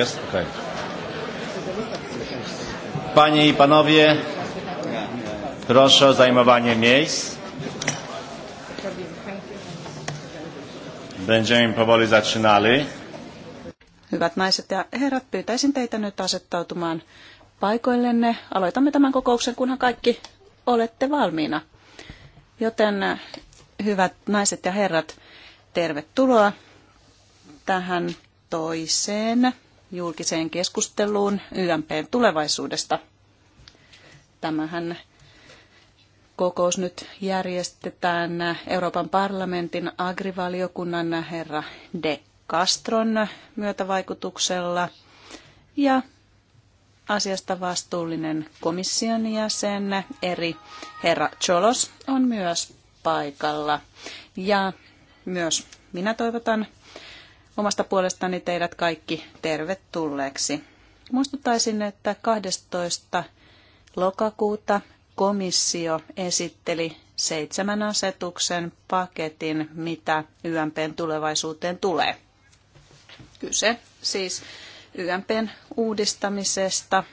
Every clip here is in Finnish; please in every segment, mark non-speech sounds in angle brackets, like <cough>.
Jest? Okej. Okay. Panie i panowie, proszę o zajmowanie miejsc. Będziemy powoli zaczynali. Hyvät naiset ja herrat, pyytäisin teitä nyt asettautumaan paikoillenne. Aloitamme tämän kokouksen, kunhan kaikki olette valmiina. Joten hyvät naiset ja herrat, tervetuloa tähän toiseen julkiseen keskusteluun YMPn tulevaisuudesta. Tämähän kokous nyt järjestetään Euroopan parlamentin agrivaliokunnan herra De Castron myötävaikutuksella ja asiasta vastuullinen komission jäsen eri herra Cholos on myös paikalla. Ja myös minä toivotan omasta puolestani teidät kaikki tervetulleeksi. Muistuttaisin, että 12. lokakuuta komissio esitteli seitsemän asetuksen paketin, mitä YMPn tulevaisuuteen tulee. Kyse siis YMPn uudistamisesta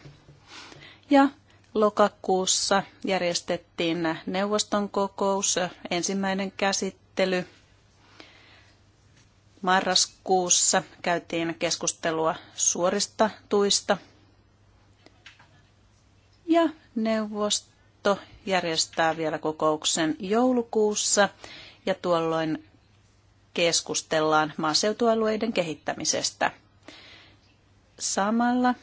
ja lokakuussa järjestettiin neuvoston kokous, ensimmäinen käsittely marraskuussa käytiin keskustelua suorista tuista. Ja neuvosto järjestää vielä kokouksen joulukuussa ja tuolloin keskustellaan maaseutualueiden kehittämisestä. Samalla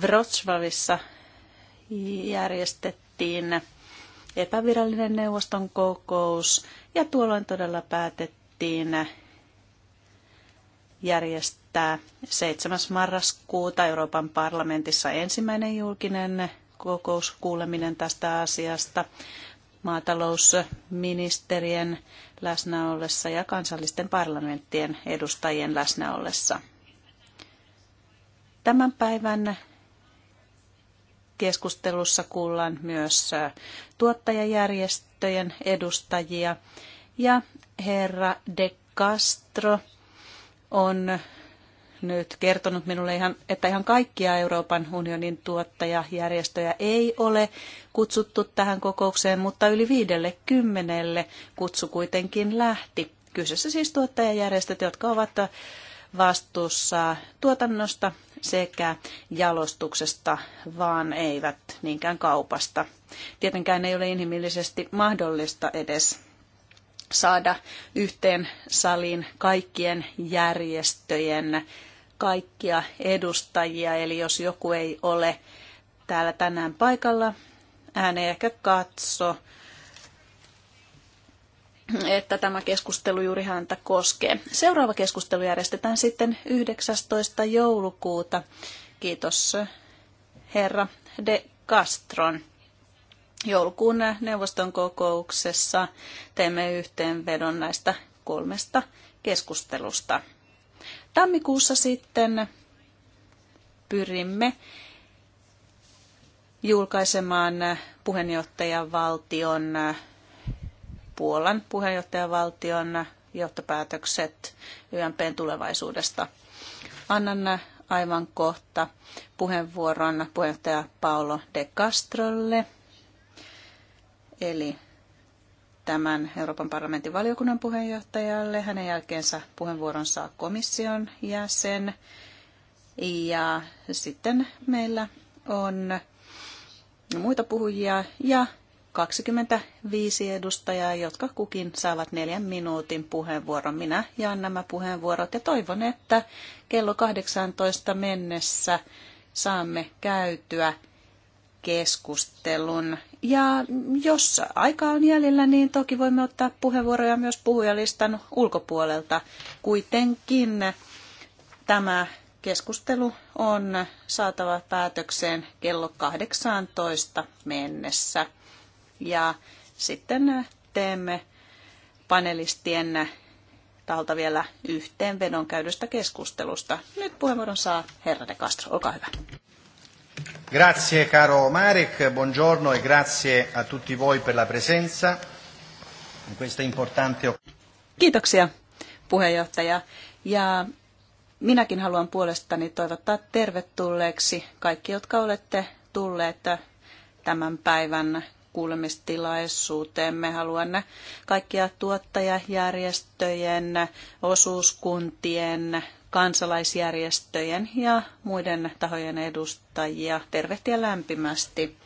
Wrocławissa järjestettiin epävirallinen neuvoston kokous – ja tuolloin todella päätettiin järjestää 7. marraskuuta Euroopan parlamentissa ensimmäinen julkinen kokouskuuleminen tästä asiasta maatalousministerien läsnäollessa ja kansallisten parlamenttien edustajien läsnäollessa. Tämän päivän Keskustelussa kuullaan myös äh, tuottajajärjestöjen edustajia ja herra De Castro on nyt kertonut minulle, ihan, että ihan kaikkia Euroopan unionin tuottajajärjestöjä ei ole kutsuttu tähän kokoukseen, mutta yli viidelle kymmenelle kutsu kuitenkin lähti. Kyseessä siis tuottajajärjestöt, jotka ovat vastuussa tuotannosta sekä jalostuksesta, vaan eivät niinkään kaupasta. Tietenkään ei ole inhimillisesti mahdollista edes saada yhteen saliin kaikkien järjestöjen kaikkia edustajia. Eli jos joku ei ole täällä tänään paikalla, hän ei ehkä katso että tämä keskustelu juuri häntä koskee. Seuraava keskustelu järjestetään sitten 19. joulukuuta. Kiitos herra De Castron. Joulukuun neuvoston kokouksessa teemme yhteenvedon näistä kolmesta keskustelusta. Tammikuussa sitten pyrimme julkaisemaan puheenjohtajan valtion Puolan puheenjohtajavaltion johtopäätökset YMPn tulevaisuudesta. Annan aivan kohta puheenvuoron puheenjohtaja Paolo de Castrolle, eli tämän Euroopan parlamentin valiokunnan puheenjohtajalle. Hänen jälkeensä puheenvuoron saa komission jäsen. Ja sitten meillä on muita puhujia ja 25 edustajaa, jotka kukin saavat neljän minuutin puheenvuoron. Minä jaan nämä puheenvuorot ja toivon, että kello 18 mennessä saamme käytyä keskustelun. Ja jos aika on jäljellä, niin toki voimme ottaa puheenvuoroja myös puhujalistan ulkopuolelta. Kuitenkin tämä keskustelu on saatava päätökseen kello 18 mennessä. Ja sitten teemme panelistien taholta vielä yhteenvedon käydystä keskustelusta. Nyt puheenvuoron saa herra de Castro. Olkaa hyvä. Grazie caro Marek, buongiorno e grazie a tutti voi per la presenza in questa importante Kiitoksia puheenjohtaja ja minäkin haluan puolestani toivottaa tervetulleeksi kaikki, jotka olette tulleet tämän päivän me haluamme kaikkia tuottajajärjestöjen, osuuskuntien, kansalaisjärjestöjen ja muiden tahojen edustajia tervehtiä lämpimästi.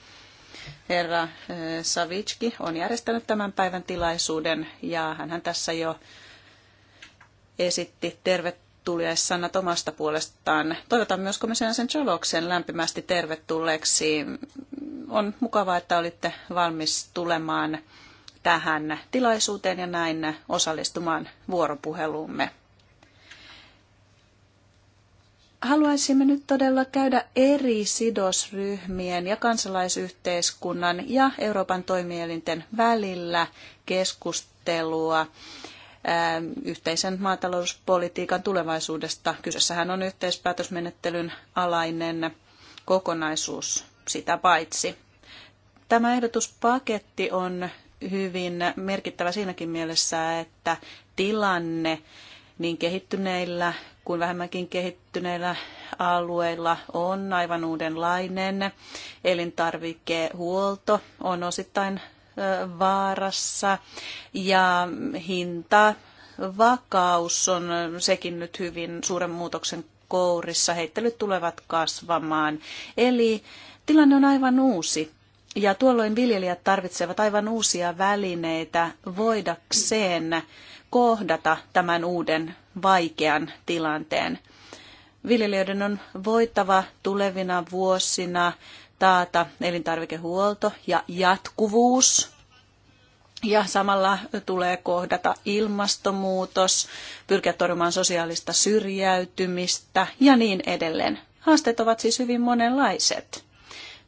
Herra eh, Savitski on järjestänyt tämän päivän tilaisuuden ja hän tässä jo esitti tervetuliaissanat omasta puolestaan. Toivotan myös komissaari sen Joloksen lämpimästi tervetulleeksi on mukavaa, että olitte valmis tulemaan tähän tilaisuuteen ja näin osallistumaan vuoropuheluumme. Haluaisimme nyt todella käydä eri sidosryhmien ja kansalaisyhteiskunnan ja Euroopan toimielinten välillä keskustelua ähm, yhteisen maatalouspolitiikan tulevaisuudesta. Kyseessähän on yhteispäätösmenettelyn alainen kokonaisuus sitä paitsi. Tämä ehdotuspaketti on hyvin merkittävä siinäkin mielessä, että tilanne niin kehittyneillä kuin vähemmänkin kehittyneillä alueilla on aivan uudenlainen. Elintarvikehuolto on osittain vaarassa ja hinta vakaus on sekin nyt hyvin suuren muutoksen kourissa. Heittelyt tulevat kasvamaan. Eli Tilanne on aivan uusi ja tuolloin viljelijät tarvitsevat aivan uusia välineitä voidakseen kohdata tämän uuden vaikean tilanteen. Viljelijöiden on voittava tulevina vuosina taata elintarvikehuolto ja jatkuvuus ja samalla tulee kohdata ilmastonmuutos, pyrkiä torjumaan sosiaalista syrjäytymistä ja niin edelleen. Haasteet ovat siis hyvin monenlaiset.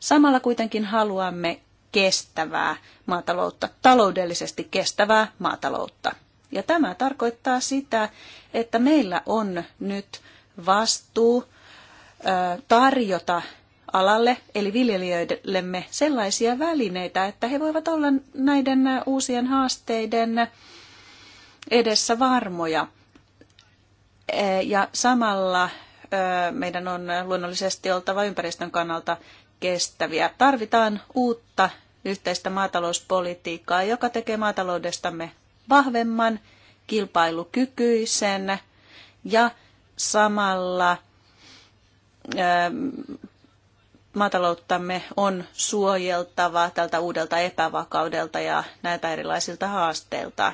Samalla kuitenkin haluamme kestävää maataloutta, taloudellisesti kestävää maataloutta. Ja tämä tarkoittaa sitä, että meillä on nyt vastuu tarjota alalle, eli viljelijöillemme sellaisia välineitä, että he voivat olla näiden uusien haasteiden edessä varmoja. Ja samalla meidän on luonnollisesti oltava ympäristön kannalta kestäviä. Tarvitaan uutta yhteistä maatalouspolitiikkaa, joka tekee maataloudestamme vahvemman, kilpailukykyisen ja samalla ähm, maatalouttamme on suojeltava tältä uudelta epävakaudelta ja näiltä erilaisilta haasteilta.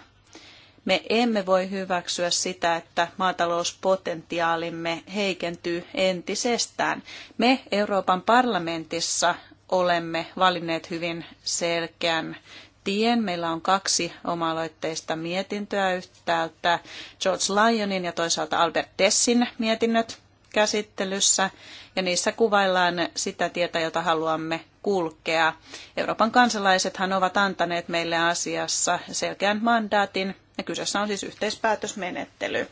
Me emme voi hyväksyä sitä, että maatalouspotentiaalimme heikentyy entisestään. Me Euroopan parlamentissa olemme valinneet hyvin selkeän tien. Meillä on kaksi oma-aloitteista mietintöä yhtäältä George Lyonin ja toisaalta Albert Dessin mietinnöt käsittelyssä ja niissä kuvaillaan sitä tietä, jota haluamme kulkea. Euroopan kansalaisethan ovat antaneet meille asiassa selkeän mandaatin ja kyseessä on siis yhteispäätösmenettely.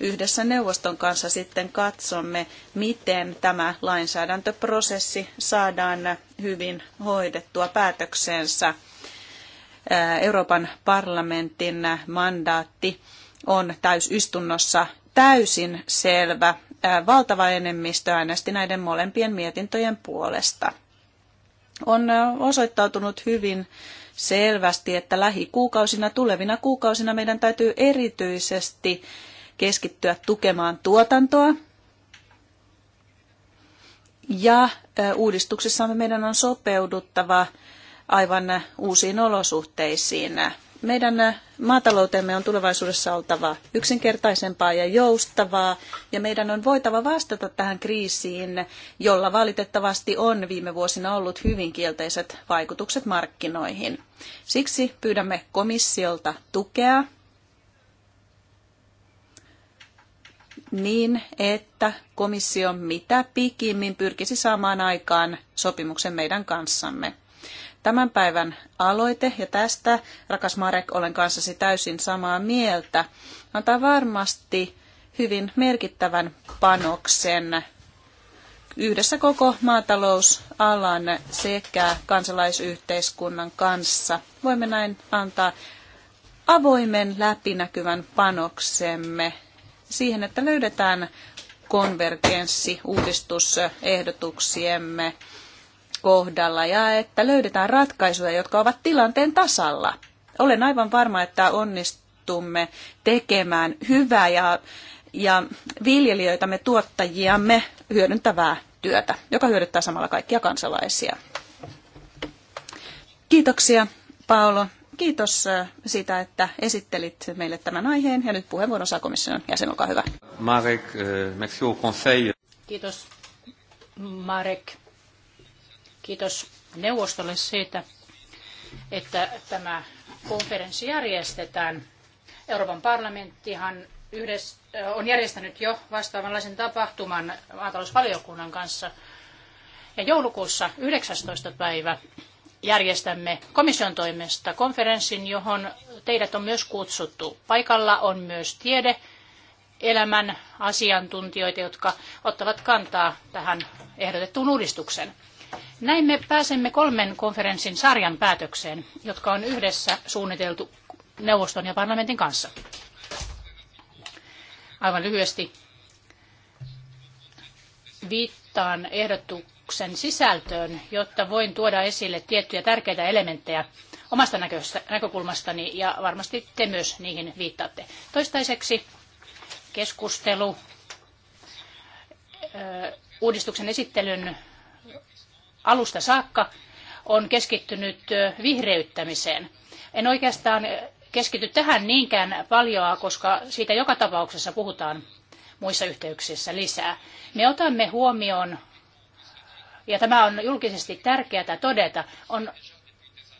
Yhdessä neuvoston kanssa sitten katsomme, miten tämä lainsäädäntöprosessi saadaan hyvin hoidettua päätöksensä. Äh, Euroopan parlamentin mandaatti on täysistunnossa täysin selvä valtava enemmistö äänesti näiden molempien mietintöjen puolesta. On osoittautunut hyvin selvästi, että lähikuukausina, tulevina kuukausina meidän täytyy erityisesti keskittyä tukemaan tuotantoa. Ja uudistuksessamme meidän on sopeuduttava aivan uusiin olosuhteisiin. Meidän äh, maataloutemme on tulevaisuudessa oltava yksinkertaisempaa ja joustavaa, ja meidän on voitava vastata tähän kriisiin, jolla valitettavasti on viime vuosina ollut hyvin kielteiset vaikutukset markkinoihin. Siksi pyydämme komissiolta tukea niin, että komissio mitä pikimmin pyrkisi saamaan aikaan sopimuksen meidän kanssamme tämän päivän aloite, ja tästä, rakas Marek, olen kanssasi täysin samaa mieltä, antaa varmasti hyvin merkittävän panoksen yhdessä koko maatalousalan sekä kansalaisyhteiskunnan kanssa. Voimme näin antaa avoimen läpinäkyvän panoksemme siihen, että löydetään konvergenssi uudistusehdotuksiemme kohdalla ja että löydetään ratkaisuja, jotka ovat tilanteen tasalla. Olen aivan varma, että onnistumme tekemään hyvää ja, ja viljelijöitämme, tuottajiamme hyödyntävää työtä, joka hyödyttää samalla kaikkia kansalaisia. Kiitoksia, Paolo. Kiitos äh, siitä, että esittelit meille tämän aiheen. Ja nyt puheenvuoron saa komission jäsen, olkaa hyvä. Marek, äh, merci au conseil. Kiitos, Marek. Kiitos neuvostolle siitä, että tämä konferenssi järjestetään. Euroopan parlamenttihan yhdessä, äh, on järjestänyt jo vastaavanlaisen tapahtuman maatalousvaliokunnan kanssa. Ja joulukuussa 19. päivä järjestämme komission toimesta konferenssin, johon teidät on myös kutsuttu. Paikalla on myös tiede, elämän asiantuntijoita, jotka ottavat kantaa tähän ehdotettuun uudistukseen. Näin me pääsemme kolmen konferenssin sarjan päätökseen, jotka on yhdessä suunniteltu neuvoston ja parlamentin kanssa. Aivan lyhyesti viittaan ehdotuksen sisältöön, jotta voin tuoda esille tiettyjä tärkeitä elementtejä omasta näkökulmastani ja varmasti te myös niihin viittaatte. Toistaiseksi keskustelu uudistuksen esittelyn alusta saakka on keskittynyt vihreyttämiseen. En oikeastaan keskity tähän niinkään paljoa, koska siitä joka tapauksessa puhutaan muissa yhteyksissä lisää. Me otamme huomioon, ja tämä on julkisesti tärkeää todeta, on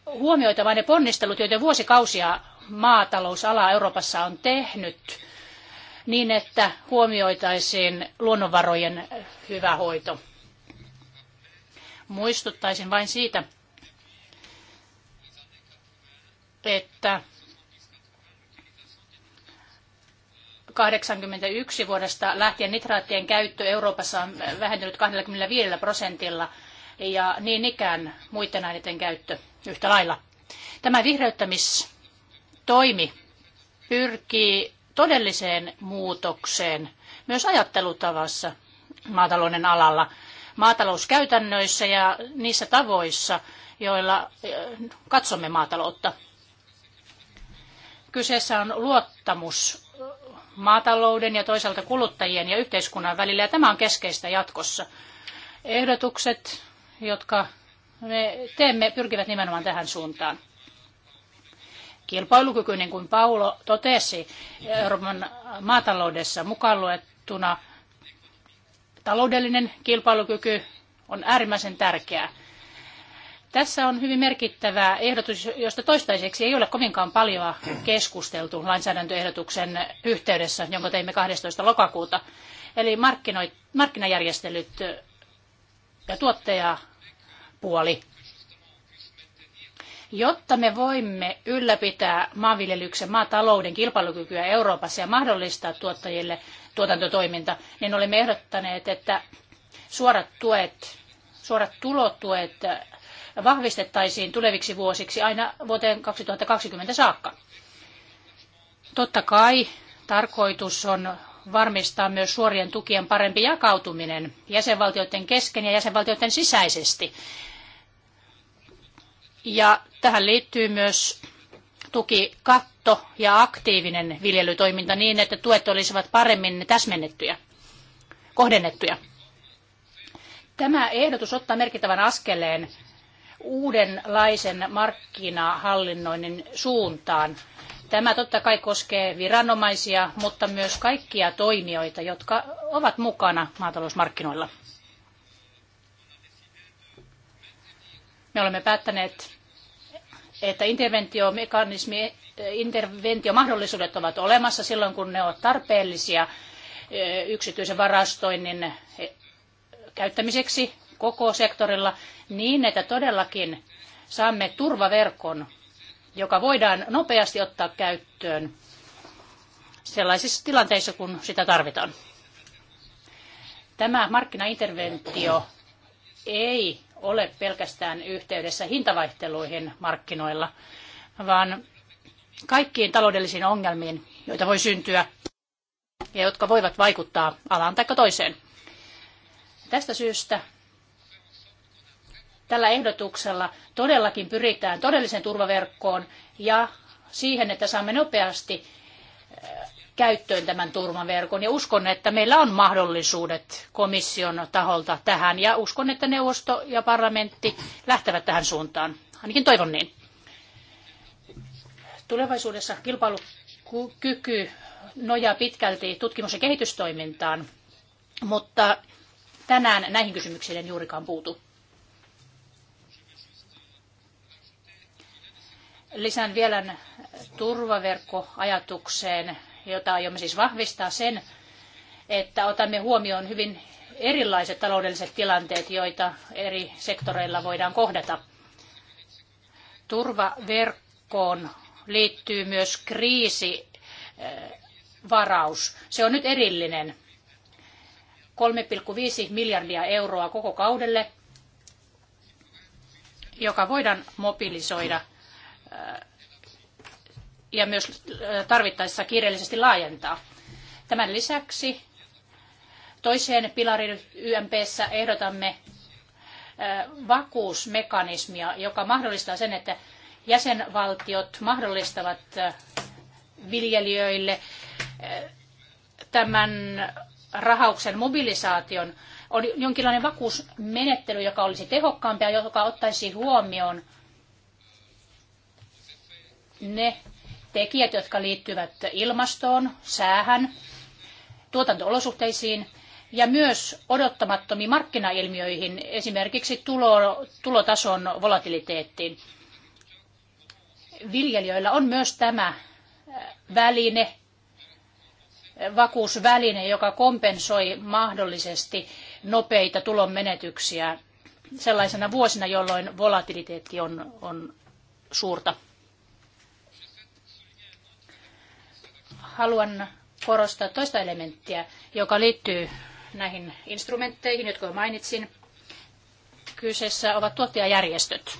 huomioitava ne ponnistelut, joita vuosikausia maatalousala Euroopassa on tehnyt niin, että huomioitaisiin luonnonvarojen hyvä hoito. Muistuttaisin vain siitä, että 81 vuodesta lähtien nitraattien käyttö Euroopassa on vähentynyt 25 prosentilla ja niin ikään muiden aineiden käyttö yhtä lailla. Tämä vihreyttämistoimi pyrkii todelliseen muutokseen myös ajattelutavassa maatalouden alalla maatalouskäytännöissä ja niissä tavoissa, joilla eh, katsomme maataloutta. Kyseessä on luottamus eh, maatalouden ja toisaalta kuluttajien ja yhteiskunnan välillä, ja tämä on keskeistä jatkossa. Ehdotukset, jotka me teemme, pyrkivät nimenomaan tähän suuntaan. Kilpailukykyinen, niin kuin Paulo totesi, Euroopan maataloudessa mukaan luettuna taloudellinen kilpailukyky on äärimmäisen tärkeää. Tässä on hyvin merkittävä ehdotus, josta toistaiseksi ei ole kovinkaan paljon keskusteltu lainsäädäntöehdotuksen yhteydessä, jonka teimme 12. lokakuuta. Eli markkinajärjestelyt ja tuottajapuoli. Jotta me voimme ylläpitää maanviljelyksen maatalouden kilpailukykyä Euroopassa ja mahdollistaa tuottajille tuotantotoiminta, niin olemme ehdottaneet, että suorat tuet, suorat tulotuet vahvistettaisiin tuleviksi vuosiksi aina vuoteen 2020 saakka. Totta kai tarkoitus on varmistaa myös suorien tukien parempi jakautuminen jäsenvaltioiden kesken ja jäsenvaltioiden sisäisesti. Ja tähän liittyy myös tuki tukikatto tuotto ja aktiivinen viljelytoiminta niin, että tuet olisivat paremmin täsmennettyjä, kohdennettuja. Tämä ehdotus ottaa merkittävän askeleen uudenlaisen markkinahallinnoinnin suuntaan. Tämä totta kai koskee viranomaisia, mutta myös kaikkia toimijoita, jotka ovat mukana maatalousmarkkinoilla. Me olemme päättäneet että interventiomekanismi, interventiomahdollisuudet ovat olemassa silloin, kun ne ovat tarpeellisia yksityisen varastoinnin e, käyttämiseksi koko sektorilla niin, että todellakin saamme turvaverkon, joka voidaan nopeasti ottaa käyttöön sellaisissa tilanteissa, kun sitä tarvitaan. Tämä markkinainterventio ei ole pelkästään yhteydessä hintavaihteluihin markkinoilla, vaan kaikkiin taloudellisiin ongelmiin, joita voi syntyä ja jotka voivat vaikuttaa alaan tai toiseen. Tästä syystä tällä ehdotuksella todellakin pyritään todelliseen turvaverkkoon ja siihen, että saamme nopeasti käyttöön tämän turvaverkon ja uskon, että meillä on mahdollisuudet komission taholta tähän ja uskon, että neuvosto ja parlamentti lähtevät tähän suuntaan. Ainakin toivon niin. Tulevaisuudessa kilpailukyky nojaa pitkälti tutkimus- ja kehitystoimintaan, mutta tänään näihin kysymyksiin en juurikaan puutu. Lisään vielä turvaverkkoajatukseen jota aiomme siis vahvistaa sen, että otamme huomioon hyvin erilaiset taloudelliset tilanteet, joita eri sektoreilla voidaan kohdata. Turvaverkkoon liittyy myös kriisivaraus. Eh, Se on nyt erillinen. 3,5 miljardia euroa koko kaudelle, joka voidaan mobilisoida eh, ja myös tarvittaessa kiireellisesti laajentaa. Tämän lisäksi toiseen pilariin YMPssä ehdotamme vakuusmekanismia, joka mahdollistaa sen, että jäsenvaltiot mahdollistavat viljelijöille tämän rahauksen mobilisaation. On jonkinlainen vakuusmenettely, joka olisi tehokkaampi ja joka ottaisi huomioon ne tekijät, jotka liittyvät ilmastoon, säähän, tuotanto-olosuhteisiin ja myös odottamattomiin markkinailmiöihin, esimerkiksi tulo, tulotason volatiliteettiin. Viljelijöillä on myös tämä äh, väline, äh, vakuusväline, joka kompensoi mahdollisesti nopeita tulonmenetyksiä sellaisena vuosina, jolloin volatiliteetti on, on suurta. haluan korostaa toista elementtiä, joka liittyy näihin instrumentteihin, jotka mainitsin. Kyseessä ovat tuottajajärjestöt.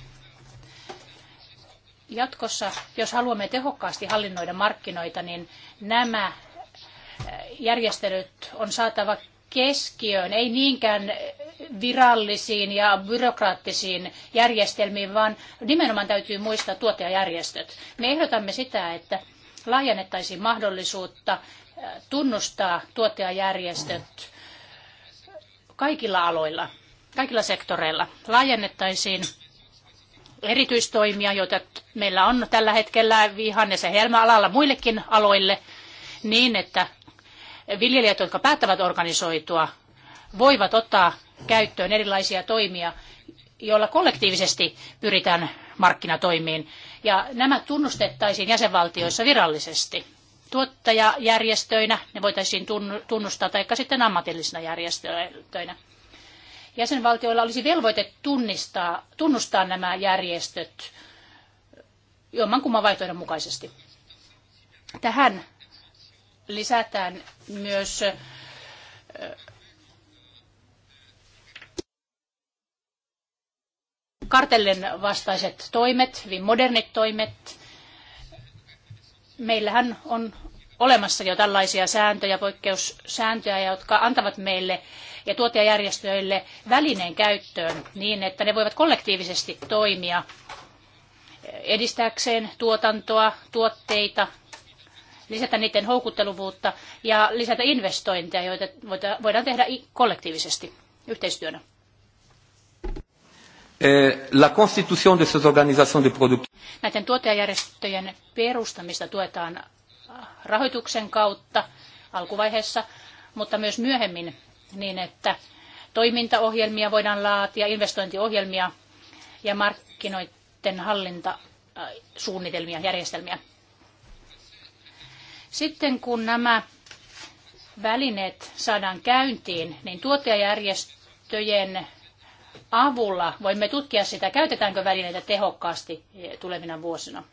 Jatkossa, jos haluamme tehokkaasti hallinnoida markkinoita, niin nämä järjestelyt on saatava keskiöön, ei niinkään virallisiin ja byrokraattisiin järjestelmiin, vaan nimenomaan täytyy muistaa tuottajajärjestöt. Me ehdotamme sitä, että laajennettaisiin mahdollisuutta äh, tunnustaa tuottajajärjestöt kaikilla aloilla, kaikilla sektoreilla. Laajennettaisiin erityistoimia, joita meillä on tällä hetkellä vihannes- ja helmäalalla muillekin aloille, niin että viljelijät, jotka päättävät organisoitua, voivat ottaa käyttöön erilaisia toimia, joilla kollektiivisesti pyritään markkinatoimiin ja nämä tunnustettaisiin jäsenvaltioissa virallisesti. Tuottajajärjestöinä ne voitaisiin tunnustaa tai sitten ammatillisina järjestöinä. Jäsenvaltioilla olisi velvoite tunnistaa, tunnustaa nämä järjestöt jommankumman vaihtoehdon mukaisesti. Tähän lisätään myös kartellen vastaiset toimet, hyvin modernit toimet. Meillähän on olemassa jo tällaisia sääntöjä, poikkeussääntöjä, jotka antavat meille ja tuottajajärjestöille välineen käyttöön niin, että ne voivat kollektiivisesti toimia edistääkseen tuotantoa, tuotteita, lisätä niiden houkuttelevuutta ja lisätä investointeja, joita voidaan tehdä kollektiivisesti yhteistyönä. Eh, la constitution de ces organisations de producteurs. Näiden tuottajajärjestöjen perustamista tuetaan rahoituksen kautta alkuvaiheessa, mutta myös myöhemmin niin, että toimintaohjelmia voidaan laatia, investointiohjelmia ja markkinoiden hallintasuunnitelmia, äh, järjestelmiä. Sitten kun nämä välineet saadaan käyntiin, niin tuottajajärjestöjen avulla voimme tutkia sitä, käytetäänkö välineitä tehokkaasti tulevina vuosina.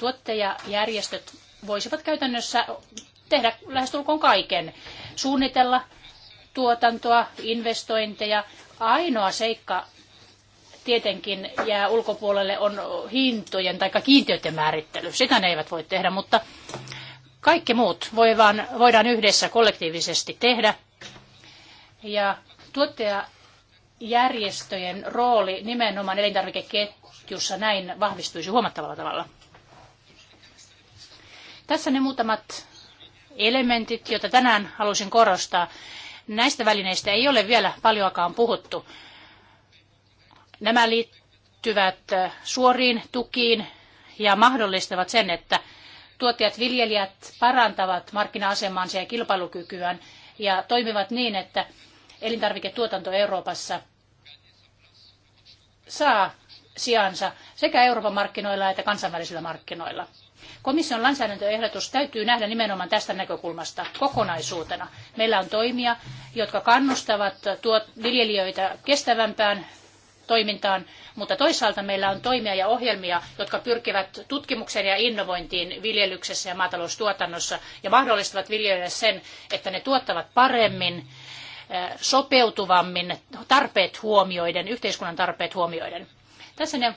Tuottajajärjestöt voisivat käytännössä tehdä lähestulkoon kaiken, suunnitella tuotantoa, investointeja. Ainoa seikka tietenkin jää ulkopuolelle on hintojen tai kiintiöiden määrittely. Sitä ne eivät voi tehdä, mutta kaikki muut voidaan yhdessä kollektiivisesti tehdä. Ja tuottaja järjestöjen rooli nimenomaan elintarvikeketjussa näin vahvistuisi huomattavalla tavalla. Tässä ne muutamat elementit, joita tänään halusin korostaa. Näistä välineistä ei ole vielä paljoakaan puhuttu. Nämä liittyvät suoriin tukiin ja mahdollistavat sen, että tuottajat viljelijät parantavat markkina-asemaansa ja kilpailukykyään ja toimivat niin, että elintarviketuotanto Euroopassa saa sijansa sekä Euroopan markkinoilla että kansainvälisillä markkinoilla. Komission lainsäädäntöehdotus täytyy nähdä nimenomaan tästä näkökulmasta kokonaisuutena. Meillä on toimia, jotka kannustavat tuot viljelijöitä kestävämpään toimintaan, mutta toisaalta meillä on toimia ja ohjelmia, jotka pyrkivät tutkimukseen ja innovointiin viljelyksessä ja maataloustuotannossa ja mahdollistavat viljelijöille sen, että ne tuottavat paremmin sopeutuvammin tarpeet huomioiden, yhteiskunnan tarpeet huomioiden. Tässä ne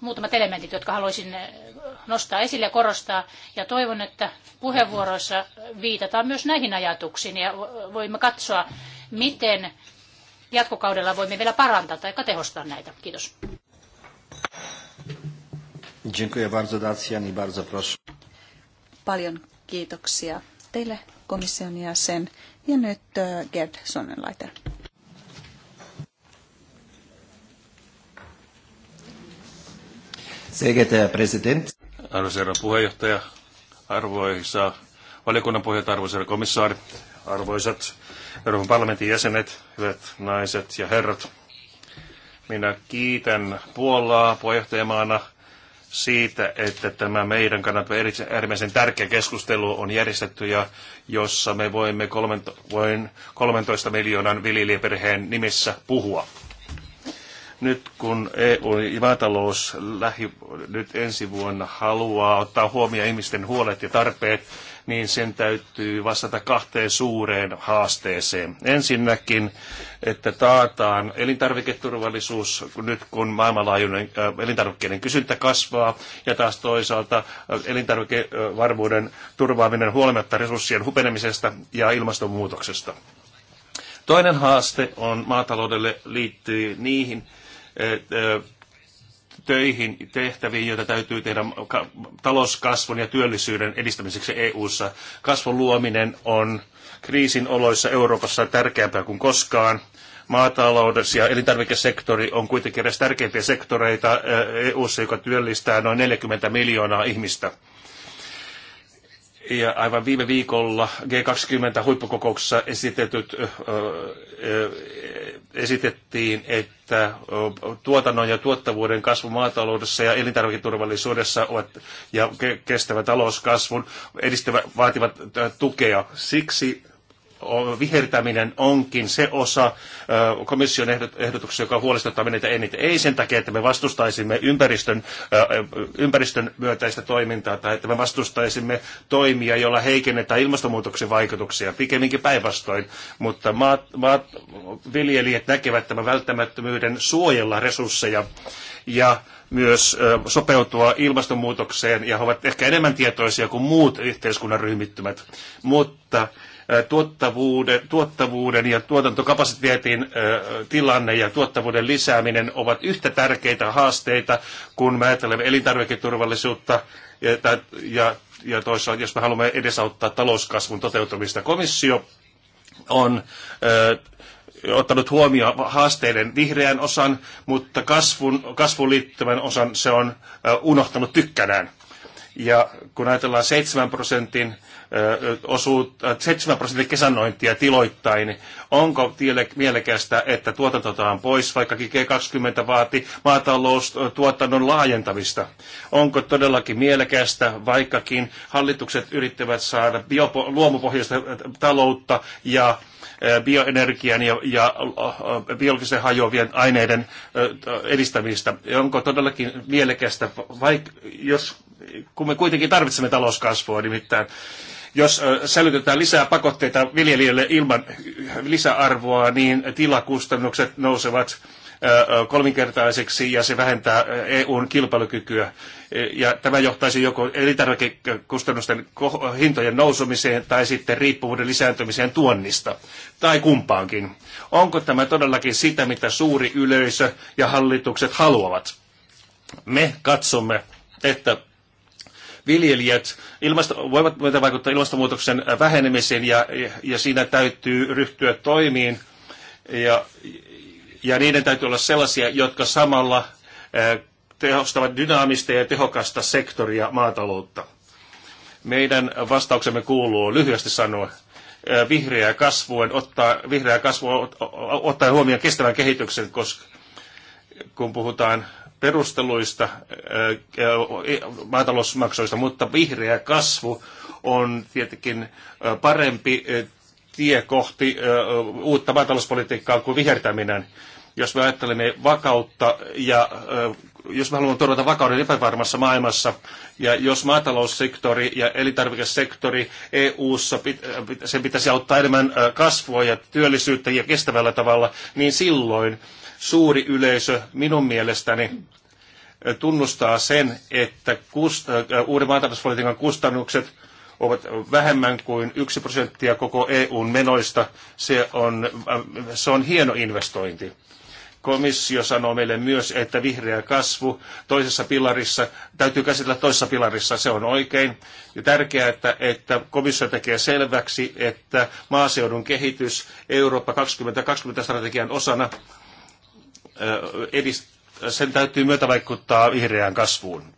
muutamat elementit, jotka haluaisin eh, nostaa esille ja korostaa. Ja toivon, että puheenvuoroissa viitataan myös näihin ajatuksiin ja voimme katsoa, miten jatkokaudella voimme vielä parantaa tai tehostaa näitä. Kiitos. Dziękuję bardzo, i bardzo proszę. Paljon kiitoksia teille komission jäsen. Ja nyt äh, Gerd Sonnenlaiter. Sehr president. Arvoisa herra puheenjohtaja, arvoisa valiokunnan puheenjohtaja, arvoisa herra komissaari, arvoisat Euroopan parlamentin jäsenet, hyvät naiset ja herrat. Minä kiitän Puolaa puheenjohtajamaana siitä, että tämä meidän kannalta äärimmäisen tärkeä keskustelu on järjestetty ja jossa me voimme 13 miljoonan viljelijäperheen nimissä puhua. Nyt kun EU-maatalous lähi, nyt ensi vuonna haluaa ottaa huomioon ihmisten huolet ja tarpeet, niin sen täytyy vastata kahteen suureen haasteeseen. Ensinnäkin, että taataan elintarviketurvallisuus nyt, kun maailmanlaajuinen äh, elintarvikkeiden kysyntä kasvaa, ja taas toisaalta äh, elintarvikevarmuuden turvaaminen huolimatta resurssien hupenemisesta ja ilmastonmuutoksesta. Toinen haaste on maataloudelle liittyy niihin äh, töihin tehtäviin, joita täytyy tehdä talouskasvun ja työllisyyden edistämiseksi EU:ssa. Kasvun luominen on kriisin oloissa Euroopassa tärkeämpää kuin koskaan. Maatalous ja elintarvikesektori on kuitenkin edes tärkeimpiä sektoreita EU:ssa, eh, e joka työllistää noin 40 miljoonaa ihmistä. Ja aivan viime viikolla G20-huippukokouksessa esitetyt eh, eh, esitettiin, että tuotannon ja tuottavuuden kasvu maataloudessa ja elintarviketurvallisuudessa ovat, ja kestävä talouskasvun edistävä vaativat tukea. Siksi vihertäminen onkin se osa komission ehdotuksia, joka huolestuttaa meitä eniten. Ei sen takia, että me vastustaisimme ympäristön, ympäristön myötäistä toimintaa tai että me vastustaisimme toimia, joilla heikennetään ilmastonmuutoksen vaikutuksia, pikemminkin päinvastoin. Mutta maat, maat, viljelijät näkevät tämän välttämättömyyden suojella resursseja ja myös sopeutua ilmastonmuutokseen ja he ovat ehkä enemmän tietoisia kuin muut yhteiskunnan ryhmittymät. Mutta tuottavuuden, tuottavuuden ja tuotantokapasiteetin tilanne ja tuottavuuden lisääminen ovat yhtä tärkeitä haasteita, kun me ajattelemme elintarviketurvallisuutta ja, ja, ja toisaalta, jos me haluamme edesauttaa talouskasvun toteutumista. Komissio on ö, ottanut huomioon haasteiden vihreän osan, mutta kasvun, kasvun liittyvän osan se on ö, unohtanut tykkänään. Ja kun ajatellaan 7 prosentin osuu 7 prosentin kesännointia tiloittain. Onko mielekästä, että tuotanto otetaan pois, vaikkakin G20 vaati maataloustuotannon laajentamista? Onko todellakin mielekästä, vaikkakin hallitukset yrittävät saada bio, luomupohjaista taloutta ja bioenergian ja, ja biologisen hajoavien aineiden edistämistä. Onko todellakin mielekästä, vaik, jos, kun me kuitenkin tarvitsemme talouskasvua nimittäin, jos sälytetään lisää pakotteita viljelijöille ilman lisäarvoa, niin tilakustannukset nousevat kolminkertaiseksi ja se vähentää EUn kilpailukykyä. E, ja tämä johtaisi joko elintarvikekustannusten hintojen nousumiseen tai sitten riippuvuuden lisääntymiseen tuonnista tai kumpaankin. Onko tämä todellakin sitä, mitä suuri yleisö ja hallitukset haluavat? Me katsomme, että viljelijät ilmasto, voivat myötä vaikuttaa ilmastonmuutoksen vähenemiseen ja, ja siinä täytyy ryhtyä toimiin. Ja, ja niiden täytyy olla sellaisia, jotka samalla tehostavat dynaamista ja tehokasta sektoria maataloutta. Meidän vastauksemme kuuluu lyhyesti sanoa, vihreä kasvua ottaa, vihreä kasvu ottaa huomioon kestävän kehityksen, koska kun puhutaan perusteluista, äh, äh, maatalousmaksuista, mutta vihreä kasvu on tietenkin äh, parempi tie kohti uutta maatalouspolitiikkaa kuin vihertäminen. Jos me ajattelemme vakautta ja jos me haluamme turvata vakauden epävarmassa maailmassa, ja jos maataloussektori ja elintarvikesektori EU-ssa, sen pitäisi auttaa enemmän kasvua ja työllisyyttä ja kestävällä tavalla, niin silloin suuri yleisö minun mielestäni tunnustaa sen, että kust, uuden maatalouspolitiikan kustannukset ovat vähemmän kuin yksi prosenttia koko EUn menoista. Se on, se on hieno investointi. Komissio sanoo meille myös, että vihreä kasvu toisessa pilarissa, täytyy käsitellä toisessa pilarissa, se on oikein. Ja tärkeää, että, että komissio tekee selväksi, että maaseudun kehitys Eurooppa 2020-strategian osana edist- sen täytyy myötävaikuttaa vihreään kasvuun.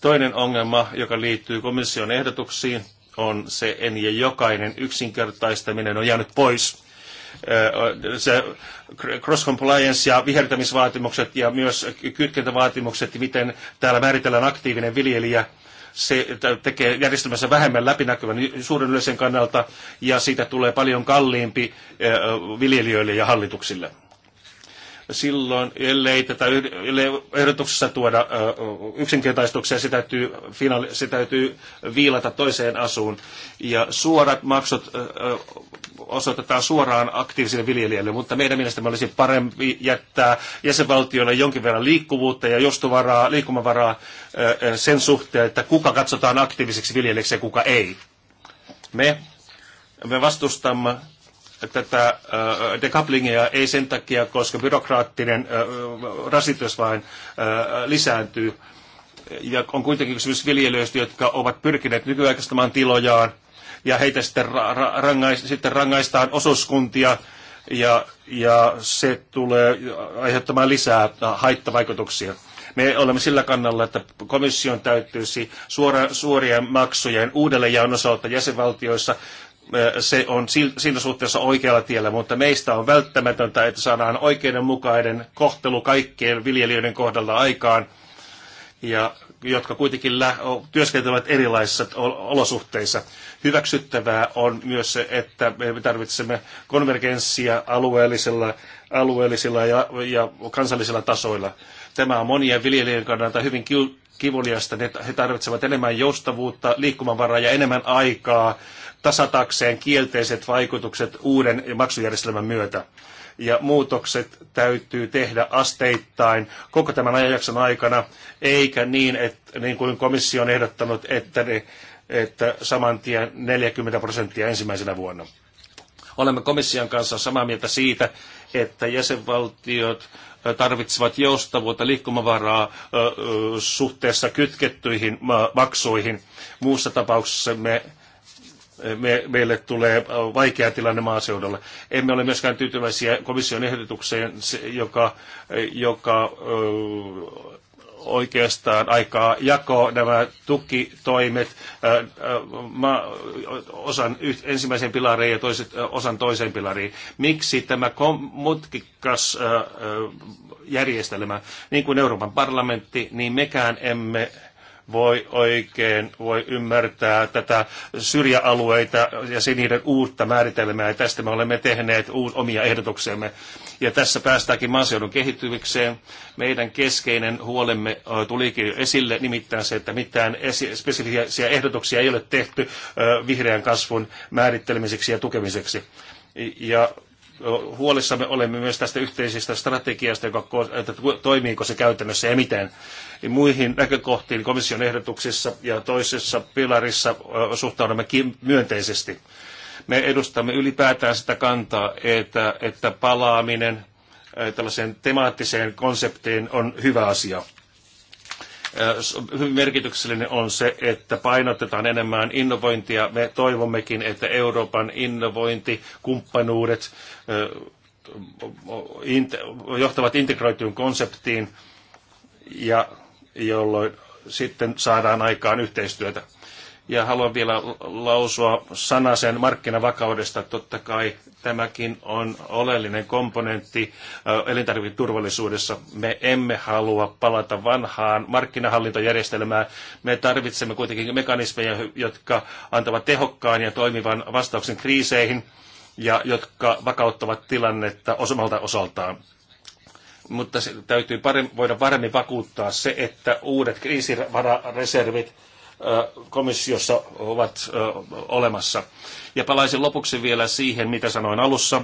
Toinen ongelma, joka liittyy komission ehdotuksiin, on se en ja jokainen yksinkertaistaminen on jäänyt pois. Se cross compliance ja vihertämisvaatimukset ja myös kytkentävaatimukset, miten täällä määritellään aktiivinen viljelijä, se tekee järjestelmässä vähemmän läpinäkyvän suuren yleisen kannalta ja siitä tulee paljon kalliimpi viljelijöille ja hallituksille silloin, ellei tätä ellei ehdotuksessa tuoda yksinkertaistuksia, se täytyy, finaali, se täytyy viilata toiseen asuun. Ja suorat maksut osoitetaan suoraan aktiivisille viljelijöille, mutta meidän mielestämme olisi parempi jättää jäsenvaltioille jonkin verran liikkuvuutta ja jostovaraa, liikkumavaraa sen suhteen, että kuka katsotaan aktiiviseksi viljelijäksi ja kuka ei. Me, me vastustamme tätä äh, decouplingia ei sen takia, koska byrokraattinen äh, rasitus vain äh, lisääntyy. Ja on kuitenkin kysymys viljelijöistä, jotka ovat pyrkineet nykyaikaistamaan tilojaan, ja heitä sitten, ra- rangais- sitten rangaistaan osuuskuntia, ja, ja se tulee aiheuttamaan lisää haittavaikutuksia. Me olemme sillä kannalla, että komission täytyisi suora, suorien maksujen uudelleenjaon osalta jäsenvaltioissa se on siinä suhteessa oikealla tiellä, mutta meistä on välttämätöntä, että saadaan oikeudenmukainen kohtelu kaikkien viljelijöiden kohdalla aikaan, ja jotka kuitenkin työskentelevät erilaisissa olosuhteissa. Hyväksyttävää on myös se, että me tarvitsemme konvergenssia alueellisilla, alueellisilla ja, ja kansallisilla tasoilla. Tämä on monien viljelijöiden kannalta hyvin kivuliasta. he tarvitsevat enemmän joustavuutta, liikkumavaraa ja enemmän aikaa tasatakseen kielteiset vaikutukset uuden maksujärjestelmän myötä. Ja muutokset täytyy tehdä asteittain koko tämän ajanjakson aikana, eikä niin, että, niin kuin komissio on ehdottanut, että, ne, että saman tien 40 prosenttia ensimmäisenä vuonna. Olemme komission kanssa samaa mieltä siitä, että jäsenvaltiot tarvitsevat joustavuutta liikkumavaraa suhteessa kytkettyihin maksuihin. Muussa tapauksessa me me, meille tulee vaikea tilanne maaseudulla. Emme ole myöskään tyytyväisiä komission ehdotukseen, joka, joka oikeastaan aikaa jako nämä tukitoimet mä osan yh, ensimmäiseen pilariin ja toiset, osan toiseen pilariin. Miksi tämä mutkikas järjestelmä, niin kuin Euroopan parlamentti, niin mekään emme voi oikein voi ymmärtää tätä syrjäalueita ja sen niiden uutta määritelmää. Ja tästä me olemme tehneet omia ehdotuksiamme. Ja tässä päästäänkin maaseudun kehittyvikseen. Meidän keskeinen huolemme tulikin jo esille, nimittäin se, että mitään spesifisiä ehdotuksia ei ole tehty vihreän kasvun määrittelemiseksi ja tukemiseksi. Ja huolissamme olemme myös tästä yhteisestä strategiasta, joka, että toimiiko se käytännössä ja miten. Muihin näkökohtiin komission ehdotuksissa ja toisessa pilarissa suhtaudumme myönteisesti. Me edustamme ylipäätään sitä kantaa, että, että palaaminen tällaiseen temaattiseen konseptiin on hyvä asia merkityksellinen on se, että painotetaan enemmän innovointia. Me toivommekin, että Euroopan innovointikumppanuudet johtavat integroituun konseptiin, ja jolloin sitten saadaan aikaan yhteistyötä. Ja haluan vielä lausua sanasen markkinavakaudesta. Totta kai tämäkin on oleellinen komponentti elintarviketurvallisuudessa. Me emme halua palata vanhaan markkinahallintojärjestelmään. Me tarvitsemme kuitenkin mekanismeja, jotka antavat tehokkaan ja toimivan vastauksen kriiseihin ja jotka vakauttavat tilannetta osamalta osaltaan mutta se täytyy paremmin, voida paremmin vakuuttaa se, että uudet kriisivarareservit komissiossa ovat olemassa. Ja palaisin lopuksi vielä siihen, mitä sanoin alussa,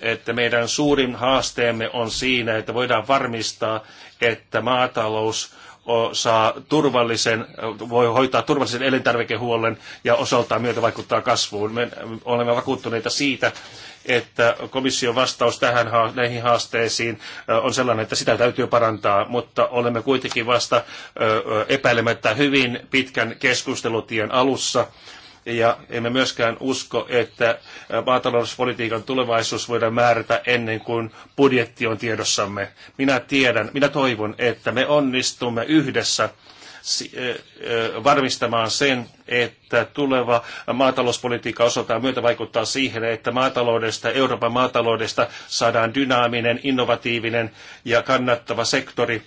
että meidän suurin haasteemme on siinä, että voidaan varmistaa, että maatalous saa turvallisen, voi hoitaa turvallisen elintarvikehuollon ja osaltaan myötä vaikuttaa kasvuun. Me olemme vakuuttuneita siitä, että komission vastaus tähän, näihin haasteisiin on sellainen, että sitä täytyy parantaa, mutta olemme kuitenkin vasta epäilemättä hyvin pitkän keskustelutien alussa. Ja emme myöskään usko, että maatalouspolitiikan tulevaisuus voidaan määrätä ennen kuin budjetti on tiedossamme. Minä tiedän, minä toivon, että me onnistumme yhdessä varmistamaan sen, että tuleva maatalouspolitiikka osaltaan myötä vaikuttaa siihen, että maataloudesta, Euroopan maataloudesta saadaan dynaaminen, innovatiivinen ja kannattava sektori,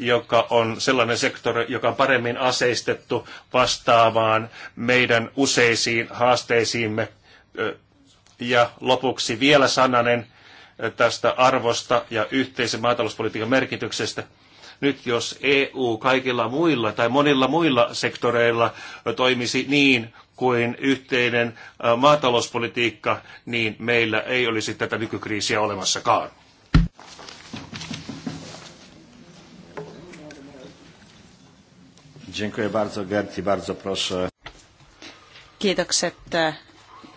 joka on sellainen sektori, joka on paremmin aseistettu vastaamaan meidän useisiin haasteisiimme. Ja lopuksi vielä sananen tästä arvosta ja yhteisen maatalouspolitiikan merkityksestä. Nyt jos EU kaikilla muilla tai monilla muilla sektoreilla toimisi niin kuin yhteinen maatalouspolitiikka, niin meillä ei olisi tätä nykykriisiä olemassakaan. Dziękuję bardzo, Gerti, bardzo proszę. Kiitokset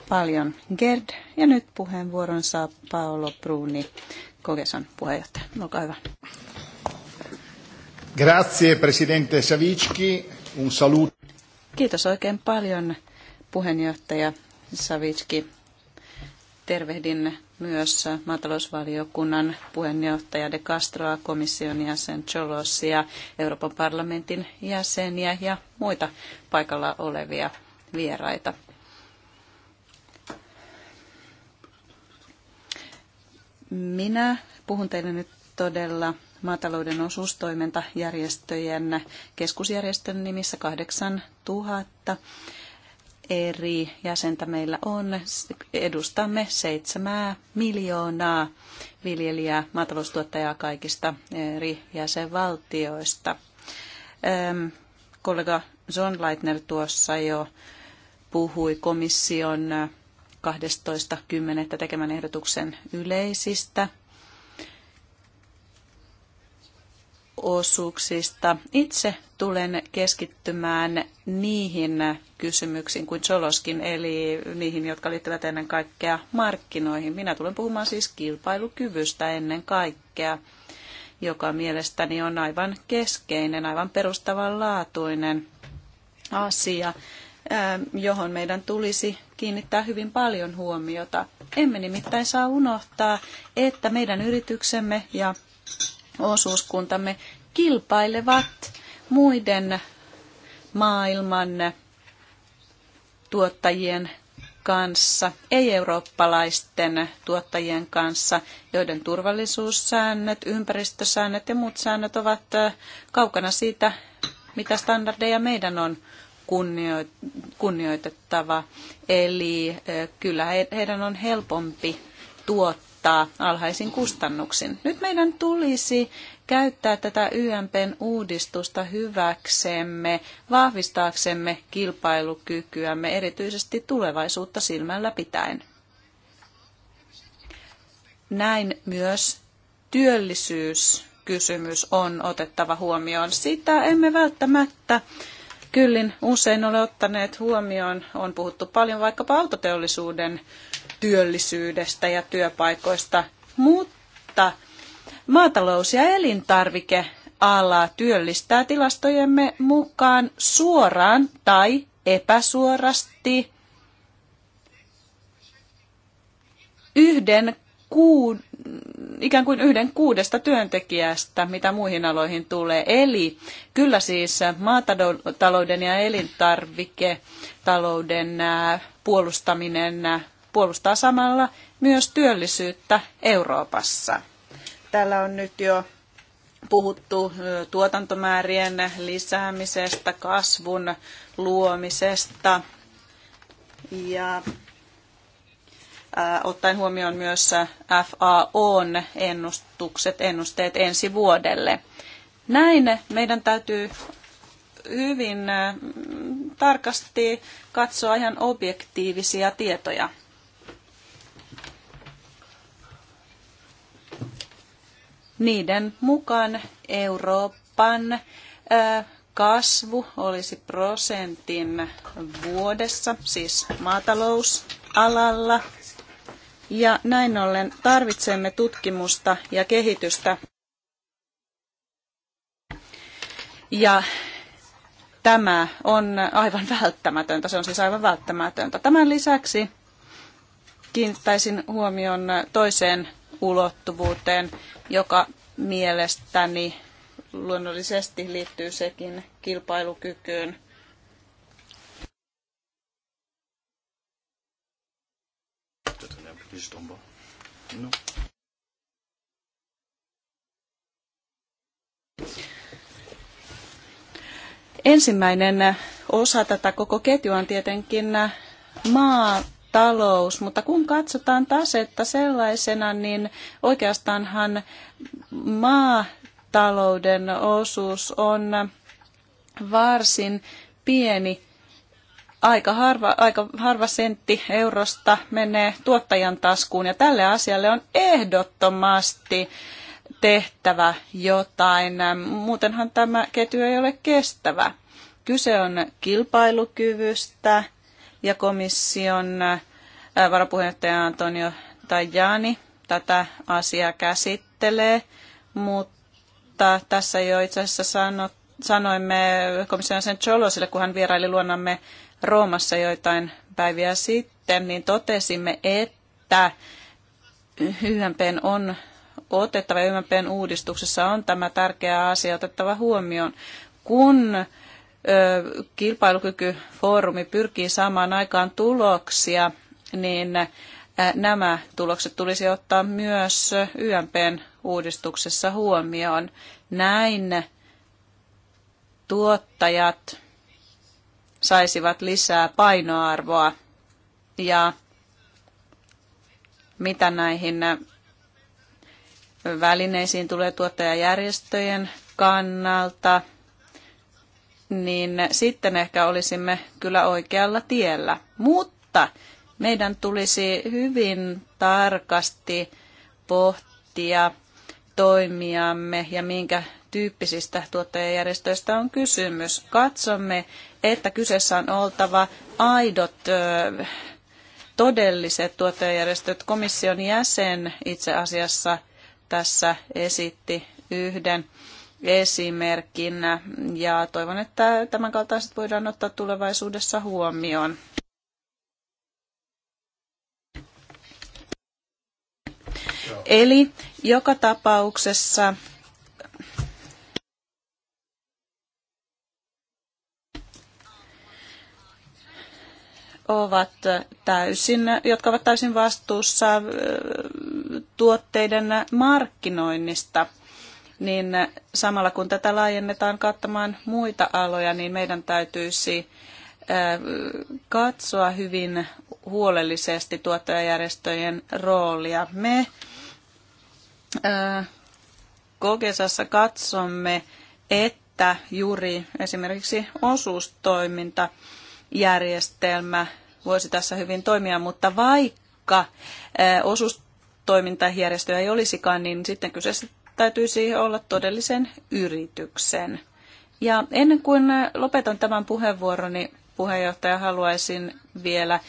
paljon Gerd. Ja nyt puheenvuoron saa Paolo Bruni, Kogeson puheenjohtaja. Olkaa hyvä. Grazie, presidente Savicki. Un saluto. Kiitos oikein paljon, puheenjohtaja Savicki. Tervehdin myös maatalousvaliokunnan puheenjohtaja De Castroa, komission jäsen Cholosia, Euroopan parlamentin jäseniä ja muita paikalla olevia vieraita. Minä puhun teille nyt todella maatalouden osuustoimintajärjestöjen keskusjärjestön nimissä 8000 eri jäsentä meillä on. Edustamme seitsemää miljoonaa viljelijää, maataloustuottajaa kaikista eri jäsenvaltioista. Kollega John Leitner tuossa jo puhui komission 12.10. tekemän ehdotuksen yleisistä osuuksista Itse tulen keskittymään niihin kysymyksiin kuin Soloskin, eli niihin, jotka liittyvät ennen kaikkea markkinoihin. Minä tulen puhumaan siis kilpailukyvystä ennen kaikkea, joka mielestäni on aivan keskeinen, aivan perustavanlaatuinen asia, eh, johon meidän tulisi kiinnittää hyvin paljon huomiota. Emme nimittäin saa unohtaa, että meidän yrityksemme ja osuuskuntamme kilpailevat muiden maailman tuottajien kanssa, ei-eurooppalaisten tuottajien kanssa, joiden turvallisuussäännöt, ympäristösäännöt ja muut säännöt ovat kaukana siitä, mitä standardeja meidän on kunnioitettava. Eli kyllä heidän on helpompi tuottaa tuottaa alhaisin kustannuksin. Nyt meidän tulisi käyttää tätä YMPn uudistusta hyväksemme, vahvistaaksemme kilpailukykyämme erityisesti tulevaisuutta silmällä pitäen. Näin myös työllisyyskysymys on otettava huomioon. Sitä emme välttämättä kyllin usein ole ottaneet huomioon. On puhuttu paljon vaikkapa autoteollisuuden työllisyydestä ja työpaikoista, mutta maatalous- ja elintarvikeala työllistää tilastojemme mukaan suoraan tai epäsuorasti yhden kuun, ikään kuin yhden kuudesta työntekijästä, mitä muihin aloihin tulee. Eli kyllä siis maatalouden ja elintarviketalouden puolustaminen puolustaa samalla myös työllisyyttä Euroopassa. Täällä on nyt jo puhuttu tuotantomäärien lisäämisestä, kasvun luomisesta ja ottaen huomioon myös FAOn ennustukset, ennusteet ensi vuodelle. Näin meidän täytyy hyvin tarkasti katsoa ihan objektiivisia tietoja. Niiden mukaan Euroopan kasvu olisi prosentin vuodessa, siis maatalousalalla. Ja näin ollen tarvitsemme tutkimusta ja kehitystä. Ja tämä on aivan välttämätöntä, se on siis aivan välttämätöntä. Tämän lisäksi kiinnittäisin huomion toiseen ulottuvuuteen, joka mielestäni luonnollisesti liittyy sekin kilpailukykyyn. Ensimmäinen osa tätä koko ketjua on tietenkin maa, talous, mutta kun katsotaan tasetta sellaisena, niin oikeastaanhan maatalouden osuus on varsin pieni. Aika harva, aika harva sentti eurosta menee tuottajan taskuun ja tälle asialle on ehdottomasti tehtävä jotain. Muutenhan tämä ketju ei ole kestävä. Kyse on kilpailukyvystä, ja komission äh, varapuheenjohtaja Antonio Tajani tätä asiaa käsittelee, mutta tässä jo itse asiassa sanot, sanoimme komission sen Cholosille, kun hän vieraili luonnamme Roomassa joitain päiviä sitten, niin totesimme, että YMPn on otettava, YMPn uudistuksessa on tämä tärkeä asia otettava huomioon, kun kilpailukykyfoorumi pyrkii saamaan aikaan tuloksia, niin nämä tulokset tulisi ottaa myös YMPn uudistuksessa huomioon. Näin tuottajat saisivat lisää painoarvoa ja mitä näihin välineisiin tulee tuottajajärjestöjen kannalta – niin sitten ehkä olisimme kyllä oikealla tiellä. Mutta meidän tulisi hyvin tarkasti pohtia toimiamme ja minkä tyyppisistä tuottajajärjestöistä on kysymys. Katsomme, että kyseessä on oltava aidot todelliset tuottajajärjestöt. Komission jäsen itse asiassa tässä esitti yhden Esimerkkinä ja toivon, että tämän kaltaiset voidaan ottaa tulevaisuudessa huomioon. Eli joka tapauksessa ovat täysin, jotka ovat täysin vastuussa tuotteiden markkinoinnista – niin samalla kun tätä laajennetaan kattamaan muita aloja, niin meidän täytyisi katsoa hyvin huolellisesti tuottajajärjestöjen roolia. Me Kogesassa katsomme, että juuri esimerkiksi osuustoimintajärjestelmä voisi tässä hyvin toimia, mutta vaikka osuustoimintajärjestöjä ei olisikaan, niin sitten kyseessä täytyy siihen olla todellisen yrityksen. Ja ennen kuin lopetan tämän puheenvuoroni, puheenjohtaja, haluaisin vielä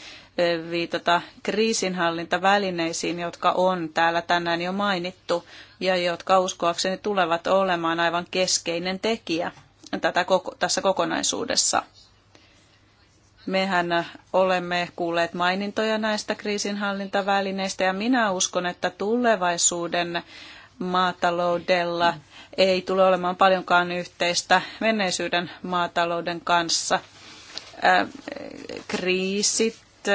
viitata kriisinhallintavälineisiin, jotka on täällä tänään jo mainittu ja jotka uskoakseni tulevat olemaan aivan keskeinen tekijä tätä koko, tässä kokonaisuudessa. Mehän olemme kuulleet mainintoja näistä kriisinhallintavälineistä ja minä uskon, että tulevaisuuden maataloudella ei tule olemaan paljonkaan yhteistä menneisyyden maatalouden kanssa. Äh, kriisit äh,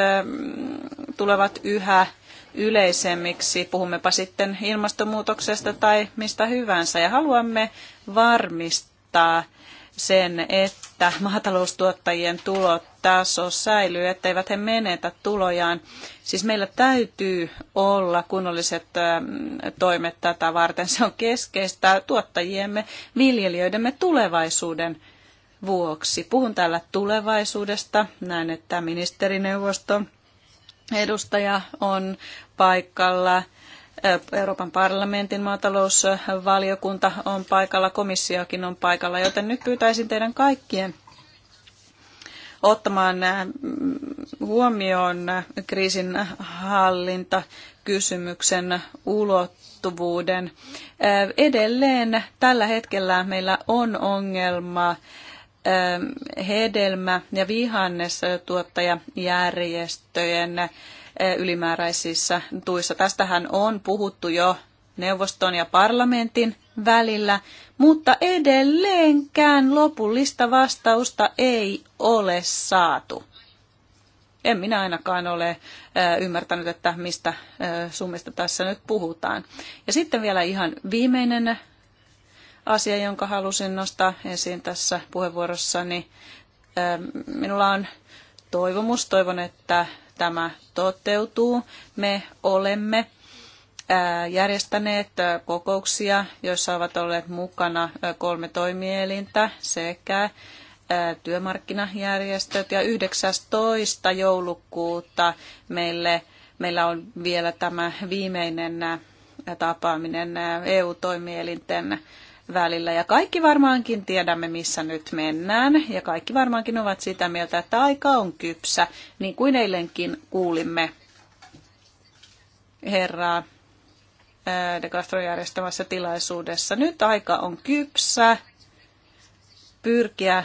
tulevat yhä yleisemmiksi, puhummepa sitten ilmastonmuutoksesta tai mistä hyvänsä, ja haluamme varmistaa, sen, että maataloustuottajien tulotaso säilyy, etteivät he menetä tulojaan. Siis meillä täytyy olla kunnolliset ähm, toimet tätä varten. Se on keskeistä tuottajiemme, viljelijöidemme tulevaisuuden vuoksi. Puhun täällä tulevaisuudesta. Näen, että ministerineuvosto edustaja on paikalla Euroopan parlamentin maatalousvaliokunta on paikalla, komissiokin on paikalla, joten nyt pyytäisin teidän kaikkien ottamaan äh, huomioon kriisin hallinta kysymyksen ulottuvuuden. Äh, edelleen tällä hetkellä meillä on ongelma äh, hedelmä- ja vihannestuottajajärjestöjen Eh, ylimääräisissä tuissa. Tästähän on puhuttu jo neuvoston ja parlamentin välillä, mutta edelleenkään lopullista vastausta ei ole saatu. En minä ainakaan ole eh, ymmärtänyt, että mistä eh, summista tässä nyt puhutaan. Ja sitten vielä ihan viimeinen asia, jonka halusin nostaa esiin tässä puheenvuorossani. Minulla on toivomus, toivon, että tämä toteutuu. Me olemme järjestäneet kokouksia, joissa ovat olleet mukana kolme toimielintä sekä työmarkkinajärjestöt. Ja 19. joulukuuta meille, meillä on vielä tämä viimeinen tapaaminen EU-toimielinten välillä. Ja kaikki varmaankin tiedämme, missä nyt mennään. Ja kaikki varmaankin ovat sitä mieltä, että aika on kypsä, niin kuin eilenkin kuulimme herraa De Castro järjestämässä tilaisuudessa. Nyt aika on kypsä pyrkiä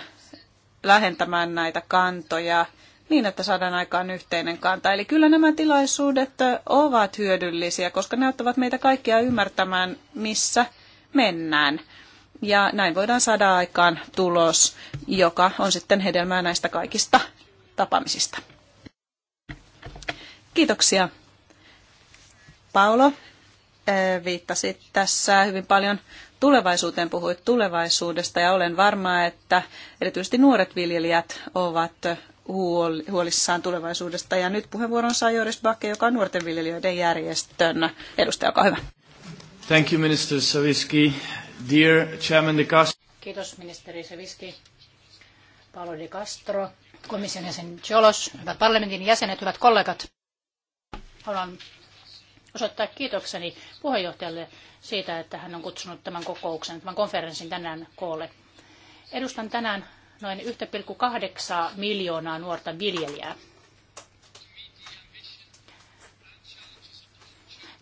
lähentämään näitä kantoja niin, että saadaan aikaan yhteinen kanta. Eli kyllä nämä tilaisuudet ovat hyödyllisiä, koska ne auttavat meitä kaikkia ymmärtämään, missä – mennään. Ja näin voidaan saada aikaan tulos, joka on sitten hedelmää näistä kaikista tapaamisista. Kiitoksia. Paolo, viittasit tässä hyvin paljon tulevaisuuteen, puhuit tulevaisuudesta ja olen varma, että erityisesti nuoret viljelijät ovat huolissaan tulevaisuudesta. Ja nyt puheenvuoron saa Joris Bakke, joka on nuorten viljelijöiden järjestön edustaja. Olkaa hyvä. Thank you, Minister Dear Chairman de Castro. Kiitos, ministeri Saviski. Paolo de Castro, komission jäsen Cholos, hyvät parlamentin jäsenet, hyvät kollegat. Haluan osoittaa kiitokseni puheenjohtajalle siitä, että hän on kutsunut tämän kokouksen, tämän konferenssin tänään koolle. Edustan tänään noin 1,8 miljoonaa nuorta viljelijää.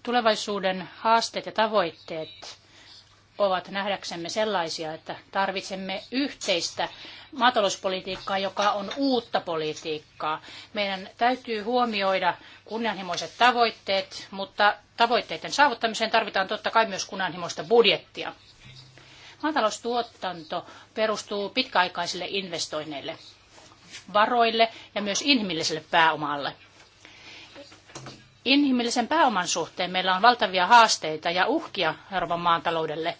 Tulevaisuuden haasteet ja tavoitteet ovat nähdäksemme sellaisia, että tarvitsemme yhteistä maatalouspolitiikkaa, joka on uutta politiikkaa. Meidän täytyy huomioida kunnianhimoiset tavoitteet, mutta tavoitteiden saavuttamiseen tarvitaan totta kai myös kunnianhimoista budjettia. Maataloustuotanto perustuu pitkäaikaisille investoinneille, varoille ja myös inhimilliselle pääomalle inhimillisen pääoman suhteen meillä on valtavia haasteita ja uhkia Euroopan maantaloudelle.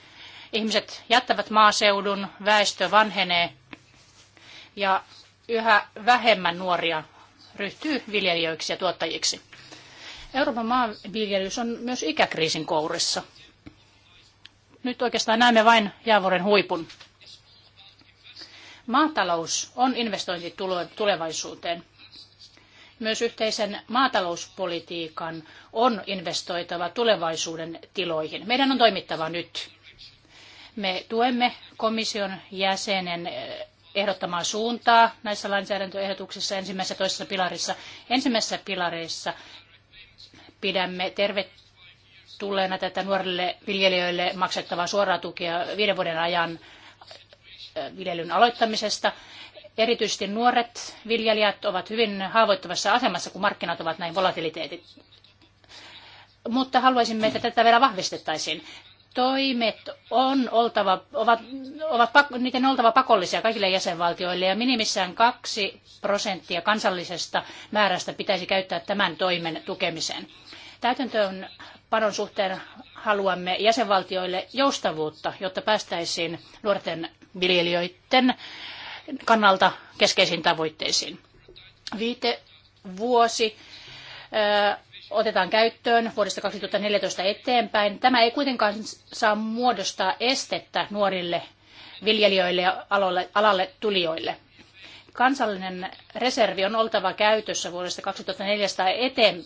Ihmiset jättävät maaseudun, väestö vanhenee ja yhä vähemmän nuoria ryhtyy viljelijöiksi ja tuottajiksi. Euroopan maanviljelys on myös ikäkriisin kourissa. Nyt oikeastaan näemme vain jäävuoren huipun. Maatalous on investointi tulevaisuuteen. Myös yhteisen maatalouspolitiikan on investoitava tulevaisuuden tiloihin. Meidän on toimittava nyt. Me tuemme komission jäsenen eh, ehdottamaa suuntaa näissä lainsäädäntöehdotuksissa ensimmäisessä ja toisessa pilarissa. Ensimmäisessä pilarissa pidämme tervetulleena tätä nuorille viljelijöille maksettavaa suoraa tukea viiden vuoden ajan eh, viljelyn aloittamisesta. Erityisesti nuoret viljelijät ovat hyvin haavoittuvassa asemassa, kun markkinat ovat näin volatiliteetit. Mutta haluaisimme, että tätä vielä vahvistettaisiin. Toimet on oltava, ovat, ovat, niiden on oltava pakollisia kaikille jäsenvaltioille ja minimissään kaksi prosenttia kansallisesta määrästä pitäisi käyttää tämän toimen tukemiseen. Täytäntöön panon suhteen haluamme jäsenvaltioille joustavuutta, jotta päästäisiin nuorten viljelijöiden kannalta keskeisiin tavoitteisiin. Viite vuosi otetaan käyttöön vuodesta 2014 eteenpäin. Tämä ei kuitenkaan saa muodostaa estettä nuorille viljelijöille ja alalle, alalle tulijoille. Kansallinen reservi on oltava käytössä vuodesta 2014 eteen,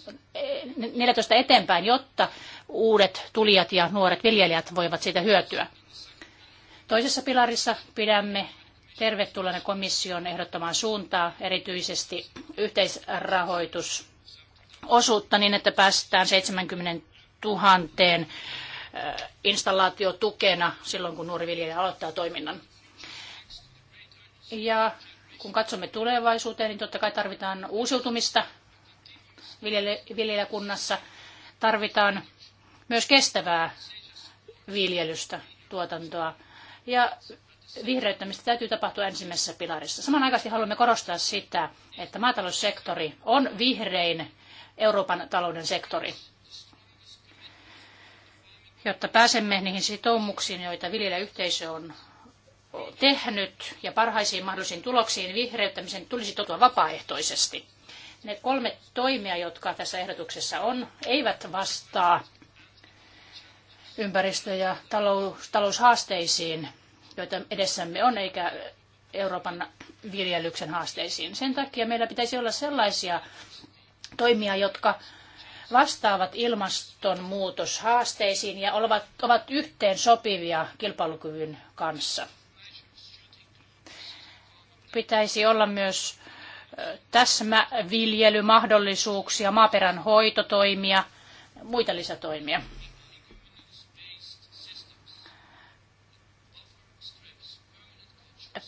eteenpäin, jotta uudet tulijat ja nuoret viljelijät voivat siitä hyötyä. Toisessa pilarissa pidämme tervetulleena komission ehdottamaan suuntaan, erityisesti yhteisrahoitusosuutta niin, että päästään 70 000 äh, installaatiotukena silloin, kun nuori viljelijä aloittaa toiminnan. Ja kun katsomme tulevaisuuteen, niin totta kai tarvitaan uusiutumista viljelijäkunnassa. Tarvitaan myös kestävää viljelystä, tuotantoa. Ja vihreyttämistä täytyy tapahtua ensimmäisessä pilarissa. Samanaikaisesti haluamme korostaa sitä, että maataloussektori on vihrein Euroopan talouden sektori. Jotta pääsemme niihin sitoumuksiin, joita viljelijäyhteisö on tehnyt ja parhaisiin mahdollisiin tuloksiin, vihreyttämisen tulisi totua vapaaehtoisesti. Ne kolme toimia, jotka tässä ehdotuksessa on, eivät vastaa ympäristö- ja talous, taloushaasteisiin, joita edessämme on, eikä Euroopan viljelyksen haasteisiin. Sen takia meillä pitäisi olla sellaisia toimia, jotka vastaavat ilmastonmuutoshaasteisiin ja ovat, ovat yhteen sopivia kilpailukyvyn kanssa. Pitäisi olla myös täsmäviljelymahdollisuuksia, maaperän hoitotoimia, muita lisätoimia.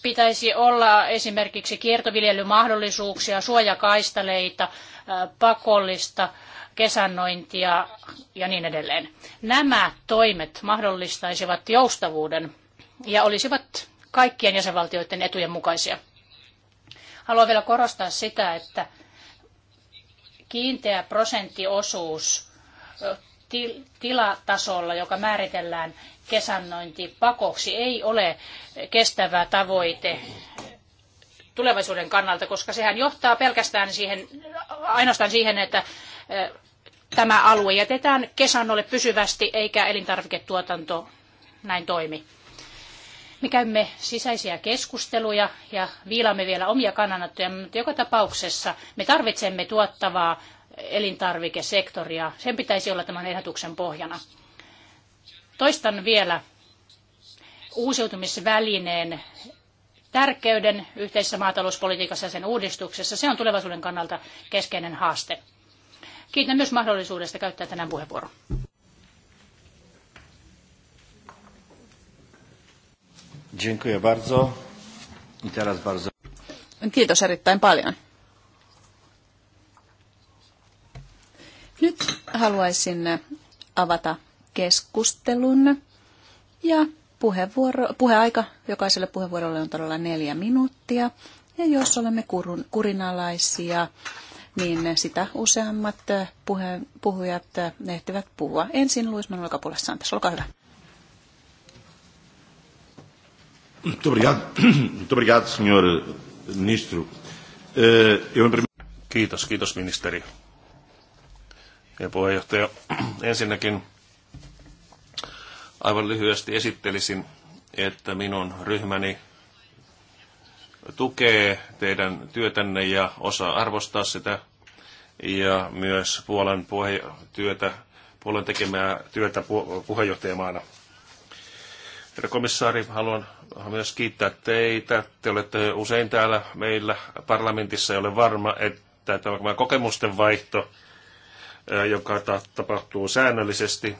pitäisi olla esimerkiksi kiertoviljelymahdollisuuksia, suojakaistaleita, pakollista kesännointia ja niin edelleen. Nämä toimet mahdollistaisivat joustavuuden ja olisivat kaikkien jäsenvaltioiden etujen mukaisia. Haluan vielä korostaa sitä, että kiinteä prosenttiosuus tilatasolla, joka määritellään kesännointi pakoksi, ei ole kestävä tavoite tulevaisuuden kannalta, koska sehän johtaa pelkästään siihen, ainoastaan siihen, että tämä alue jätetään kesannolle pysyvästi, eikä elintarviketuotanto näin toimi. Me käymme sisäisiä keskusteluja ja viilaamme vielä omia kannanottoja, mutta joka tapauksessa me tarvitsemme tuottavaa elintarvikesektoria. Sen pitäisi olla tämän ehdotuksen pohjana. Toistan vielä uusiutumisvälineen tärkeyden yhteisessä maatalouspolitiikassa ja sen uudistuksessa. Se on tulevaisuuden kannalta keskeinen haaste. Kiitän myös mahdollisuudesta käyttää tänään puheenvuoro. Dziękuję bardzo. I teraz bardzo. Kiitos erittäin paljon. Nyt haluaisin avata keskustelun ja puheenvuoro, puheaika jokaiselle puheenvuorolle on todella neljä minuuttia. Ja jos olemme kurun, kurinalaisia, niin sitä useammat äh, puhe, puhujat äh, ehtivät puhua. Ensin Luis Manuel Kapulas Santas, olkaa hyvä. <clears throat> Eh, kiitos, kiitos ministeri ja puheenjohtaja. <clears throat> Ensinnäkin aivan lyhyesti esittelisin, että minun ryhmäni tukee teidän työtänne ja osaa arvostaa sitä ja myös Puolan puhe- työtä, Puolan tekemää työtä pu- puheenjohtajamaana. Herra komissaari, haluan myös kiittää teitä. Te olette usein täällä meillä parlamentissa ja olen varma, että tämä kokemusten vaihto joka tapahtuu säännöllisesti,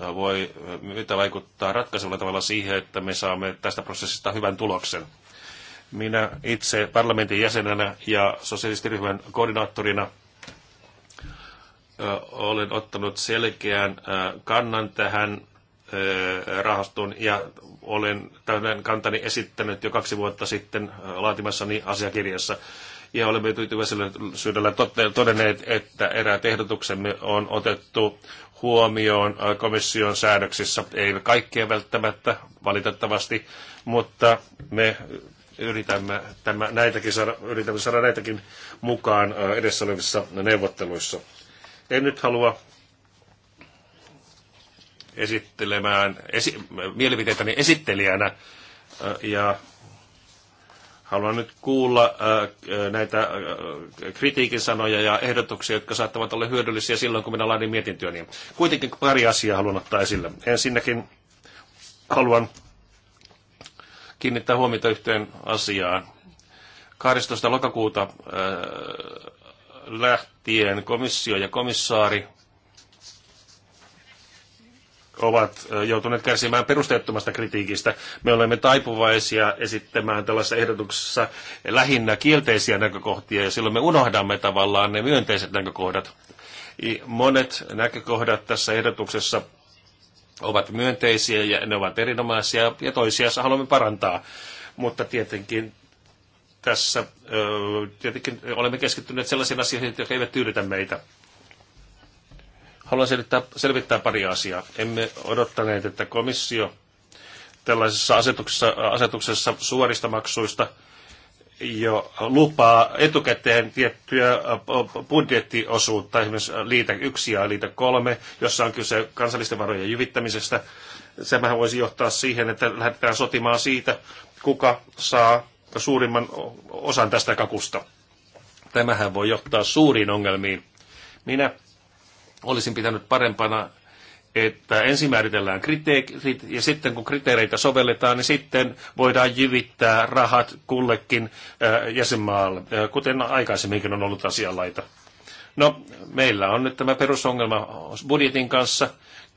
voi mitä vaikuttaa ratkaisevalla tavalla siihen, että me saamme tästä prosessista hyvän tuloksen. Minä itse parlamentin jäsenenä ja sosialistiryhmän koordinaattorina olen ottanut selkeän kannan tähän rahaston ja olen tämän kantani esittänyt jo kaksi vuotta sitten laatimassani asiakirjassa ja olemme tyytyväisyydellä todenneet, että eräät ehdotuksemme on otettu huomioon äh, komission säädöksissä. Ei kaikkea välttämättä, valitettavasti, mutta me yritämme, tämä, näitäkin saada, yritämme saada näitäkin mukaan äh, edessä olevissa neuvotteluissa. En nyt halua esittelemään esi- mielipiteitäni esittelijänä äh, ja Haluan nyt kuulla äh, äh, näitä äh, kritiikin sanoja ja ehdotuksia, jotka saattavat olla hyödyllisiä silloin, kun minä laadin Niin Kuitenkin pari asiaa haluan ottaa esille. Ensinnäkin haluan kiinnittää huomiota yhteen asiaan. 12. lokakuuta lähtien komissio ja komissaari ovat joutuneet kärsimään perusteettomasta kritiikistä. Me olemme taipuvaisia esittämään tällaisessa ehdotuksessa lähinnä kielteisiä näkökohtia, ja silloin me unohdamme tavallaan ne myönteiset näkökohdat. Monet näkökohdat tässä ehdotuksessa ovat myönteisiä ja ne ovat erinomaisia ja toisia haluamme parantaa. Mutta tietenkin tässä tietenkin olemme keskittyneet sellaisiin asioihin, jotka eivät tyydytä meitä. Haluan selvittää, selvittää pari asiaa. Emme odottaneet, että komissio tällaisessa asetuksessa, asetuksessa suorista maksuista jo lupaa etukäteen tiettyä budjettiosuutta, esimerkiksi liitä 1 ja liitä 3, jossa on kyse kansallisten varojen jyvittämisestä. Semähän voisi johtaa siihen, että lähdetään sotimaan siitä, kuka saa suurimman osan tästä kakusta. Tämähän voi johtaa suuriin ongelmiin. Minä Olisin pitänyt parempana, että ensin määritellään kriteerit ja sitten kun kriteereitä sovelletaan, niin sitten voidaan jyvittää rahat kullekin äh, jäsenmaalle, äh, kuten aikaisemminkin on ollut asianlaita. No, meillä on nyt tämä perusongelma budjetin kanssa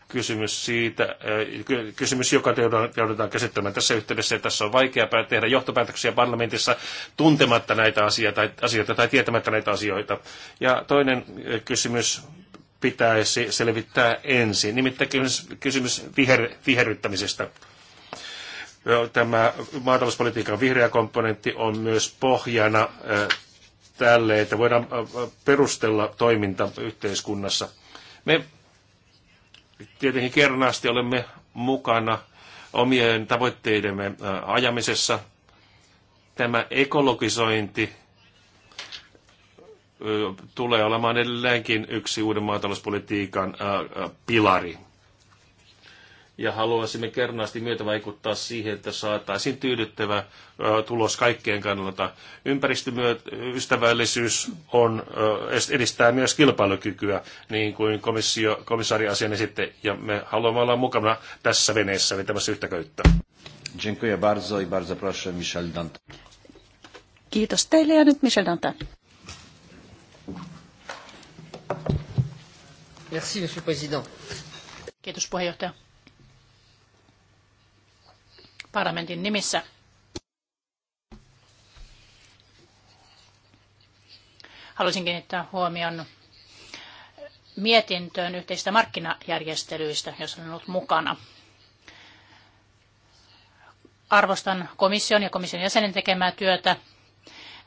kysymys siitä, äh, kysymys, joka joudutaan käsittelemään tässä yhteydessä, ja tässä on vaikea tehdä johtopäätöksiä parlamentissa tuntematta näitä asioita tai, asioita tai tietämättä näitä asioita. Ja toinen kysymys, pitäisi selvittää ensin. Nimittäin kysymys viher, viherryttämisestä. Tämä maatalouspolitiikan vihreä komponentti on myös pohjana tälle, että voidaan perustella toiminta yhteiskunnassa. Me tietenkin asti olemme mukana omien tavoitteidemme ajamisessa. Tämä ekologisointi tulee olemaan edelleenkin yksi uuden maatalouspolitiikan pilari. Ja haluaisimme kernaasti myötä vaikuttaa siihen, että saataisiin tyydyttävä tulos kaikkien kannalta. Ympäristöystävällisyys on, edistää myös kilpailukykyä, niin kuin komissio, komissaari asian esitte, ja me haluamme olla mukana tässä veneessä vetämässä yhtä köyttä. bardzo bardzo proszę Michel Dantin. Kiitos teille ja nyt Michel Dantin. Merci, monsieur président. Kiitos puheenjohtaja. Parlamentin nimissä haluaisin kiinnittää huomion mietintöön yhteistä markkinajärjestelyistä, jos olen ollut mukana. Arvostan komission ja komission jäsenen tekemää työtä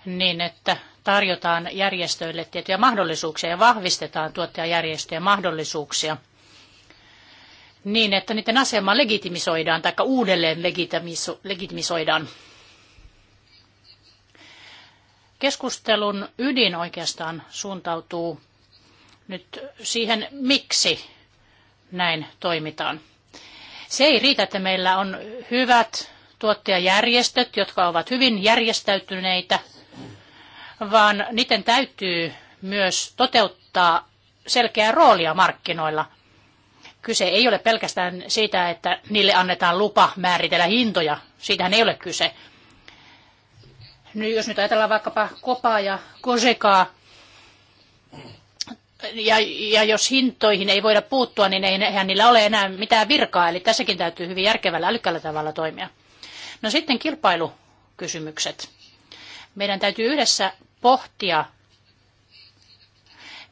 niin, että tarjotaan järjestöille tiettyjä mahdollisuuksia ja vahvistetaan tuottajajärjestöjen mahdollisuuksia niin, että niiden asema legitimisoidaan tai uudelleen legitimisoidaan. Keskustelun ydin oikeastaan suuntautuu nyt siihen, miksi näin toimitaan. Se ei riitä, että meillä on hyvät tuottajajärjestöt, jotka ovat hyvin järjestäytyneitä vaan niiden täytyy myös toteuttaa selkeää roolia markkinoilla. Kyse ei ole pelkästään siitä, että niille annetaan lupa määritellä hintoja. Siitähän ei ole kyse. Nyt jos nyt ajatellaan vaikkapa kopaa ja kosekaa, ja, ja jos hintoihin ei voida puuttua, niin eihän niillä ole enää mitään virkaa. Eli tässäkin täytyy hyvin järkevällä, älykkällä tavalla toimia. No sitten kilpailukysymykset. Meidän täytyy yhdessä pohtia,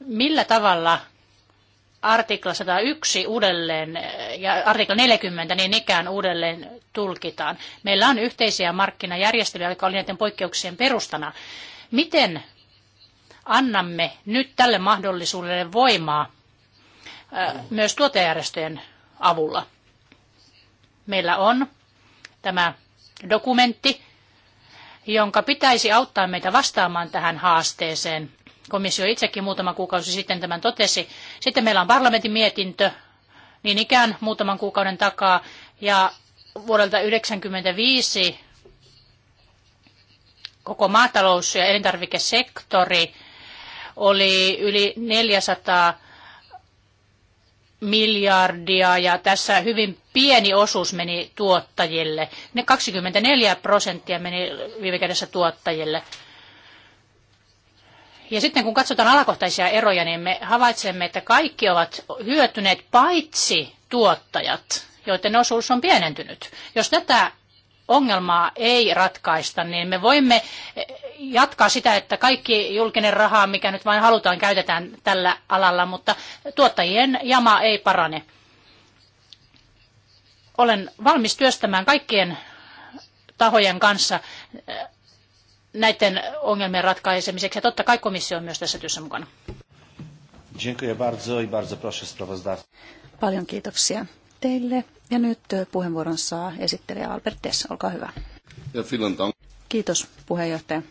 millä tavalla artikla 101 uudelleen ja artikla 40 niin ikään uudelleen tulkitaan. Meillä on yhteisiä markkinajärjestelyjä, jotka oli näiden poikkeuksien perustana. Miten annamme nyt tälle mahdollisuudelle voimaa myös tuotejärjestöjen avulla? Meillä on tämä dokumentti, jonka pitäisi auttaa meitä vastaamaan tähän haasteeseen. Komissio itsekin muutama kuukausi sitten tämän totesi. Sitten meillä on parlamentin mietintö, niin ikään muutaman kuukauden takaa, ja vuodelta 1995 koko maatalous- ja elintarvikesektori oli yli 400 miljardia ja tässä hyvin pieni osuus meni tuottajille. Ne 24 prosenttia meni viime kädessä tuottajille. Ja sitten kun katsotaan alakohtaisia eroja, niin me havaitsemme, että kaikki ovat hyötyneet paitsi tuottajat, joiden osuus on pienentynyt. Jos tätä ongelmaa ei ratkaista, niin me voimme jatkaa sitä, että kaikki julkinen raha, mikä nyt vain halutaan, käytetään tällä alalla, mutta tuottajien jama ei parane. Olen valmis työstämään kaikkien tahojen kanssa eh, näiden ongelmien ratkaisemiseksi. Ja totta kai komissio on myös tässä työssä mukana. Paljon kiitoksia teille. Ja nyt puheenvuoron saa esittelijä Albert Tess. Olkaa hyvä. Ja Kiitos puheenjohtaja.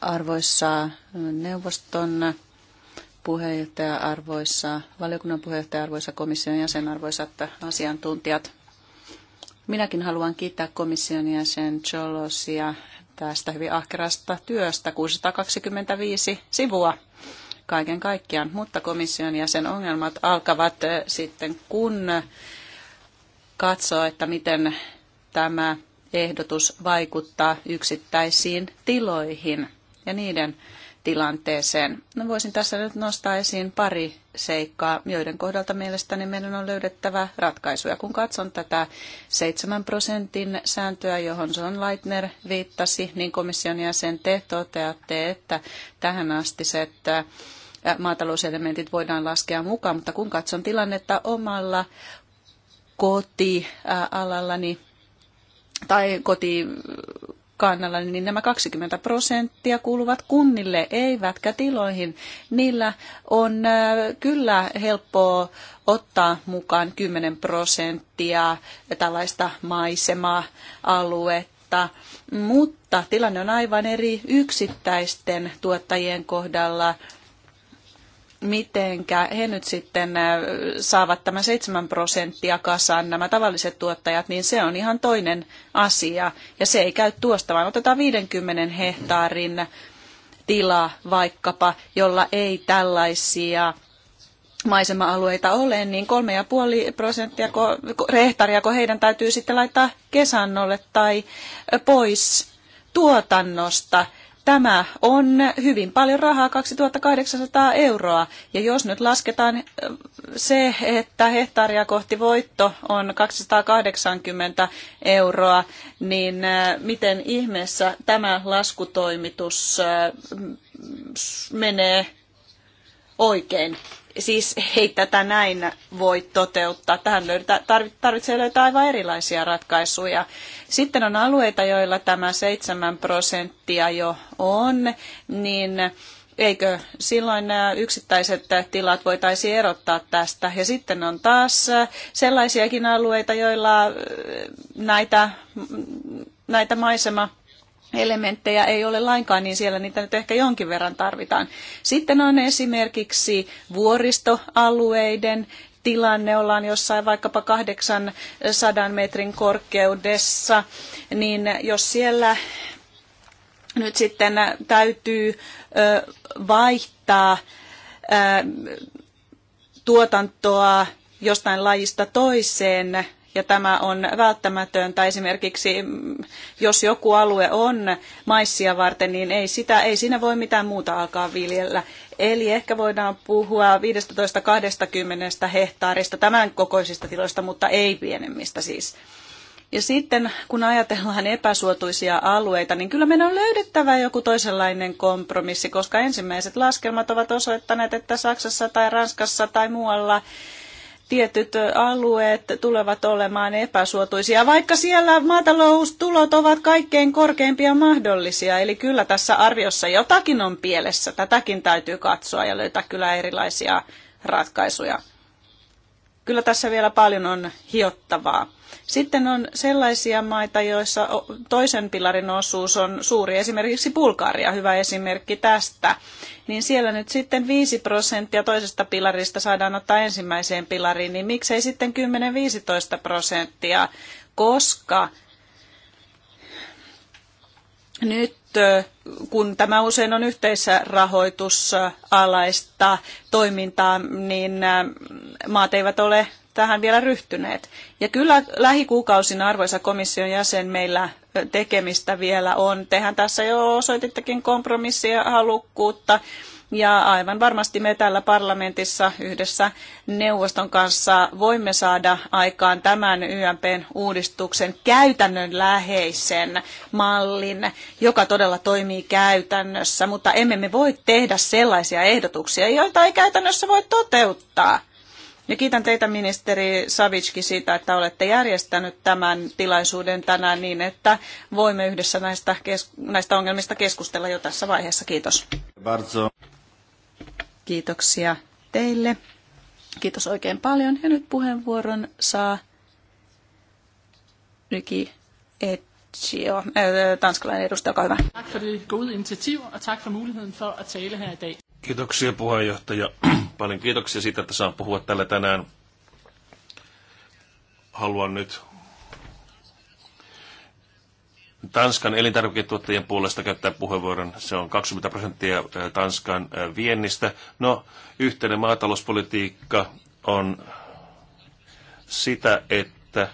Arvoissa neuvoston puheenjohtaja, arvoissa valiokunnan puheenjohtaja, arvoissa komission jäsen, arvoisat asiantuntijat. Minäkin haluan kiittää komission jäsen Cholosia tästä hyvin ahkerasta työstä, 625 sivua kaiken kaikkiaan, mutta komission ja sen ongelmat alkavat eh, sitten, kun katsoo, että miten tämä ehdotus vaikuttaa yksittäisiin tiloihin ja niiden tilanteeseen. No, voisin tässä nyt nostaa esiin pari seikkaa, joiden kohdalta mielestäni meidän on löydettävä ratkaisuja. Kun katson tätä 7 prosentin sääntöä, johon John Leitner viittasi, niin komission jäsen te toteatte, että tähän asti se, että maatalouselementit voidaan laskea mukaan, mutta kun katson tilannetta omalla kotialallani tai koti kannalla, niin nämä 20 prosenttia kuuluvat kunnille, eivätkä tiloihin. Niillä on kyllä helppoa ottaa mukaan 10 prosenttia tällaista maisema-aluetta, mutta tilanne on aivan eri yksittäisten tuottajien kohdalla mitenkä he nyt sitten äh, saavat tämän 7 prosenttia kasaan nämä tavalliset tuottajat, niin se on ihan toinen asia. Ja se ei käy tuosta, vaan otetaan 50 hehtaarin tila vaikkapa, jolla ei tällaisia maisema-alueita ole, niin 3,5 prosenttia rehtaria, kun heidän täytyy sitten laittaa kesannolle tai pois tuotannosta – Tämä on hyvin paljon rahaa, 2800 euroa. Ja jos nyt lasketaan äh, se, että hehtaaria kohti voitto on 280 euroa, niin äh, miten ihmeessä tämä laskutoimitus äh, menee oikein? siis ei tätä näin voi toteuttaa. Tähän löytä, tarvitsee löytää aivan erilaisia ratkaisuja. Sitten on alueita, joilla tämä 7 prosenttia jo on, niin eikö silloin nämä yksittäiset tilat voitaisiin erottaa tästä. Ja sitten on taas sellaisiakin alueita, joilla näitä, näitä maisema elementtejä ei ole lainkaan, niin siellä niitä nyt ehkä jonkin verran tarvitaan. Sitten on esimerkiksi vuoristoalueiden tilanne, ollaan jossain vaikkapa 800 metrin korkeudessa, niin jos siellä nyt sitten täytyy vaihtaa tuotantoa jostain lajista toiseen, ja tämä on välttämätöntä. Esimerkiksi mm, jos joku alue on maissia varten, niin ei, sitä, ei siinä voi mitään muuta alkaa viljellä. Eli ehkä voidaan puhua 15-20 hehtaarista tämän kokoisista tiloista, mutta ei pienemmistä siis. Ja sitten kun ajatellaan epäsuotuisia alueita, niin kyllä meidän on löydettävä joku toisenlainen kompromissi, koska ensimmäiset laskelmat ovat osoittaneet, että Saksassa tai Ranskassa tai muualla tietyt alueet tulevat olemaan epäsuotuisia, vaikka siellä maataloustulot ovat kaikkein korkeimpia mahdollisia. Eli kyllä tässä arviossa jotakin on pielessä. Tätäkin täytyy katsoa ja löytää kyllä erilaisia ratkaisuja. Kyllä tässä vielä paljon on hiottavaa. Sitten on sellaisia maita, joissa toisen pilarin osuus on suuri, esimerkiksi Bulgaria, hyvä esimerkki tästä. Niin siellä nyt sitten 5 prosenttia toisesta pilarista saadaan ottaa ensimmäiseen pilariin, niin miksei sitten 10-15 prosenttia, koska nyt kun tämä usein on rahoitusalaista toimintaa, niin maat eivät ole tähän vielä ryhtyneet. Ja kyllä lähikuukausina, arvoisa komission jäsen, meillä tekemistä vielä on. Tehän tässä jo osoitittekin kompromissia halukkuutta. Ja aivan varmasti me täällä parlamentissa yhdessä neuvoston kanssa voimme saada aikaan tämän YMPn uudistuksen käytännönläheisen mallin, joka todella toimii käytännössä, mutta emme me voi tehdä sellaisia ehdotuksia, joita ei käytännössä voi toteuttaa. Ja kiitän teitä ministeri Savitski siitä, että olette järjestänyt tämän tilaisuuden tänään niin, että voimme yhdessä näistä, näistä ongelmista keskustella jo tässä vaiheessa. Kiitos. Bardzo. Kiitoksia teille. Kiitos oikein paljon. Ja nyt puheenvuoron saa Ryki Etsio, äh, tanskalainen edustaja, olkaa hyvä. Tack för det initiativ och tack för möjligheten för att tala här idag. Kiitoksia puheenjohtaja. Paljon kiitoksia siitä, että saan puhua tällä tänään. Haluan nyt Tanskan elintarviketuottajien puolesta käyttää puheenvuoron. Se on 20 prosenttia Tanskan viennistä. No, yhteinen maatalouspolitiikka on sitä, että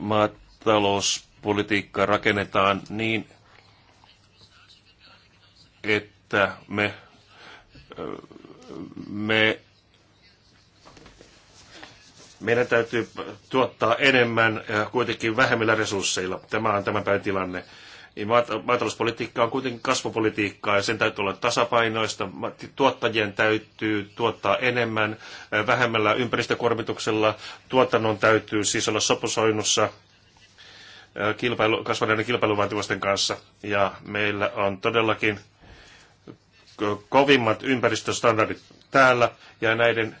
maatalouspolitiikka rakennetaan niin, että me me, meidän täytyy tuottaa enemmän ja kuitenkin vähemmillä resursseilla. Tämä on tämän päivän tilanne. Maatalouspolitiikka on kuitenkin kasvupolitiikkaa ja sen täytyy olla tasapainoista. Tuottajien täytyy tuottaa enemmän vähemmällä ympäristökuormituksella. Tuotannon täytyy siis olla sopusoinnussa kilpailu, kasvaneiden kilpailuvaatimusten kanssa. Ja meillä on todellakin kovimmat ympäristöstandardit täällä ja näiden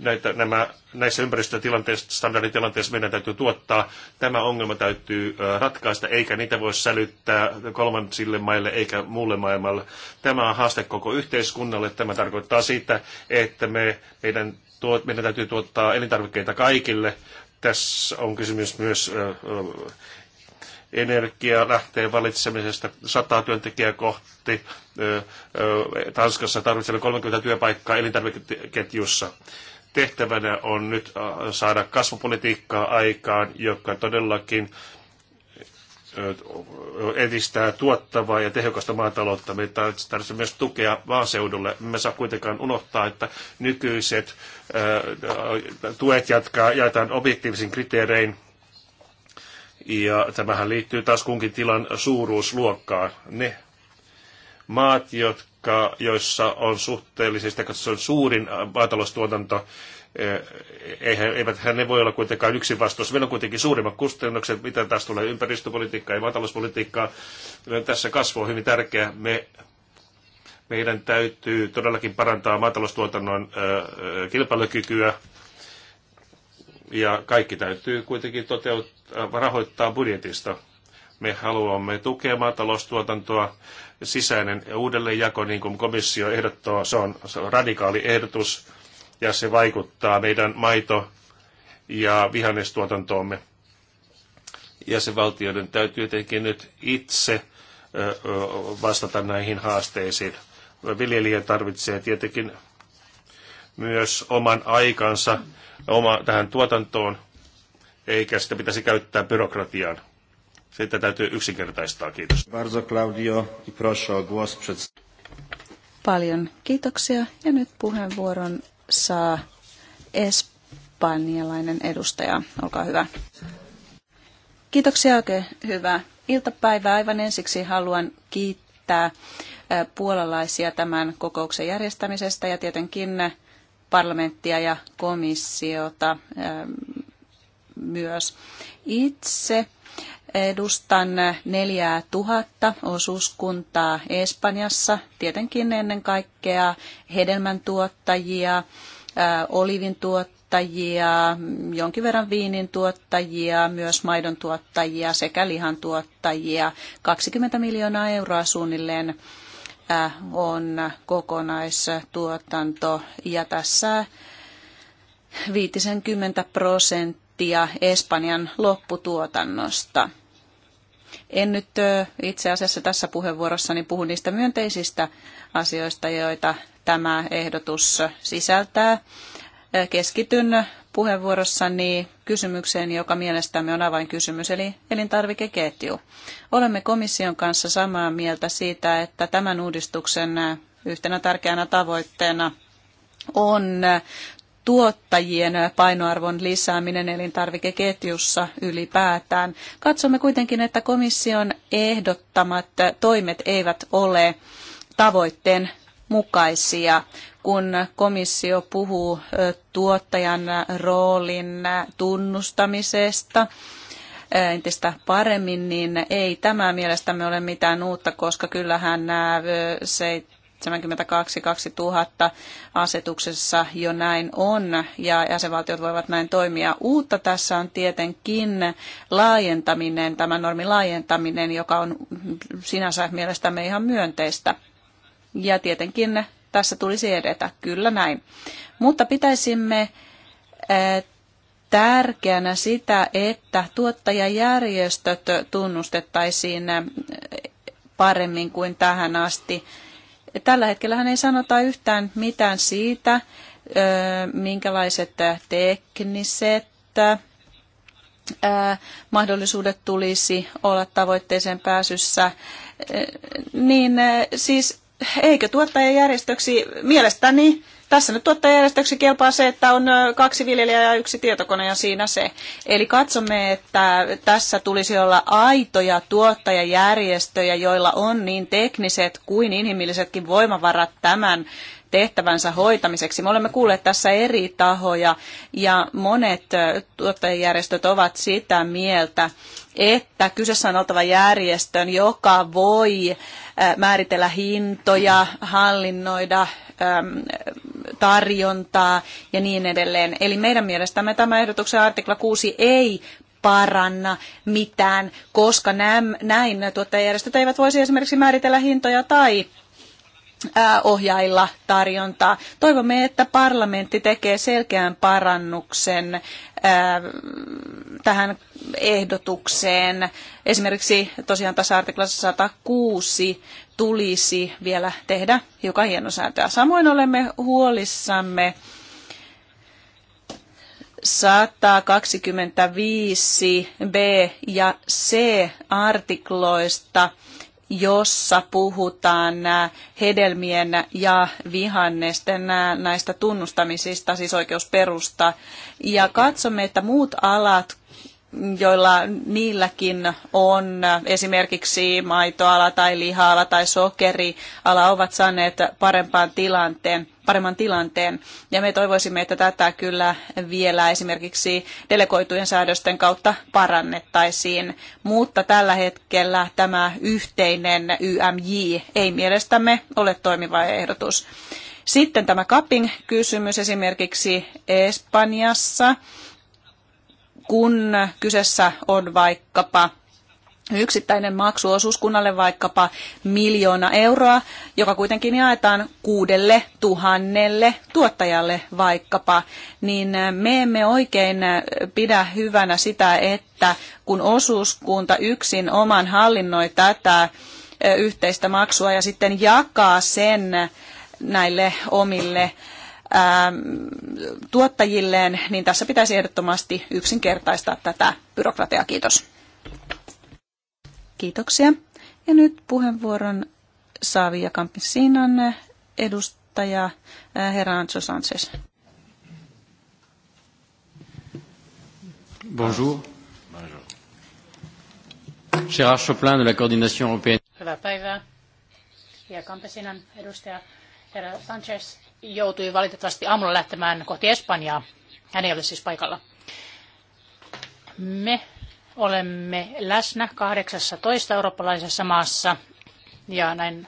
näitä, nämä, näissä ympäristötilanteissa, standarditilanteissa meidän täytyy tuottaa. Tämä ongelma täytyy ratkaista, eikä niitä voi sälyttää kolmansille maille eikä muulle maailmalle. Tämä on haaste koko yhteiskunnalle. Tämä tarkoittaa sitä, että me, meidän, tuot, meidän täytyy tuottaa elintarvikkeita kaikille. Tässä on kysymys myös lähteen valitsemisesta 100 työntekijää kohti. Tanskassa tarvitsemme 30 työpaikkaa elintarvikeketjussa. Tehtävänä on nyt saada kasvupolitiikkaa aikaan, joka todellakin edistää tuottavaa ja tehokasta maataloutta. Me tarvitsemme myös tukea maaseudulle. Me saa kuitenkaan unohtaa, että nykyiset tuet jatkaa, jaetaan objektiivisin kriteerein ja tämähän liittyy taas kunkin tilan suuruusluokkaan. Ne maat, jotka, joissa on suhteellisesti katsoen suurin äh, maataloustuotanto, eh, eivät ne voi olla kuitenkaan yksin vastuussa. Meillä on kuitenkin suurimmat kustannukset, mitä taas tulee ympäristöpolitiikkaa ja maatalouspolitiikkaa. Tässä kasvu on hyvin tärkeä. Me, meidän täytyy todellakin parantaa maataloustuotannon eh, eh, kilpailukykyä ja kaikki täytyy kuitenkin toteuttaa, rahoittaa budjetista. Me haluamme tukea maataloustuotantoa, sisäinen uudelleenjako, niin kuin komissio ehdottaa, se on, se on radikaali ehdotus ja se vaikuttaa meidän maito- ja vihannestuotantoomme. Jäsenvaltioiden täytyy tietenkin nyt itse vastata näihin haasteisiin. Viljelijä tarvitsee tietenkin myös oman aikansa oma, tähän tuotantoon, eikä sitä pitäisi käyttää byrokratiaan. Sitä täytyy yksinkertaistaa. Kiitos. Bardzo Claudio, i proszę o głos przed... Paljon kiitoksia ja nyt puheenvuoron saa espanjalainen edustaja. Olkaa hyvä. Kiitoksia oikein hyvää iltapäivää. Aivan ensiksi haluan kiittää puolalaisia tämän kokouksen järjestämisestä ja tietenkin parlamenttia ja komissiota ähm, myös. Itse edustan 4000 tuhatta osuuskuntaa Espanjassa, tietenkin ennen kaikkea hedelmäntuottajia, äh, olivintuottajia, jonkin verran tuottajia, myös maidon tuottajia sekä lihan tuottajia. 20 miljoonaa euroa suunnilleen on kokonaistuotanto ja tässä 50 prosenttia Espanjan lopputuotannosta. En nyt itse asiassa tässä puheenvuorossani puhu niistä myönteisistä asioista, joita tämä ehdotus sisältää. Keskityn puheenvuorossani kysymykseen, joka mielestämme on avainkysymys, eli elintarvikeketju. Olemme komission kanssa samaa mieltä siitä, että tämän uudistuksen yhtenä tärkeänä tavoitteena on tuottajien painoarvon lisääminen elintarvikeketjussa ylipäätään. Katsomme kuitenkin, että komission ehdottamat toimet eivät ole tavoitteen mukaisia, kun komissio puhuu tuottajan roolin tunnustamisesta entistä paremmin, niin ei tämä mielestämme ole mitään uutta, koska kyllähän nämä 72-2000 asetuksessa jo näin on ja jäsenvaltiot voivat näin toimia. Uutta tässä on tietenkin laajentaminen, tämä normi laajentaminen, joka on sinänsä mielestämme ihan myönteistä. Ja tietenkin tässä tulisi edetä, kyllä näin. Mutta pitäisimme eh, tärkeänä sitä, että tuottajajärjestöt tunnustettaisiin eh, paremmin kuin tähän asti. Tällä hetkellä ei sanota yhtään mitään siitä, eh, minkälaiset tekniset mahdollisuudet tulisi olla tavoitteeseen pääsyssä. Niin siis eikö tuottajajärjestöksi, mielestäni tässä nyt tuottajajärjestöksi kelpaa se, että on kaksi viljelijää ja yksi tietokone ja siinä se. Eli katsomme, että tässä tulisi olla aitoja tuottajajärjestöjä, joilla on niin tekniset kuin inhimillisetkin voimavarat tämän tehtävänsä hoitamiseksi. Me olemme kuulleet tässä eri tahoja ja monet tuottajajärjestöt ovat sitä mieltä, että kyseessä on oltava järjestön, joka voi äh, määritellä hintoja, hallinnoida tarjontaa ja niin edelleen. Eli meidän mielestämme tämä ehdotuksen artikla 6 ei paranna mitään, koska näin tuottajajärjestöt eivät voisi esimerkiksi määritellä hintoja tai ohjailla tarjontaa. Toivomme, että parlamentti tekee selkeän parannuksen tähän ehdotukseen. Esimerkiksi tosiaan tässä artiklassa 106 tulisi vielä tehdä hiukan hienosäätöä. Samoin olemme huolissamme 125 B ja C artikloista jossa puhutaan hedelmien ja vihannesten näistä tunnustamisista, siis oikeusperusta. Ja katsomme, että muut alat joilla niilläkin on esimerkiksi maitoala tai lihaala tai sokeriala ovat saaneet parempaan tilanteen, paremman tilanteen. Ja me toivoisimme, että tätä kyllä vielä esimerkiksi delegoitujen säädösten kautta parannettaisiin. Mutta tällä hetkellä tämä yhteinen YMJ ei mielestämme ole toimiva ehdotus. Sitten tämä cupping-kysymys esimerkiksi Espanjassa kun kyseessä on vaikkapa yksittäinen maksuosuus kunnalle vaikkapa miljoona euroa, joka kuitenkin jaetaan kuudelle tuhannelle tuottajalle vaikkapa, niin me emme oikein pidä hyvänä sitä, että kun osuuskunta yksin oman hallinnoi tätä yhteistä maksua ja sitten jakaa sen näille omille Ähm, tuottajilleen, niin tässä pitäisi ehdottomasti yksinkertaistaa tätä byrokratiaa. Kiitos. Kiitoksia. Ja nyt puheenvuoron saavi ja Kampisinan edustaja äh, herra Ancho Sanchez. Bonjour. Gérard Choplin de la coordination européenne. Hyvää päivää. Ja Kampesinan edustaja herra Sanchez joutui valitettavasti aamulla lähtemään kohti Espanjaa. Hän ei ole siis paikalla. Me olemme läsnä 18 eurooppalaisessa maassa ja näin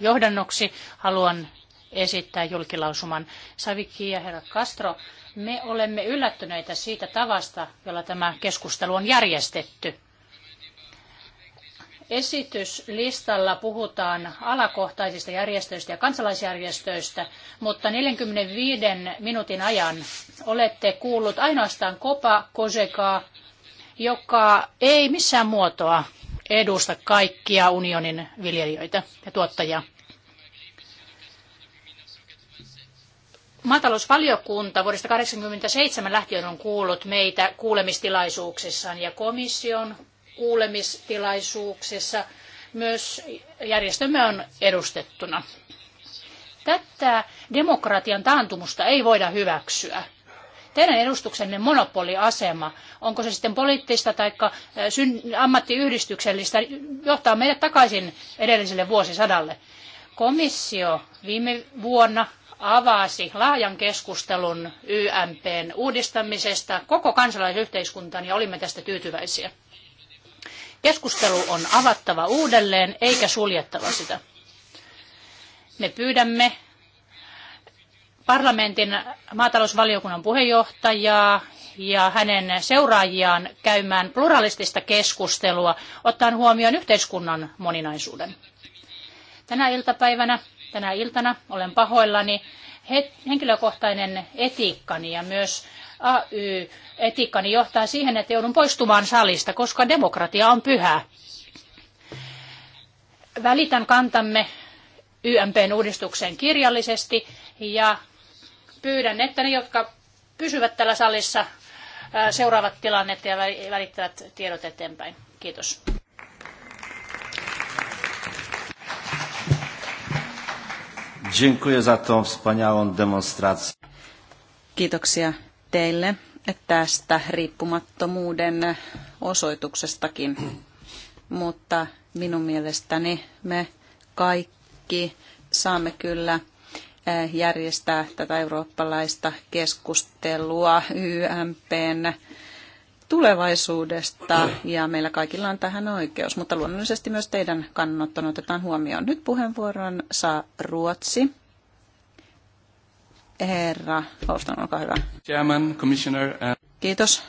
johdannoksi haluan esittää julkilausuman. Savikki ja herra Castro, me olemme yllättyneitä siitä tavasta, jolla tämä keskustelu on järjestetty esityslistalla puhutaan alakohtaisista järjestöistä ja kansalaisjärjestöistä, mutta 45 minuutin ajan olette kuullut ainoastaan Kopa Kosekaa, joka ei missään muotoa edusta kaikkia unionin viljelijöitä ja tuottajia. Maatalousvaliokunta vuodesta 1987 lähtien on kuullut meitä kuulemistilaisuuksissaan ja komission kuulemistilaisuuksissa myös järjestömme on edustettuna. Tätä demokratian taantumusta ei voida hyväksyä. Teidän edustuksenne monopoliasema, onko se sitten poliittista tai äh, ammattiyhdistyksellistä, johtaa meidät takaisin edelliselle vuosisadalle. Komissio viime vuonna avasi laajan keskustelun YMPn uudistamisesta koko kansalaisyhteiskuntaan ja olimme tästä tyytyväisiä. Keskustelu on avattava uudelleen eikä suljettava sitä. Me pyydämme parlamentin maatalousvaliokunnan puheenjohtajaa ja hänen seuraajiaan käymään pluralistista keskustelua, ottaen huomioon yhteiskunnan moninaisuuden. Tänä iltapäivänä, tänä iltana olen pahoillani, henkilökohtainen etiikkani ja myös AY-etiikkani niin johtaa siihen, että joudun poistumaan salista, koska demokratia on pyhää. Välitän kantamme YMPn uudistukseen kirjallisesti ja pyydän, että ne, jotka pysyvät täällä salissa, seuraavat tilannetta ja välittävät tiedot eteenpäin. Kiitos. Dziękuję za tą wspaniałą demonstrację. Kiitoksia teille tästä riippumattomuuden osoituksestakin, mutta minun mielestäni me kaikki saamme kyllä eh, järjestää tätä eurooppalaista keskustelua YMPn tulevaisuudesta ja meillä kaikilla on tähän oikeus, mutta luonnollisesti myös teidän kannanotton otetaan huomioon. Nyt puheenvuoron saa Ruotsi. Herra Houston, olkaa hyvä. Chairman, Commissioner. Kiitos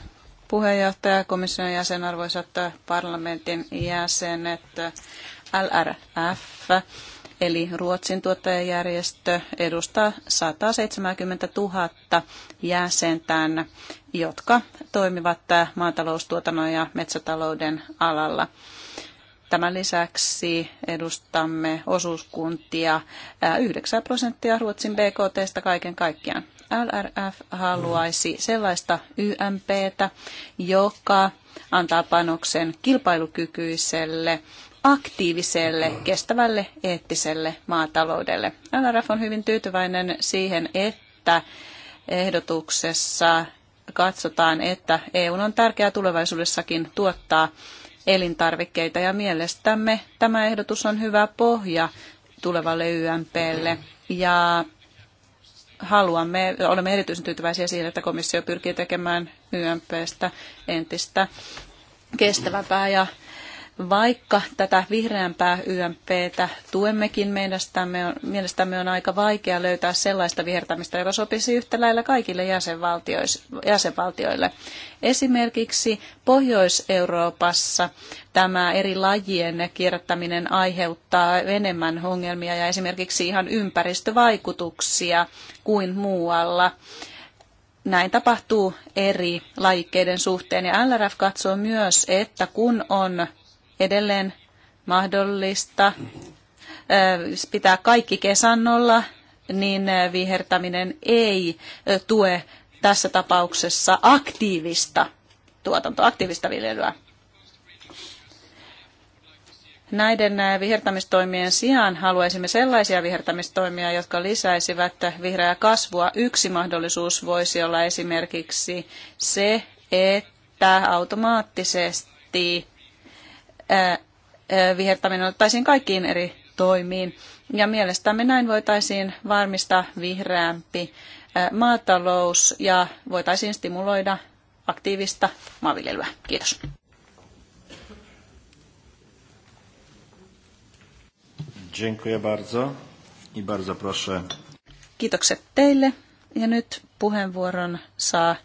puheenjohtaja, komission jäsen, arvoisat parlamentin jäsenet, LRF, eli Ruotsin tuottajajärjestö, edustaa 170 000 jäsentään, jotka toimivat maataloustuotannon ja metsätalouden alalla. Tämän lisäksi edustamme osuuskuntia 9 prosenttia Ruotsin BKTstä kaiken kaikkiaan. LRF haluaisi sellaista YMPtä, joka antaa panoksen kilpailukykyiselle, aktiiviselle, kestävälle, eettiselle maataloudelle. LRF on hyvin tyytyväinen siihen, että ehdotuksessa katsotaan, että EUn on tärkeää tulevaisuudessakin tuottaa elintarvikkeita ja mielestämme tämä ehdotus on hyvä pohja tulevalle YMPlle ja haluamme, olemme erityisen tyytyväisiä siihen, että komissio pyrkii tekemään YMPstä entistä kestävämpää ja vaikka tätä vihreämpää YMPtä tuemmekin, mielestämme on, mielestämme on aika vaikea löytää sellaista vihertämistä, joka sopisi yhtä lailla kaikille jäsenvaltioille. Esimerkiksi Pohjois-Euroopassa tämä eri lajien kierrättäminen aiheuttaa enemmän ongelmia ja esimerkiksi ihan ympäristövaikutuksia kuin muualla näin tapahtuu eri lajikkeiden suhteen. Ja LRF katsoo myös, että kun on edelleen mahdollista pitää kaikki kesannolla, niin vihertäminen ei tue tässä tapauksessa aktiivista tuotantoa, aktiivista viljelyä. Näiden vihertämistoimien sijaan haluaisimme sellaisia vihertämistoimia, jotka lisäisivät vihreää kasvua. Yksi mahdollisuus voisi olla esimerkiksi se, että automaattisesti vihertäminen ottaisiin kaikkiin eri toimiin. Ja mielestämme näin voitaisiin varmistaa vihreämpi maatalous ja voitaisiin stimuloida aktiivista maanviljelyä. Kiitos. Dziękuję bardzo i bardzo proszę. Kiitokset teille. Ja nyt puheenvuoron saa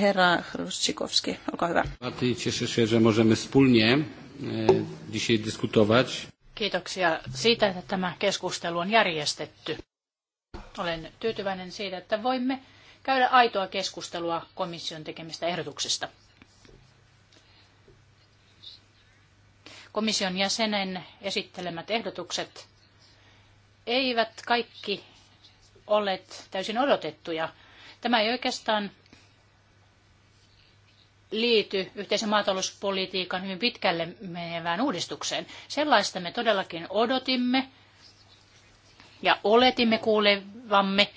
Herra olkaa hyvä. Cieszę się, że możemy wspólnie e, dzisiaj dyskutować. Kiitoksia siitä, että tämä keskustelu on järjestetty. Olen tyytyväinen siitä, että voimme käydä aitoa keskustelua komission tekemistä ehdotuksista. Komission jäsenen esittelemät ehdotukset eivät kaikki olleet täysin odotettuja. Tämä ei oikeastaan liity yhteisen maatalouspolitiikan hyvin pitkälle menevään uudistukseen. Sellaista me todellakin odotimme ja oletimme kuulevamme.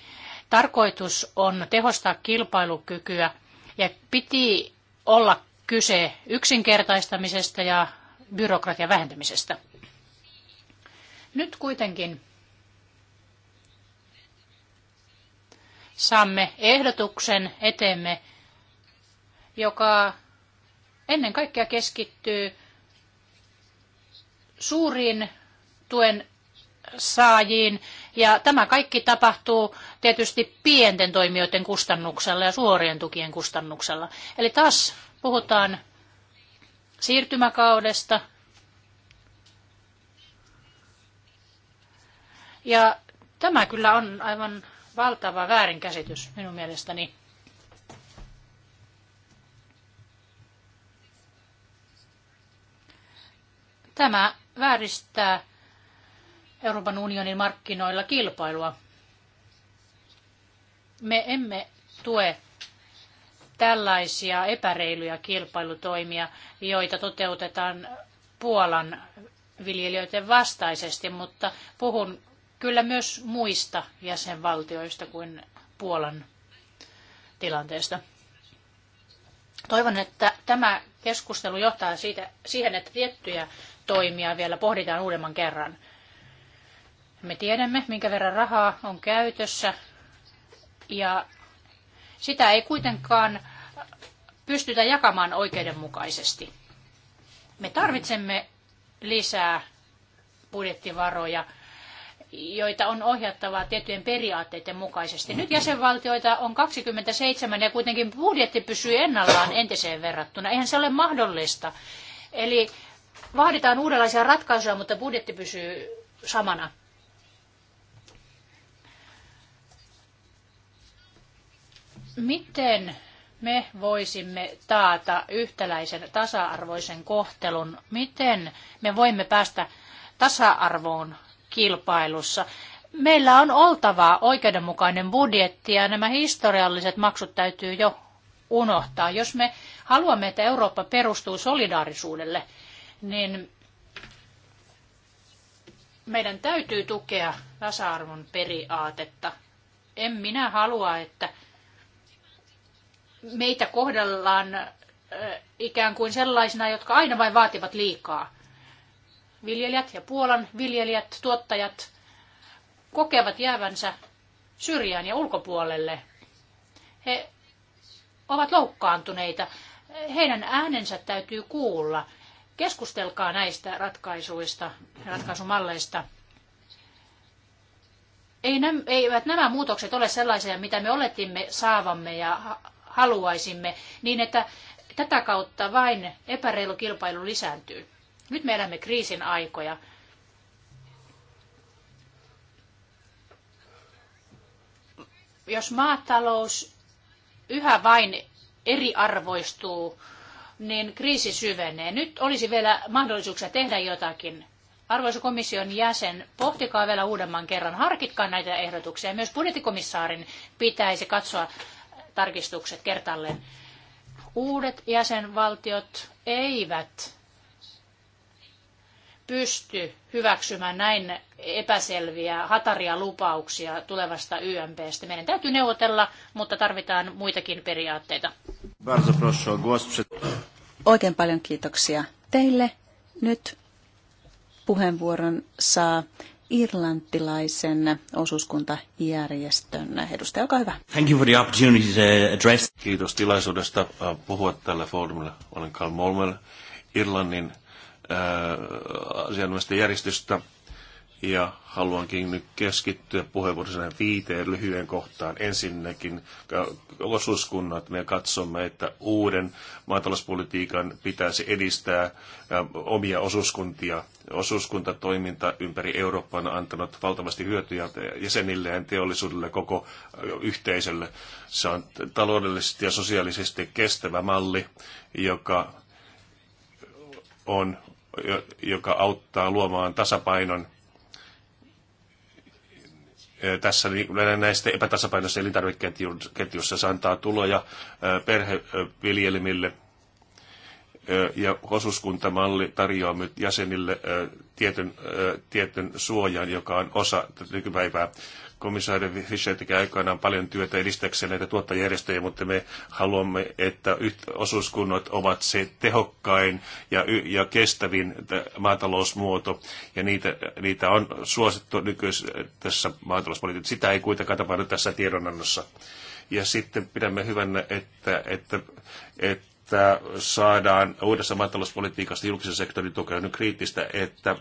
Tarkoitus on tehostaa kilpailukykyä ja piti olla kyse yksinkertaistamisesta ja byrokratian vähentämisestä. Nyt kuitenkin saamme ehdotuksen eteemme, joka ennen kaikkea keskittyy suuriin tuen saajiin. Ja tämä kaikki tapahtuu tietysti pienten toimijoiden kustannuksella ja suorien tukien kustannuksella. Eli taas puhutaan siirtymäkaudesta. Ja tämä kyllä on aivan valtava väärinkäsitys minun mielestäni. Tämä vääristää Euroopan unionin markkinoilla kilpailua. Me emme tue tällaisia epäreiluja kilpailutoimia, joita toteutetaan Puolan viljelijöiden vastaisesti, mutta puhun kyllä myös muista jäsenvaltioista kuin Puolan tilanteesta. Toivon, että tämä keskustelu johtaa siitä, siihen, että tiettyjä toimia vielä pohditaan uudemman kerran. Me tiedämme, minkä verran rahaa on käytössä ja sitä ei kuitenkaan pystytä jakamaan oikeudenmukaisesti. Me tarvitsemme lisää budjettivaroja – joita on ohjattava tiettyjen periaatteiden mukaisesti. Nyt jäsenvaltioita on 27 ja kuitenkin budjetti pysyy ennallaan entiseen verrattuna. Eihän se ole mahdollista. Eli vaaditaan uudenlaisia ratkaisuja, mutta budjetti pysyy samana. Miten me voisimme taata yhtäläisen tasa-arvoisen kohtelun? Miten me voimme päästä tasa-arvoon kilpailussa. Meillä on oltava oikeudenmukainen budjetti ja nämä historialliset maksut täytyy jo unohtaa. Jos me haluamme, että Eurooppa perustuu solidaarisuudelle, niin meidän täytyy tukea tasa-arvon periaatetta. En minä halua, että meitä kohdellaan ikään kuin sellaisina, jotka aina vain vaativat liikaa viljelijät ja Puolan viljelijät, tuottajat kokevat jäävänsä syrjään ja ulkopuolelle. He ovat loukkaantuneita. Heidän äänensä täytyy kuulla. Keskustelkaa näistä ratkaisuista, ratkaisumalleista. Ei nä, eivät nämä muutokset ole sellaisia, mitä me oletimme saavamme ja haluaisimme, niin että tätä kautta vain epäreilu kilpailu lisääntyy. Nyt me elämme kriisin aikoja. Jos maatalous yhä vain eriarvoistuu, niin kriisi syvenee. Nyt olisi vielä mahdollisuuksia tehdä jotakin. Arvoisa komission jäsen, pohtikaa vielä uudemman kerran, harkitkaa näitä ehdotuksia. Myös budjettikomissaarin pitäisi katsoa tarkistukset kertalleen. Uudet jäsenvaltiot eivät pysty hyväksymään näin epäselviä, hataria lupauksia tulevasta YMPstä. Meidän täytyy neuvotella, mutta tarvitaan muitakin periaatteita. Oikein paljon kiitoksia teille. Nyt puheenvuoron saa irlantilaisen osuuskuntajärjestön edustaja. Olkaa hyvä. Thank you for the opportunity to address. Kiitos tilaisuudesta äh, puhua tällä foorumilla. Olen Carl Molmel, Irlannin asianomaista järjestystä ja haluankin nyt keskittyä puheenvuorossani viiteen lyhyen kohtaan. Ensinnäkin osuuskunnat, me katsomme, että uuden maatalouspolitiikan pitäisi edistää omia osuuskuntia. Osuuskuntatoiminta ympäri Eurooppaa on antanut valtavasti hyötyjä jäsenilleen, teollisuudelle, koko yhteisölle. Se on taloudellisesti ja sosiaalisesti kestävä malli, joka on joka auttaa luomaan tasapainon tässä näistä epätasapainoissa elintarvikeketjussa. Se antaa tuloja perheviljelmille ja osuuskuntamalli tarjoaa myös jäsenille tietyn, tietyn suojan, joka on osa nykypäivää. Komissaari Fischer teki aikanaan paljon työtä edistäkseen näitä tuottajärjestöjä, mutta me haluamme, että osuuskunnat ovat se tehokkain ja, ja kestävin maatalousmuoto, ja niitä, niitä on suosittu nykyisessä maatalouspolitiikassa. Sitä ei kuitenkaan tapahdu tässä tiedonannossa. Ja sitten pidämme hyvänä, että, että, että että saadaan uudessa maatalouspolitiikassa julkisen sektorin tukea on kriittistä, että,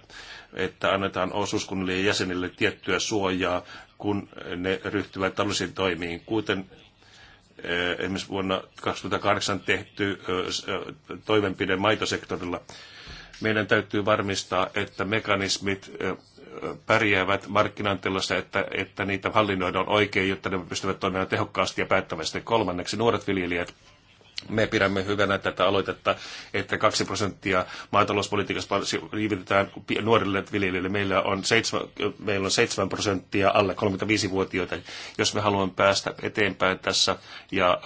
että annetaan osuuskunnille ja jäsenille tiettyä suojaa, kun ne ryhtyvät taloudellisiin toimiin. Kuten eh, esimerkiksi vuonna 2008 tehty eh, toimenpide maitosektorilla, meidän täytyy varmistaa, että mekanismit eh, pärjäävät markkinantilassa, että, että niitä hallinnoidaan oikein, jotta ne pystyvät toimimaan tehokkaasti ja päättävästi. Kolmanneksi nuoret viljelijät me pidämme hyvänä tätä aloitetta, että 2 prosenttia maatalouspolitiikassa liivitetään nuorille viljelijöille. Meillä on 7, meillä on 7 prosenttia alle 35-vuotiaita, jos me haluamme päästä eteenpäin tässä. Ja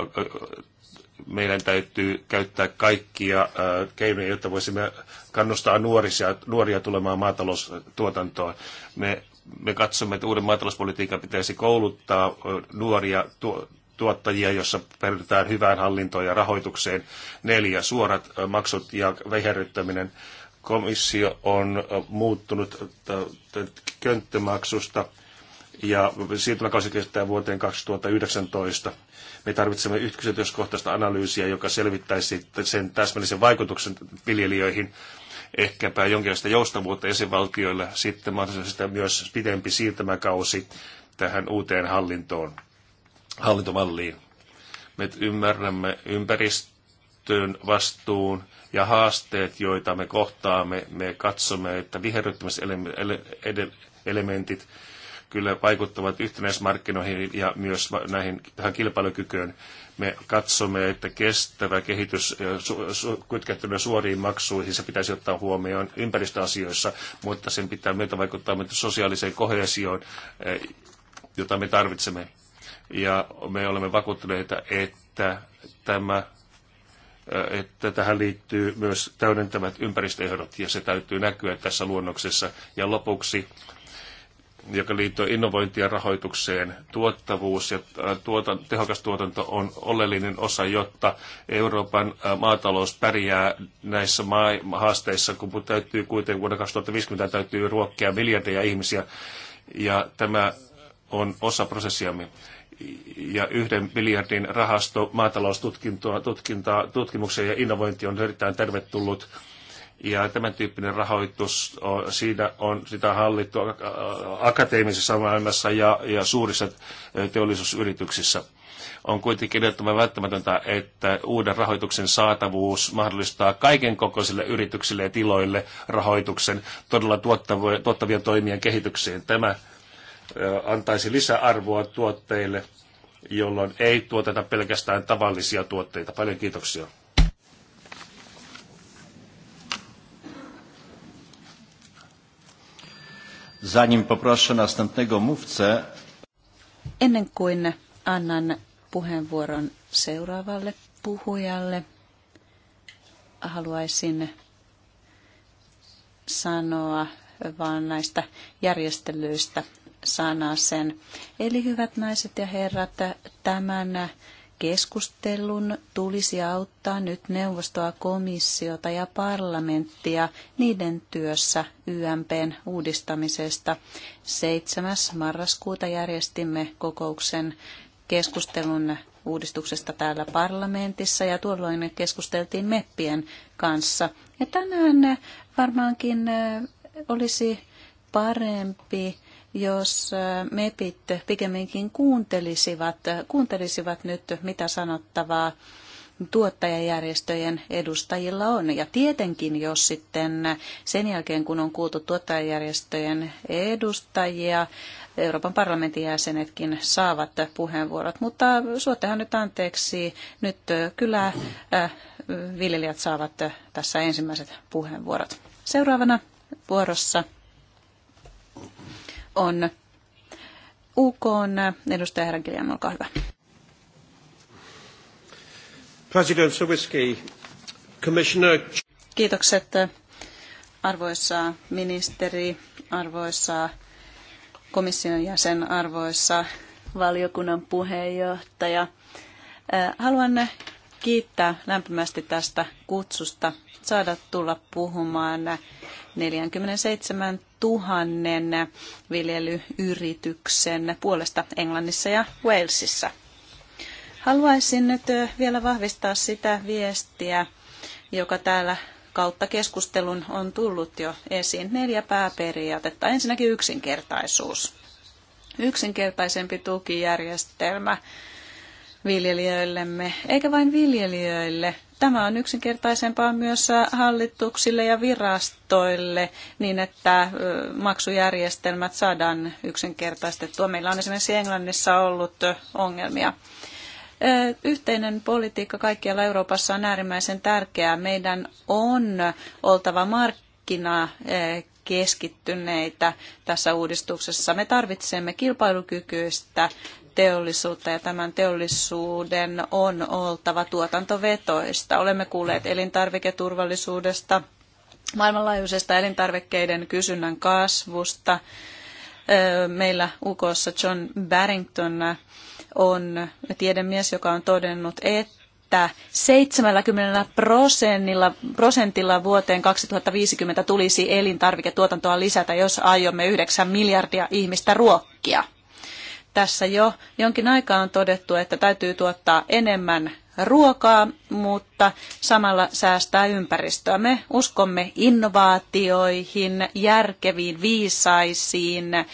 meidän täytyy käyttää kaikkia keinoja, jotta voisimme kannustaa nuorisia, nuoria tulemaan maataloustuotantoon. Me me katsomme, että uuden maatalouspolitiikan pitäisi kouluttaa nuoria tuottajia, jossa perytään hyvään hallintoon ja rahoitukseen. Neljä, suorat maksut ja viherryttäminen. Komissio on muuttunut könttömaksusta ja siirtymäkausi kestää vuoteen 2019. Me tarvitsemme yksityiskohtaista analyysiä, joka selvittäisi sen täsmällisen vaikutuksen viljelijöihin, ehkäpä jonkinlaista joustavuutta jäsenvaltioille, sitten mahdollisesti myös pidempi siirtymäkausi tähän uuteen hallintoon hallintomalliin. Me ymmärrämme ympäristön vastuun ja haasteet, joita me kohtaamme. Me katsomme, että viherryttämiselementit kyllä vaikuttavat yhtenäismarkkinoihin ja myös näihin, tähän kilpailukykyyn. Me katsomme, että kestävä kehitys kytkettynä suoriin maksuihin, se pitäisi ottaa huomioon ympäristöasioissa, mutta sen pitää myötä vaikuttaa myös sosiaaliseen kohesioon, jota me tarvitsemme ja me olemme vakuuttuneita, että, tämä, äh, että tähän liittyy myös täydentävät ympäristöehdot, ja se täytyy näkyä tässä luonnoksessa. Ja lopuksi, joka liittyy innovointia rahoitukseen, tuottavuus ja äh, tuotan, tehokas tuotanto on oleellinen osa, jotta Euroopan äh, maatalous pärjää näissä maa- haasteissa, kun täytyy kuitenkin vuonna 2050 täytyy ruokkia miljardeja ihmisiä, ja tämä on osa prosessiamme ja yhden miljardin rahasto maataloustutkimukseen ja innovointi on erittäin tervetullut. Ja tämän tyyppinen rahoitus, siinä on sitä hallittu akateemisessa maailmassa ja, ja suurissa teollisuusyrityksissä. On kuitenkin edettävä välttämätöntä, että uuden rahoituksen saatavuus mahdollistaa kaiken kokoisille yrityksille ja tiloille rahoituksen todella tuottavien toimien kehitykseen. Tämä antaisi lisäarvoa tuotteille, jolloin ei tuoteta pelkästään tavallisia tuotteita. Paljon kiitoksia. Zanim poproszę następnego mówcę. Ennen kuin annan puheenvuoron seuraavalle puhujalle, haluaisin sanoa vaan näistä järjestelyistä sanasen. Eli hyvät naiset ja herrat, tämän keskustelun tulisi auttaa nyt neuvostoa, komissiota ja parlamenttia niiden työssä YMPn uudistamisesta. 7. marraskuuta järjestimme kokouksen keskustelun uudistuksesta täällä parlamentissa ja tuolloin keskusteltiin meppien kanssa. Ja tänään varmaankin olisi parempi jos MEPit pikemminkin kuuntelisivat, kuuntelisivat nyt, mitä sanottavaa tuottajajärjestöjen edustajilla on. Ja tietenkin, jos sitten sen jälkeen, kun on kuultu tuottajajärjestöjen edustajia, Euroopan parlamentin jäsenetkin saavat puheenvuorot. Mutta suottehan nyt anteeksi, nyt kyllä viljelijät saavat tässä ensimmäiset puheenvuorot. Seuraavana vuorossa on UK on edustaja Herran Gilliam, olkaa hyvä. President Sawiski, Commissioner... Kiitokset arvoisa ministeri, arvoisa komission jäsen, arvoisa valiokunnan puheenjohtaja. Haluan kiittää lämpimästi tästä kutsusta saada tulla puhumaan 47 000 viljelyyrityksen puolesta Englannissa ja Walesissa. Haluaisin nyt vielä vahvistaa sitä viestiä, joka täällä kautta keskustelun on tullut jo esiin. Neljä pääperiaatetta. Ensinnäkin yksinkertaisuus. Yksinkertaisempi tukijärjestelmä viljelijöillemme, eikä vain viljelijöille. Tämä on yksinkertaisempaa myös hallituksille ja virastoille niin, että maksujärjestelmät saadaan yksinkertaistettua. Meillä on esimerkiksi Englannissa ollut ongelmia. Yhteinen politiikka kaikkialla Euroopassa on äärimmäisen tärkeää. Meidän on oltava markkina keskittyneitä tässä uudistuksessa. Me tarvitsemme kilpailukykyistä teollisuutta ja tämän teollisuuden on oltava tuotantovetoista. Olemme kuulleet elintarviketurvallisuudesta, maailmanlaajuisesta elintarvikkeiden kysynnän kasvusta. Meillä UKssa John Barrington on tiedemies, joka on todennut, että että 70 prosentilla, prosentilla vuoteen 2050 tulisi elintarviketuotantoa lisätä, jos aiomme 9 miljardia ihmistä ruokkia tässä jo jonkin aikaa on todettu, että täytyy tuottaa enemmän ruokaa, mutta samalla säästää ympäristöä. Me uskomme innovaatioihin, järkeviin, viisaisiin äh,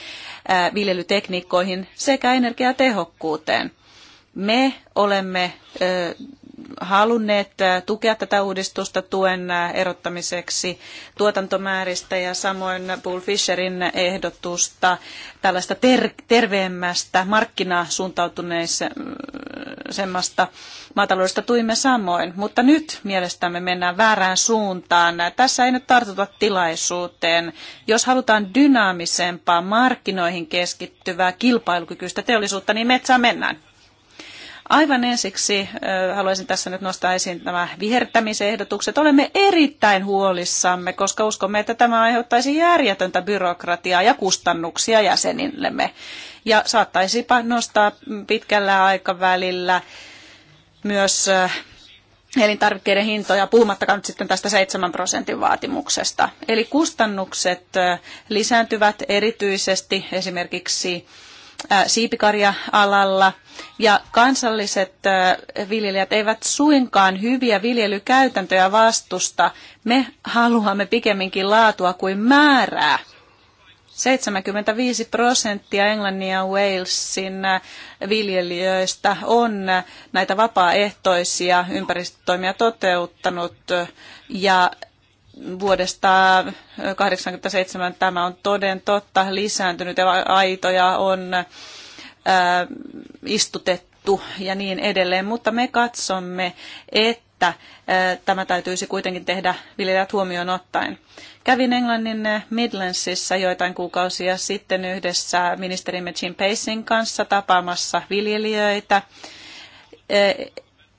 viljelytekniikkoihin sekä energiatehokkuuteen. Me olemme äh, halunneet äh, tukea tätä uudistusta tuen äh, erottamiseksi tuotantomääristä ja samoin Bull Fisherin ehdotusta tällaista ter- terveemmästä markkinasuuntautuneisemmasta maataloudesta tuimme samoin. Mutta nyt mielestämme mennään väärään suuntaan. Tässä ei nyt tartuta tilaisuuteen. Jos halutaan dynaamisempaa, markkinoihin keskittyvää, kilpailukykyistä teollisuutta, niin metsään mennään. Aivan ensiksi haluaisin tässä nyt nostaa esiin nämä vihertämisehdotukset. Olemme erittäin huolissamme, koska uskomme, että tämä aiheuttaisi järjetöntä byrokratiaa ja kustannuksia jäsenillemme. Ja saattaisipa nostaa pitkällä aikavälillä myös elintarvikkeiden hintoja, puhumattakaan nyt sitten tästä 7 prosentin vaatimuksesta. Eli kustannukset lisääntyvät erityisesti esimerkiksi Äh, siipikarja-alalla. Ja kansalliset äh, viljelijät eivät suinkaan hyviä viljelykäytäntöjä vastusta. Me haluamme pikemminkin laatua kuin määrää. 75 prosenttia Englannin ja Walesin äh, viljelijöistä on näitä vapaaehtoisia ympäristötoimia toteuttanut ja vuodesta 1987 tämä on toden totta lisääntynyt ja aitoja on istutettu ja niin edelleen, mutta me katsomme, että tämä täytyisi kuitenkin tehdä viljelijät huomioon ottaen. Kävin Englannin Midlandsissa joitain kuukausia sitten yhdessä ministerimme Jim Pacing kanssa tapaamassa viljelijöitä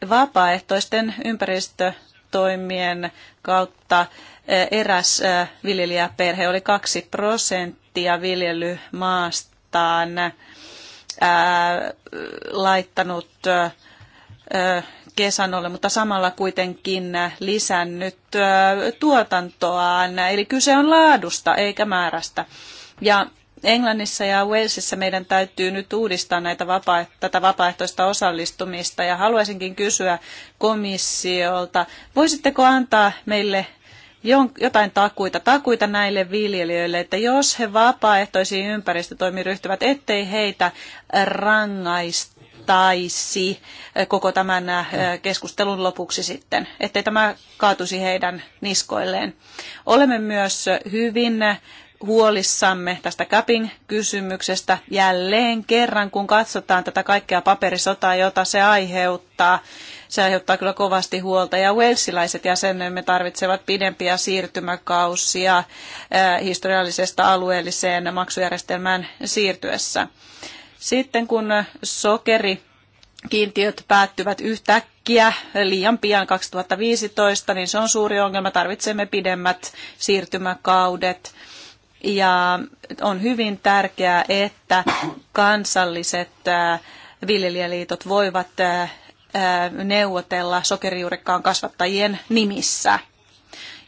vapaaehtoisten ympäristö toimien kautta eräs viljelijäperhe oli kaksi prosenttia viljelymaastaan laittanut kesänolle, mutta samalla kuitenkin lisännyt tuotantoaan. Eli kyse on laadusta eikä määrästä. Ja Englannissa ja Walesissa meidän täytyy nyt uudistaa näitä vapaa, tätä vapaaehtoista osallistumista ja haluaisinkin kysyä komissiolta, voisitteko antaa meille jotain takuita, takuita näille viljelijöille, että jos he vapaaehtoisiin ympäristötoimiin ryhtyvät, ettei heitä rangaistaisi eh, koko tämän eh, keskustelun lopuksi sitten, ettei tämä kaatuisi heidän niskoilleen. Olemme myös hyvin huolissamme tästä capping kysymyksestä jälleen kerran, kun katsotaan tätä kaikkea paperisotaa, jota se aiheuttaa. Se aiheuttaa kyllä kovasti huolta ja Walesilaiset jäsenemme tarvitsevat pidempiä siirtymäkausia eh, historiallisesta alueelliseen maksujärjestelmään siirtyessä. Sitten kun sokeri kiintiöt päättyvät yhtäkkiä liian pian 2015, niin se on suuri ongelma. Tarvitsemme pidemmät siirtymäkaudet ja on hyvin tärkeää, että kansalliset äh, viljelijäliitot voivat äh, äh, neuvotella sokerijuurikkaan kasvattajien nimissä.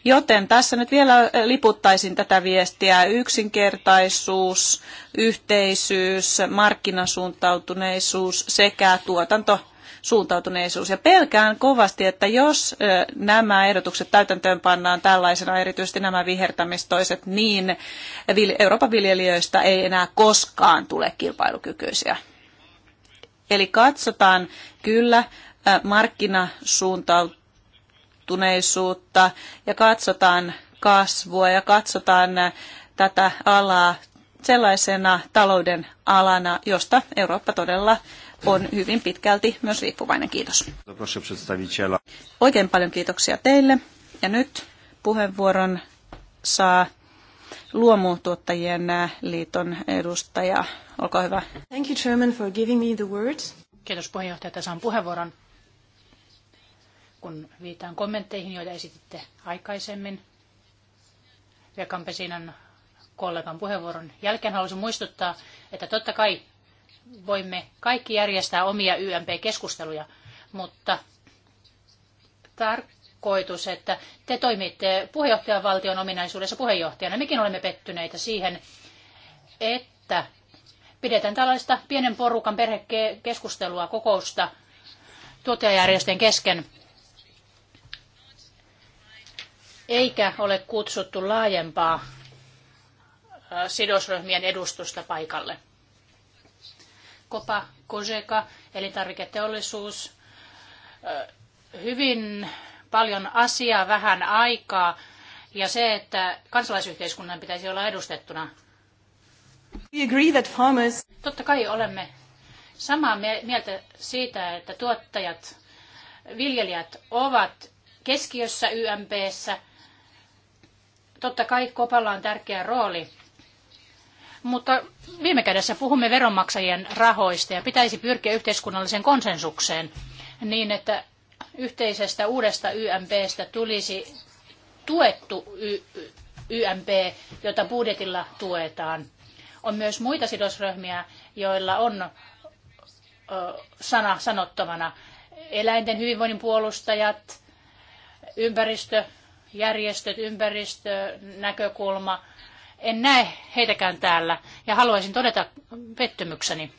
Joten tässä nyt vielä liputtaisin tätä viestiä. Yksinkertaisuus, yhteisyys, markkinasuuntautuneisuus sekä tuotanto suuntautuneisuus. Ja pelkään kovasti, että jos nämä ehdotukset täytäntöön pannaan tällaisena, erityisesti nämä vihertämistoiset, niin Euroopan viljelijöistä ei enää koskaan tule kilpailukykyisiä. Eli katsotaan kyllä markkinasuuntautuneisuutta ja katsotaan kasvua ja katsotaan tätä alaa sellaisena talouden alana, josta Eurooppa todella on hyvin pitkälti myös riippuvainen. Kiitos. Oikein paljon kiitoksia teille. Ja nyt puheenvuoron saa luomutuottajien liiton edustaja. Olkaa hyvä. Thank you, Chairman, for giving me the word. Kiitos puheenjohtaja, että saan puheenvuoron. Kun viitaan kommentteihin, joita esititte aikaisemmin, ja Kampesinan kollegan puheenvuoron jälkeen haluaisin muistuttaa, että totta kai voimme kaikki järjestää omia YMP-keskusteluja, mutta tarkoitus, että te toimitte puheenjohtajavaltion ominaisuudessa puheenjohtajana. Mekin olemme pettyneitä siihen, että pidetään tällaista pienen porukan perhekeskustelua, kokousta tuottajajärjestöjen kesken, eikä ole kutsuttu laajempaa sidosryhmien edustusta paikalle. Kopa, Kojeka, elintarviketeollisuus. Hyvin paljon asiaa, vähän aikaa ja se, että kansalaisyhteiskunnan pitäisi olla edustettuna. We agree that farmers... Totta kai olemme samaa mieltä siitä, että tuottajat, viljelijät ovat keskiössä YMPssä. Totta kai Kopalla on tärkeä rooli mutta viime kädessä puhumme veronmaksajien rahoista ja pitäisi pyrkiä yhteiskunnalliseen konsensukseen niin, että yhteisestä uudesta YMPstä tulisi tuettu YMP, jota budjetilla tuetaan. On myös muita sidosryhmiä, joilla on sana sanottavana. Eläinten hyvinvoinnin puolustajat, ympäristöjärjestöt, ympäristönäkökulma, en näe heitäkään täällä ja haluaisin todeta pettymykseni.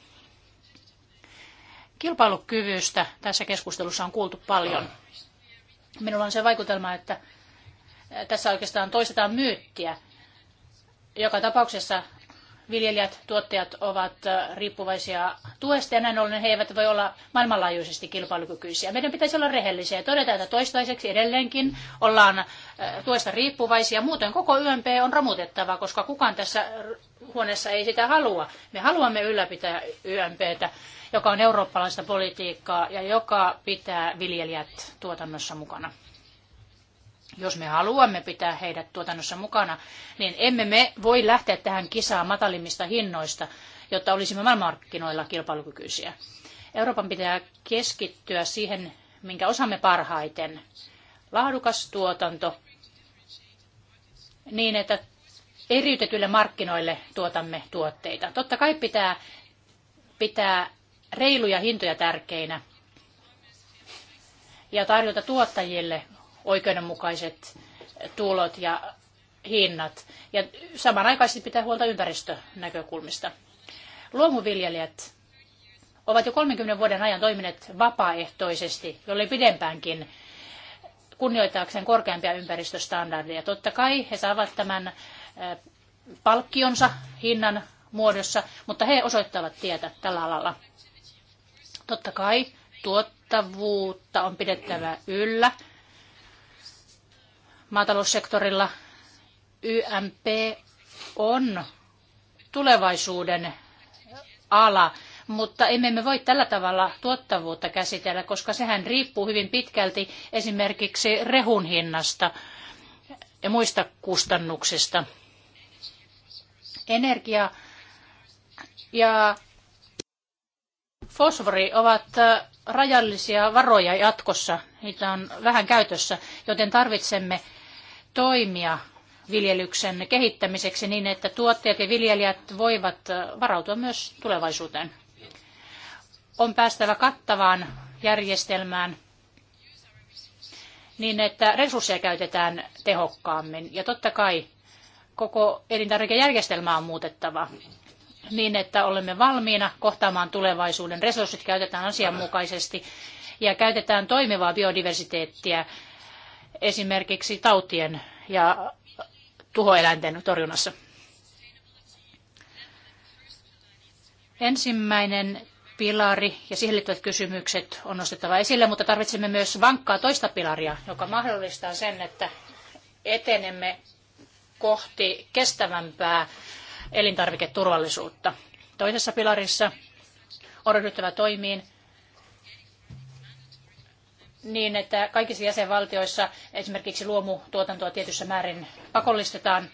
Kilpailukyvystä tässä keskustelussa on kuultu paljon. Minulla on se vaikutelma, että tässä oikeastaan toistetaan myyttiä. Joka tapauksessa viljelijät, tuottajat ovat riippuvaisia tuesta ja näin ollen he eivät voi olla maailmanlaajuisesti kilpailukykyisiä. Meidän pitäisi olla rehellisiä ja todeta, että toistaiseksi edelleenkin ollaan tuesta riippuvaisia. Muuten koko YMP on romutettava, koska kukaan tässä huoneessa ei sitä halua. Me haluamme ylläpitää YMPtä, joka on eurooppalaista politiikkaa ja joka pitää viljelijät tuotannossa mukana. Jos me haluamme pitää heidät tuotannossa mukana, niin emme me voi lähteä tähän kisaan matalimmista hinnoista, jotta olisimme maailmanmarkkinoilla kilpailukykyisiä. Euroopan pitää keskittyä siihen, minkä osaamme parhaiten. Laadukas tuotanto niin, että eriytetyille markkinoille tuotamme tuotteita. Totta kai pitää pitää reiluja hintoja tärkeinä ja tarjota tuottajille oikeudenmukaiset tulot ja hinnat. Ja samanaikaisesti pitää huolta ympäristönäkökulmista. Luomuviljelijät ovat jo 30 vuoden ajan toimineet vapaaehtoisesti, jollei pidempäänkin, kunnioittaakseen korkeampia ympäristöstandardeja. Totta kai he saavat tämän palkkionsa hinnan muodossa, mutta he osoittavat tietä tällä alalla. Totta kai tuottavuutta on pidettävä yllä maataloussektorilla YMP on tulevaisuuden ala, mutta emme me voi tällä tavalla tuottavuutta käsitellä, koska sehän riippuu hyvin pitkälti esimerkiksi rehun hinnasta ja muista kustannuksista. Energia ja fosfori ovat rajallisia varoja jatkossa, niitä on vähän käytössä, joten tarvitsemme toimia viljelyksen kehittämiseksi niin, että tuottajat ja viljelijät voivat äh, varautua myös tulevaisuuteen. On päästävä kattavaan järjestelmään niin, että resursseja käytetään tehokkaammin. Ja totta kai koko elintarvikejärjestelmää on muutettava niin, että olemme valmiina kohtaamaan tulevaisuuden. Resurssit käytetään asianmukaisesti ja käytetään toimivaa biodiversiteettiä esimerkiksi tautien ja tuhoeläinten torjunnassa. Ensimmäinen pilari ja siihen liittyvät kysymykset on nostettava esille, mutta tarvitsemme myös vankkaa toista pilaria, joka mahdollistaa sen, että etenemme kohti kestävämpää elintarviketurvallisuutta. Toisessa pilarissa on ryhdyttävä toimiin, niin, että kaikissa jäsenvaltioissa esimerkiksi luomutuotantoa tietyssä määrin pakollistetaan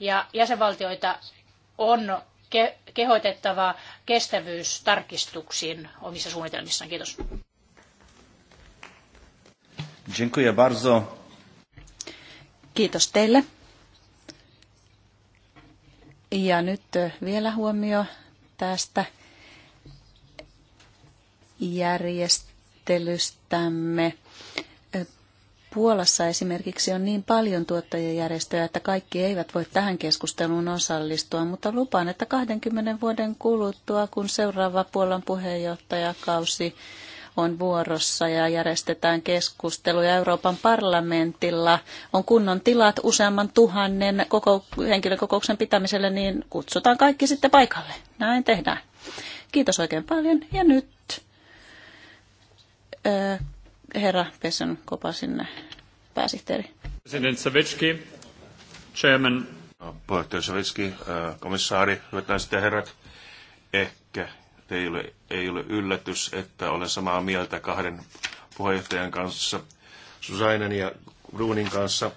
ja jäsenvaltioita on ke- kehotettava kestävyystarkistuksiin omissa suunnitelmissaan. Kiitos. Dziękuję bardzo. Kiitos teille. Ja nyt vielä huomio tästä järjestelmästä järjestelystämme. Puolassa esimerkiksi on niin paljon tuottajajärjestöjä, että kaikki eivät voi tähän keskusteluun osallistua, mutta lupaan, että 20 vuoden kuluttua, kun seuraava Puolan puheenjohtajakausi on vuorossa ja järjestetään keskusteluja Euroopan parlamentilla, on kunnon tilat useamman tuhannen koko- henkilökokouksen pitämiselle, niin kutsutaan kaikki sitten paikalle. Näin tehdään. Kiitos oikein paljon ja nyt herra Pesson Kopa sinne pääsihteeri. President Savitski, Chairman. No, puheenjohtaja Savitski, komissaari, hyvät naiset ja herrat. Ehkä teille ole, ei ole yllätys, että olen samaa mieltä kahden puheenjohtajan kanssa, Susainen ja Gruunin kanssa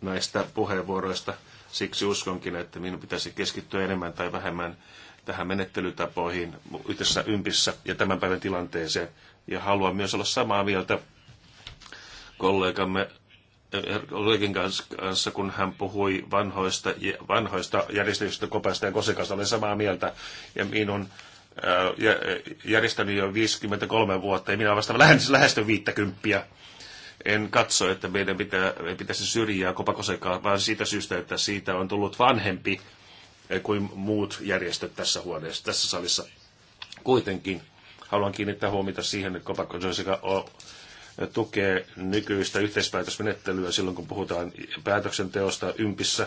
näistä puheenvuoroista. Siksi uskonkin, että minun pitäisi keskittyä enemmän tai vähemmän tähän menettelytapoihin yhdessä ympissä ja tämän päivän tilanteeseen. Ja haluan myös olla samaa mieltä kollegamme eh, Luikin kanssa, kun hän puhui vanhoista, vanhoista järjestelyistä kopasta ja kanssa, olen samaa mieltä. Ja minun eh, eh, järjestänyt jo 53 vuotta ja minä vasta lähes 50. En katso, että meidän pitää, pitäisi syrjää kopakosekaa, vaan siitä syystä, että siitä on tullut vanhempi Eh, kuin muut järjestöt tässä huoneessa, tässä salissa. Kuitenkin haluan kiinnittää huomiota siihen, että Kopakko Jessica tukee nykyistä yhteispäätösmenettelyä silloin, kun puhutaan päätöksenteosta ympissä.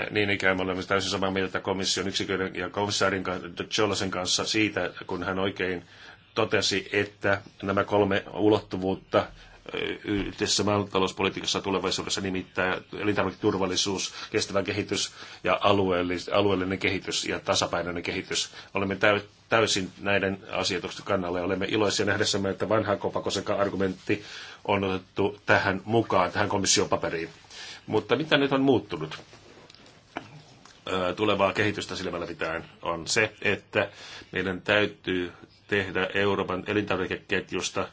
Eh, niin ikään me olemme täysin samaa mieltä komission yksiköiden ja komissaarin Jolasen kanssa siitä, kun hän oikein totesi, että nämä kolme ulottuvuutta yhteisessä maailmantalouspolitiikassa tulevaisuudessa, nimittäin elintarviketurvallisuus, kestävä kehitys ja alueellinen kehitys ja tasapainoinen kehitys. Olemme täysin näiden asioiden kannalla ja olemme iloisia nähdessämme, että vanha kopakoseka argumentti on otettu tähän mukaan, tähän komission paperiin. Mutta mitä nyt on muuttunut? tulevaa kehitystä silmällä pitäen on se, että meidän täytyy tehdä Euroopan elintarvikeketjusta –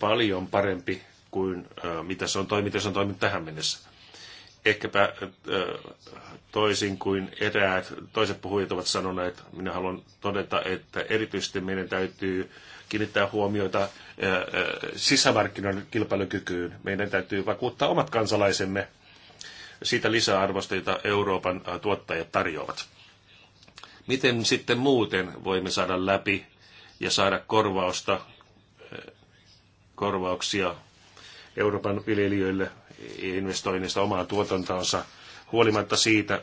paljon parempi kuin mitä se on, toiminut, se on toiminut tähän mennessä. Ehkäpä toisin kuin eräät toiset puhujat ovat sanoneet, minä haluan todeta, että erityisesti meidän täytyy kiinnittää huomiota sisämarkkinoiden kilpailukykyyn. Meidän täytyy vakuuttaa omat kansalaisemme siitä lisäarvosta, jota Euroopan tuottajat tarjoavat. Miten sitten muuten voimme saada läpi ja saada korvausta korvauksia Euroopan viljelijöille investoinnista omaan tuotantoonsa huolimatta siitä,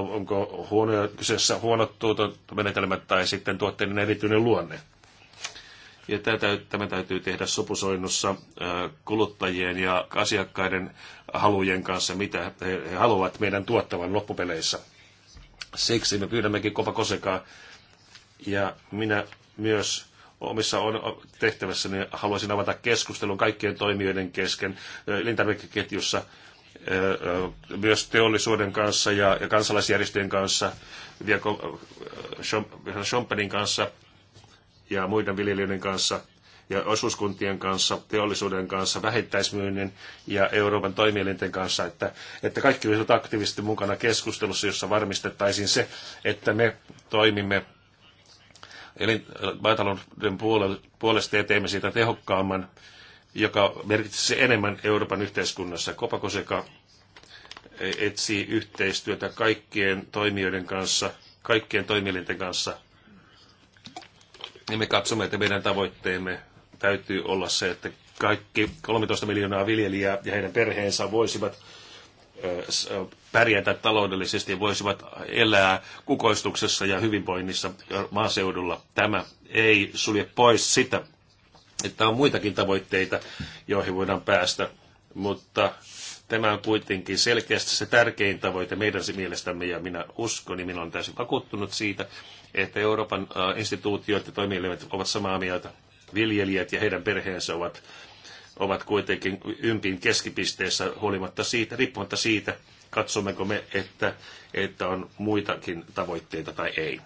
onko huono, kyseessä huonot tuotantomenetelmät tai sitten tuotteiden erityinen luonne. Ja tämä täytyy tehdä sopusoinnussa kuluttajien ja asiakkaiden halujen kanssa, mitä he haluavat meidän tuottavan loppupeleissä. Siksi me pyydämmekin kopa kosekaa. Ja minä myös omissa tehtävässäni niin haluaisin avata keskustelun kaikkien toimijoiden kesken elintarvikeketjussa myös teollisuuden kanssa ja, ja kansalaisjärjestöjen kanssa, Schompenin kanssa ja muiden viljelijöiden kanssa ja osuuskuntien kanssa, teollisuuden kanssa, vähittäismyynnin ja Euroopan toimielinten kanssa, että, että kaikki olisivat aktiivisesti mukana keskustelussa, jossa varmistettaisiin se, että me toimimme Eli äh, maatalouden puolesta ja teemme siitä tehokkaamman, joka merkitsisi enemmän Euroopan yhteiskunnassa. Kopakoseka e, etsii yhteistyötä kaikkien toimijoiden kanssa, kaikkien toimielinten kanssa. Ja me katsomme, että meidän tavoitteemme täytyy olla se, että kaikki 13 miljoonaa viljelijää ja heidän perheensä voisivat pärjätä taloudellisesti ja voisivat elää kukoistuksessa ja hyvinvoinnissa maaseudulla. Tämä ei sulje pois sitä, että on muitakin tavoitteita, joihin voidaan päästä, mutta tämä on kuitenkin selkeästi se tärkein tavoite meidän mielestämme, ja minä uskon, niin minä olen täysin vakuuttunut siitä, että Euroopan instituutiot ja toimielimet ovat samaa mieltä. Viljelijät ja heidän perheensä ovat ovat kuitenkin ympin keskipisteessä huolimatta siitä, riippumatta siitä, katsommeko me, että, että on muitakin tavoitteita tai ei.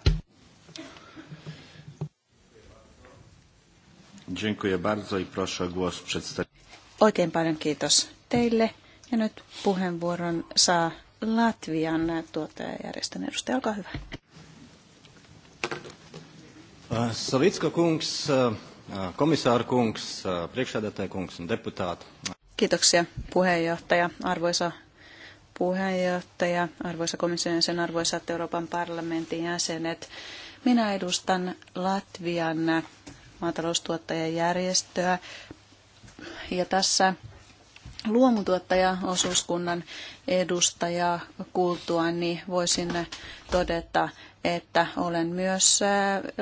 Dziękuję bardzo i proszę głos Oikein paljon kiitos teille. Ja nyt puheenvuoron saa Latvian tuottajajärjestön edustaja. Olkaa hyvä. Savitska kungs, Äh, komissaari kungs, äh, priekšsēdētāja kungs un deputāti. Kiitoksia puheenjohtaja, arvoisa puheenjohtaja, arvoisa komission jäsen, arvoisat Euroopan parlamentin jäsenet. Minä edustan Latvian maataloustuottajajärjestöä ja tässä luomutuottajaosuuskunnan edustajaa kuultua, niin voisin todeta, että olen myös äh,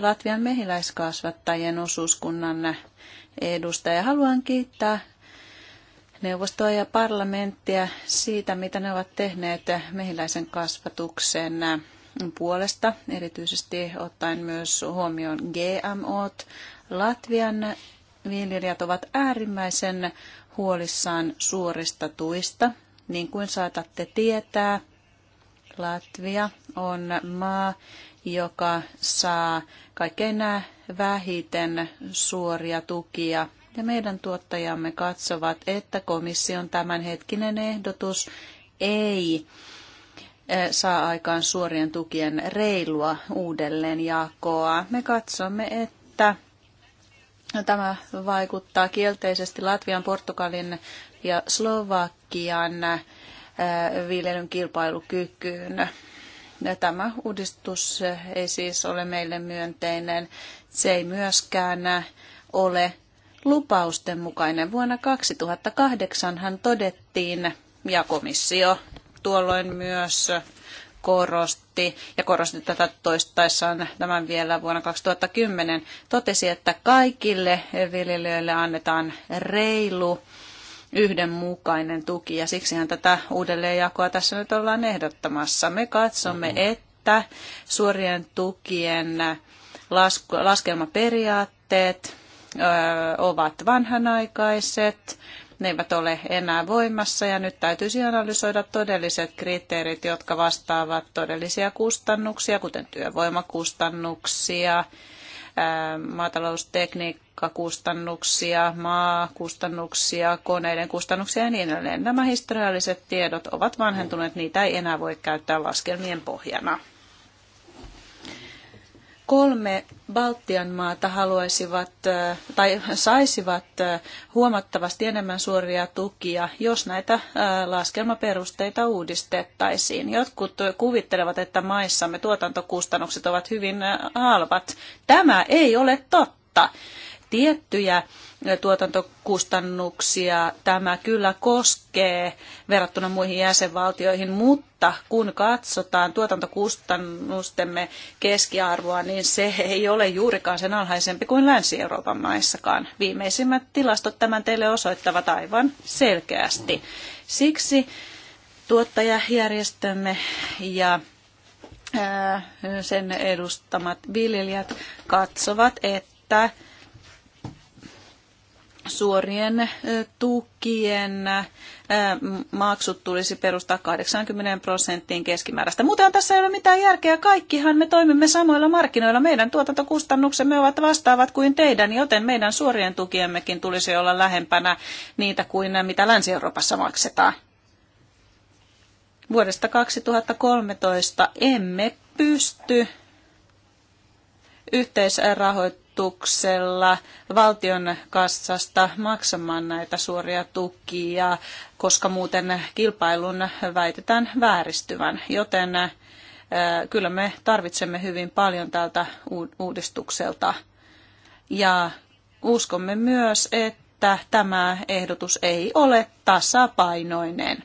Latvian mehiläiskasvattajien osuuskunnan edustaja. Haluan kiittää neuvostoa ja parlamenttia siitä, mitä ne ovat tehneet mehiläisen kasvatuksen puolesta, erityisesti ottaen myös huomioon GMOt. Latvian viljelijät ovat äärimmäisen huolissaan suorista tuista. Niin kuin saatatte tietää, Latvia on maa, joka saa kaikkein vähiten suoria tukia. Ja meidän tuottajamme katsovat, että komission tämänhetkinen ehdotus ei e, saa aikaan suorien tukien reilua uudelleenjakoa. Me katsomme, että tämä vaikuttaa kielteisesti Latvian, Portugalin ja Slovakian viljelyn kilpailukykyyn. Ja tämä uudistus ei siis ole meille myönteinen. Se ei myöskään ole lupausten mukainen. Vuonna 2008 hän todettiin, ja komissio tuolloin myös korosti, ja korosti tätä toistaessaan tämän vielä vuonna 2010, totesi, että kaikille viljelijöille annetaan reilu yhdenmukainen tuki ja siksihän tätä uudelleenjakoa tässä nyt ollaan ehdottamassa. Me katsomme, mm-hmm. että suorien tukien laskelmaperiaatteet ovat vanhanaikaiset, ne eivät ole enää voimassa ja nyt täytyisi analysoida todelliset kriteerit, jotka vastaavat todellisia kustannuksia, kuten työvoimakustannuksia, maataloustekniikkaa, matkakustannuksia, maakustannuksia, koneiden kustannuksia ja niin edelleen. Nämä historialliset tiedot ovat vanhentuneet, niitä ei enää voi käyttää laskelmien pohjana. Kolme Baltian maata haluaisivat äh, tai saisivat äh, huomattavasti enemmän suoria tukia, jos näitä äh, laskelmaperusteita uudistettaisiin. Jotkut kuvittelevat, että maissamme tuotantokustannukset ovat hyvin halvat. Tämä ei ole totta totta tiettyjä tuotantokustannuksia tämä kyllä koskee verrattuna muihin jäsenvaltioihin, mutta kun katsotaan tuotantokustannustemme keskiarvoa, niin se ei ole juurikaan sen alhaisempi kuin Länsi-Euroopan maissakaan. Viimeisimmät tilastot tämän teille osoittavat aivan selkeästi. Siksi tuottajajärjestömme ja sen edustamat viljelijät katsovat, että suorien tukien maksut tulisi perustaa 80 prosenttiin keskimääräistä. Muuten tässä ei ole mitään järkeä. Kaikkihan me toimimme samoilla markkinoilla. Meidän tuotantokustannuksemme ovat vastaavat kuin teidän, joten meidän suorien tukiemmekin tulisi olla lähempänä niitä kuin mitä Länsi-Euroopassa maksetaan. Vuodesta 2013 emme pysty yhteisrahoit verotuksella valtion kassasta maksamaan näitä suoria tukia, koska muuten kilpailun väitetään vääristyvän. Joten kyllä me tarvitsemme hyvin paljon tältä uudistukselta. Ja uskomme myös, että tämä ehdotus ei ole tasapainoinen.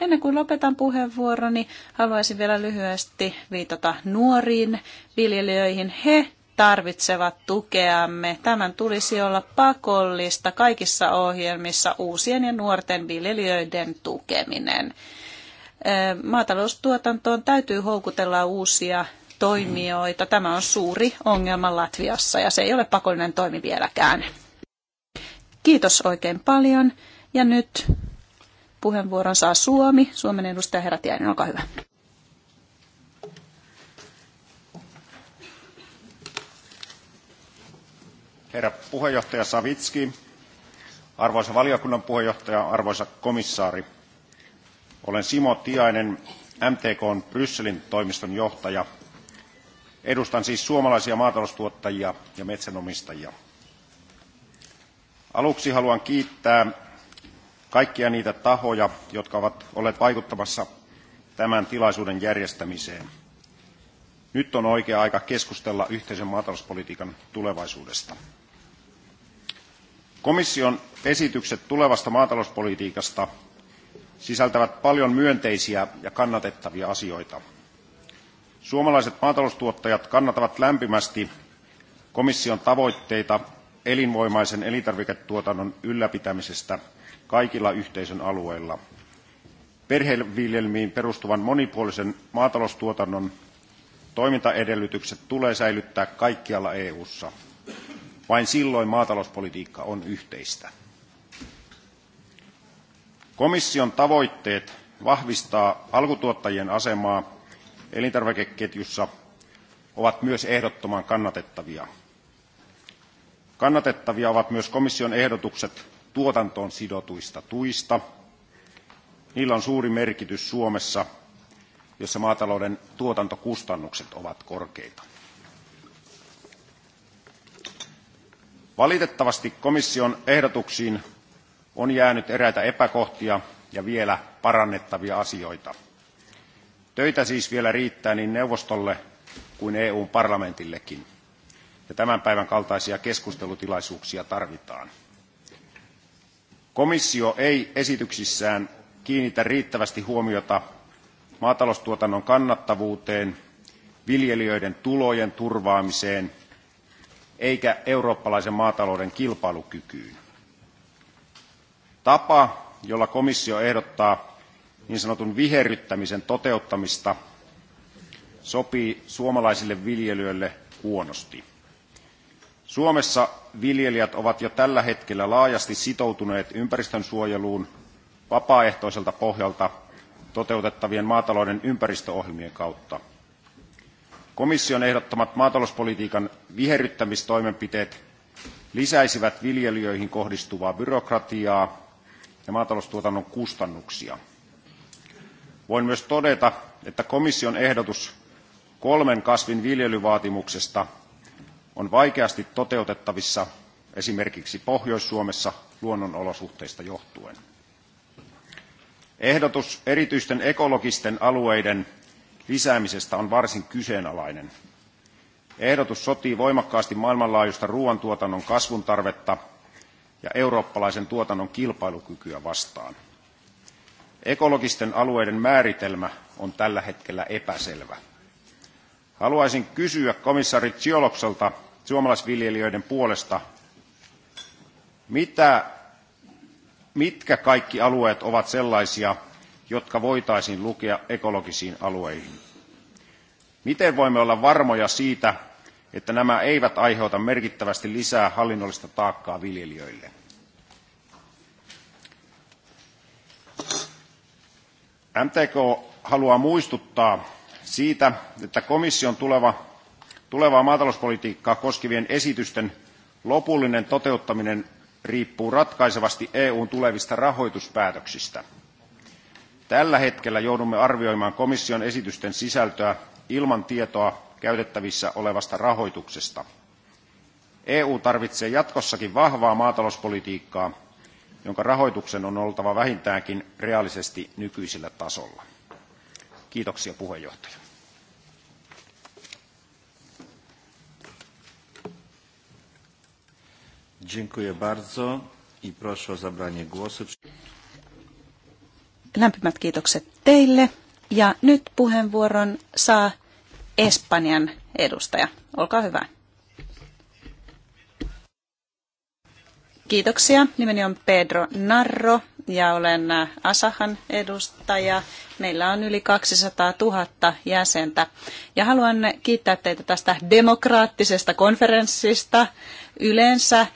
Ennen kuin lopetan puheenvuoroni, haluaisin vielä lyhyesti viitata nuoriin viljelijöihin. He tarvitsevat tukeamme. Tämän tulisi olla pakollista kaikissa ohjelmissa uusien ja nuorten viljelijöiden tukeminen. Maataloustuotantoon täytyy houkutella uusia toimijoita. Tämä on suuri ongelma Latviassa ja se ei ole pakollinen toimi vieläkään. Kiitos oikein paljon ja nyt puheenvuoron saa Suomi. Suomen edustaja Herätiäinen, olkaa hyvä. herra puheenjohtaja Savitski, arvoisa valiokunnan puheenjohtaja, arvoisa komissaari. Olen Simo Tiainen, MTKn Brysselin toimiston johtaja. Edustan siis suomalaisia maataloustuottajia ja metsänomistajia. Aluksi haluan kiittää kaikkia niitä tahoja, jotka ovat olleet vaikuttamassa tämän tilaisuuden järjestämiseen. Nyt on oikea aika keskustella yhteisen maatalouspolitiikan tulevaisuudesta. Komission esitykset tulevasta maatalouspolitiikasta sisältävät paljon myönteisiä ja kannatettavia asioita. Suomalaiset maataloustuottajat kannattavat lämpimästi komission tavoitteita elinvoimaisen elintarviketuotannon ylläpitämisestä kaikilla yhteisön alueilla. Perheviljelmiin perustuvan monipuolisen maataloustuotannon toimintaedellytykset tulee säilyttää kaikkialla EU:ssa. Vain silloin maatalouspolitiikka on yhteistä. Komission tavoitteet vahvistaa alkutuottajien asemaa elintarvikeketjussa ovat myös ehdottoman kannatettavia. Kannatettavia ovat myös komission ehdotukset tuotantoon sidotuista tuista. Niillä on suuri merkitys Suomessa, jossa maatalouden tuotantokustannukset ovat korkeita. Valitettavasti komission ehdotuksiin on jäänyt eräitä epäkohtia ja vielä parannettavia asioita. Töitä siis vielä riittää niin neuvostolle kuin EUn parlamentillekin, ja tämän päivän kaltaisia keskustelutilaisuuksia tarvitaan. Komissio ei esityksissään kiinnitä riittävästi huomiota maataloustuotannon kannattavuuteen, viljelijöiden tulojen turvaamiseen eikä eurooppalaisen maatalouden kilpailukykyyn. Tapa, jolla komissio ehdottaa niin sanotun viherryttämisen toteuttamista, sopii suomalaisille viljelijöille huonosti. Suomessa viljelijät ovat jo tällä hetkellä laajasti sitoutuneet ympäristönsuojeluun vapaaehtoiselta pohjalta toteutettavien maatalouden ympäristöohjelmien kautta. Komission ehdottamat maatalouspolitiikan viherryttämistoimenpiteet lisäisivät viljelijöihin kohdistuvaa byrokratiaa ja maataloustuotannon kustannuksia. Voin myös todeta, että komission ehdotus kolmen kasvin viljelyvaatimuksesta on vaikeasti toteutettavissa esimerkiksi Pohjois-Suomessa luonnonolosuhteista johtuen. Ehdotus erityisten ekologisten alueiden lisäämisestä on varsin kyseenalainen. Ehdotus sotii voimakkaasti maailmanlaajuista ruoantuotannon kasvun tarvetta ja eurooppalaisen tuotannon kilpailukykyä vastaan. Ekologisten alueiden määritelmä on tällä hetkellä epäselvä. Haluaisin kysyä komissaari Ciolokselta suomalaisviljelijöiden puolesta, mitä, mitkä kaikki alueet ovat sellaisia, jotka voitaisiin lukea ekologisiin alueihin. Miten voimme olla varmoja siitä, että nämä eivät aiheuta merkittävästi lisää hallinnollista taakkaa viljelijöille? MTK haluaa muistuttaa siitä, että komission tuleva, tulevaa maatalouspolitiikkaa koskevien esitysten lopullinen toteuttaminen riippuu ratkaisevasti EUn tulevista rahoituspäätöksistä – Tällä hetkellä joudumme arvioimaan komission esitysten sisältöä ilman tietoa käytettävissä olevasta rahoituksesta. EU tarvitsee jatkossakin vahvaa maatalouspolitiikkaa, jonka rahoituksen on oltava vähintäänkin reaalisesti nykyisellä tasolla. Kiitoksia puheenjohtaja. Dziękuję bardzo i proszę o zabranie głosu. Lämpimät kiitokset teille. Ja nyt puheenvuoron saa Espanjan edustaja. Olkaa hyvä. Kiitoksia. Nimeni on Pedro Narro ja olen äh, Asahan edustaja. Meillä on yli 200 000 jäsentä. Ja haluan kiittää teitä tästä demokraattisesta konferenssista yleensä.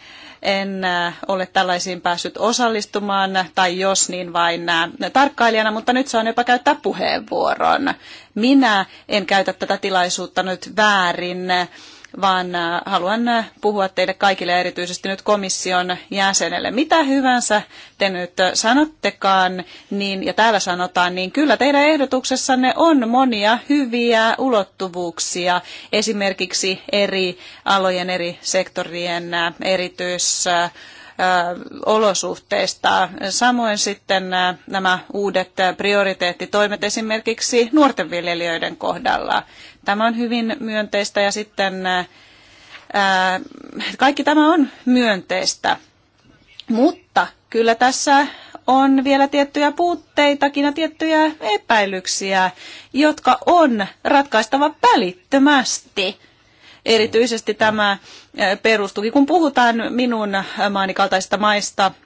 En äh, ole tällaisiin päässyt osallistumaan, tai jos niin vain äh, tarkkailijana, mutta nyt saan jopa käyttää puheenvuoron. Minä en käytä tätä tilaisuutta nyt väärin vaan äh, haluan äh, puhua teille kaikille erityisesti nyt komission jäsenelle. Mitä hyvänsä te nyt äh, sanottekaan, niin, ja täällä sanotaan, niin kyllä teidän ehdotuksessanne on monia hyviä ulottuvuuksia, esimerkiksi eri alojen, eri sektorien erityis olosuhteista. Samoin sitten nämä uudet prioriteettitoimet esimerkiksi nuorten viljelijöiden kohdalla. Tämä on hyvin myönteistä ja sitten ää, kaikki tämä on myönteistä. Mutta kyllä tässä on vielä tiettyjä puutteitakin ja tiettyjä epäilyksiä, jotka on ratkaistava välittömästi. Erityisesti tämä perustuki, kun puhutaan minun maanikaltaisista maista –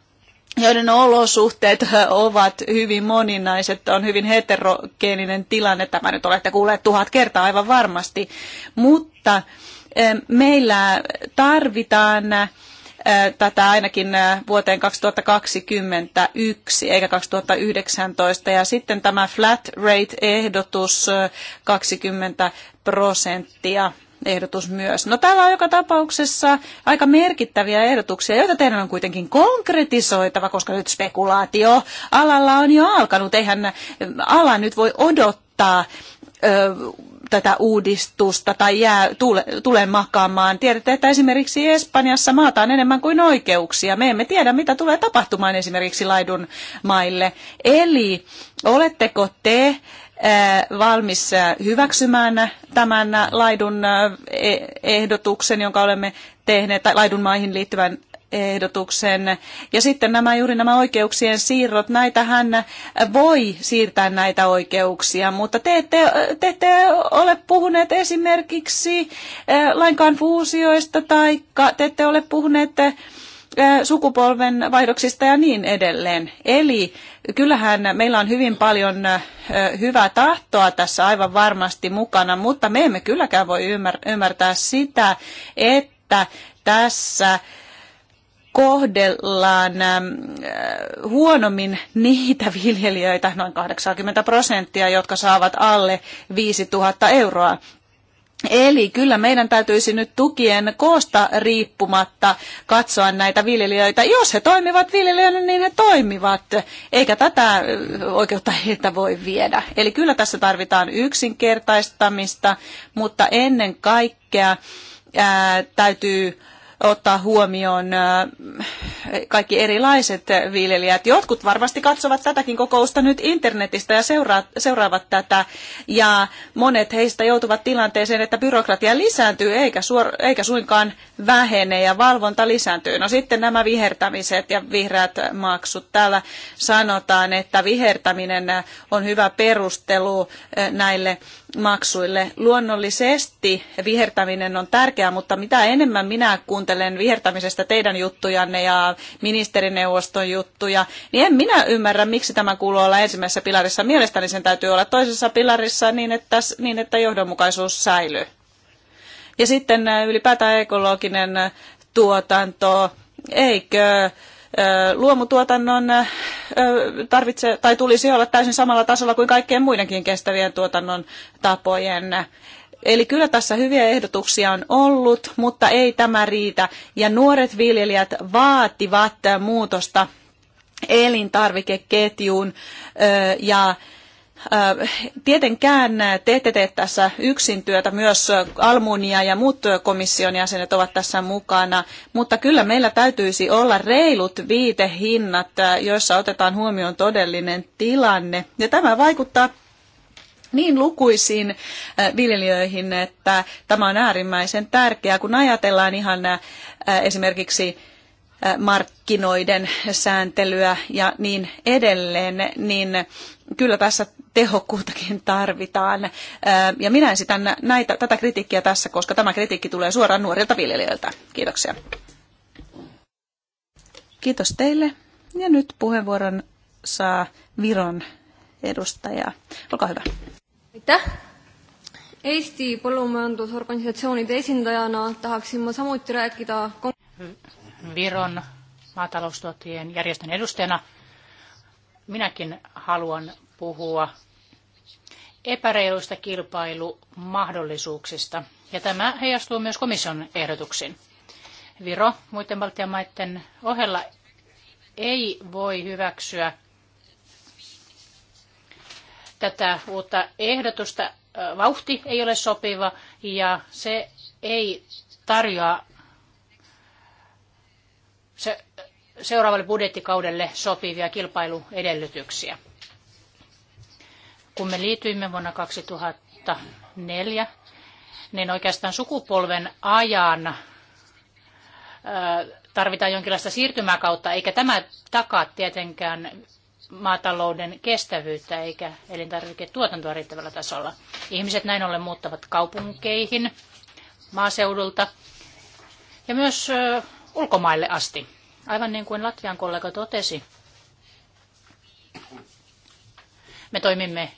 joiden olosuhteet <laughs> ovat hyvin moninaiset, on hyvin heterogeeninen tilanne. Tämä nyt olette kuulleet tuhat kertaa aivan varmasti, mutta eh, meillä tarvitaan eh, tätä ainakin eh, vuoteen 2021 eikä 2019 ja sitten tämä flat rate-ehdotus 20 prosenttia ehdotus myös. No täällä on joka tapauksessa aika merkittäviä ehdotuksia, joita teidän on kuitenkin konkretisoitava, koska nyt spekulaatio alalla on jo alkanut. Eihän ala nyt voi odottaa ö, tätä uudistusta tai jää, tule, tule makaamaan. Tiedätte, että esimerkiksi Espanjassa maataan enemmän kuin oikeuksia. Me emme tiedä, mitä tulee tapahtumaan esimerkiksi laidun maille. Eli oletteko te valmis hyväksymään tämän laidun e-, ehdotuksen, jonka olemme tehneet, tai laidun maihin liittyvän ehdotuksen. Ja sitten nämä, juuri nämä oikeuksien siirrot, näitähän voi siirtää näitä oikeuksia, mutta te ette, te ette ole puhuneet esimerkiksi lainkaan fuusioista, tai te ette ole puhuneet sukupolven vaihdoksista ja niin edelleen. Eli kyllähän meillä on hyvin paljon hyvää tahtoa tässä aivan varmasti mukana, mutta me emme kylläkään voi ymmärtää sitä, että tässä kohdellaan huonommin niitä viljelijöitä, noin 80 prosenttia, jotka saavat alle 5000 euroa. Eli kyllä meidän täytyisi nyt tukien koosta riippumatta katsoa näitä viljelijöitä. Jos he toimivat viljelijöinä, niin he toimivat, eikä tätä oikeutta heiltä voi viedä. Eli kyllä tässä tarvitaan yksinkertaistamista, mutta ennen kaikkea ää, täytyy ottaa huomioon kaikki erilaiset viljelijät. Jotkut varmasti katsovat tätäkin kokousta nyt internetistä ja seuraa seuraavat tätä. Ja monet heistä joutuvat tilanteeseen, että byrokratia lisääntyy eikä, suor- eikä suinkaan vähene ja valvonta lisääntyy. No sitten nämä vihertämiset ja vihreät maksut. Täällä sanotaan, että vihertäminen on hyvä perustelu näille maksuille. Luonnollisesti vihertäminen on tärkeää, mutta mitä enemmän minä kuuntelen vihertämisestä teidän juttujanne ja ministerineuvoston juttuja, niin en minä ymmärrä, miksi tämä kuuluu olla ensimmäisessä pilarissa. Mielestäni sen täytyy olla toisessa pilarissa niin, että, niin, että johdonmukaisuus säilyy. Ja sitten ylipäätään ekologinen tuotanto, eikö luomutuotannon tarvitse, tai tulisi olla täysin samalla tasolla kuin kaikkien muidenkin kestävien tuotannon tapojen. Eli kyllä tässä hyviä ehdotuksia on ollut, mutta ei tämä riitä. Ja nuoret viljelijät vaativat muutosta elintarvikeketjuun ja Tietenkään te ette tee tässä yksin työtä, myös Almunia ja muut komission jäsenet ovat tässä mukana, mutta kyllä meillä täytyisi olla reilut viitehinnat, joissa otetaan huomioon todellinen tilanne. Ja tämä vaikuttaa niin lukuisiin viljelijöihin, että tämä on äärimmäisen tärkeää, kun ajatellaan ihan esimerkiksi markkinoiden sääntelyä ja niin edelleen, niin kyllä tässä tehokkuuttakin tarvitaan. Ja minä esitän näitä, tätä kritiikkiä tässä, koska tämä kritiikki tulee suoraan nuorilta viljelijöiltä. Kiitoksia. Kiitos teille. Ja nyt puheenvuoron saa Viron edustaja. Olkaa hyvä. mitä Eesti põllumajandusorganisatsioonide esindajana tahaksin ma samuti rääkida Viron maataloustuottajien järjestön edustajana minäkin haluan puhua epäreiluista kilpailumahdollisuuksista. Ja tämä heijastuu myös komission ehdotuksiin. Viro muiden Baltian maiden ohella ei voi hyväksyä tätä uutta ehdotusta. Vauhti ei ole sopiva ja se ei tarjoa se, seuraavalle budjettikaudelle sopivia kilpailuedellytyksiä. Kun me liityimme vuonna 2004, niin oikeastaan sukupolven ajan tarvitaan jonkinlaista siirtymäkautta, eikä tämä takaa tietenkään maatalouden kestävyyttä eikä elintarviketuotantoa riittävällä tasolla. Ihmiset näin ollen muuttavat kaupunkeihin maaseudulta ja myös ulkomaille asti. Aivan niin kuin Latvian kollega totesi, me toimimme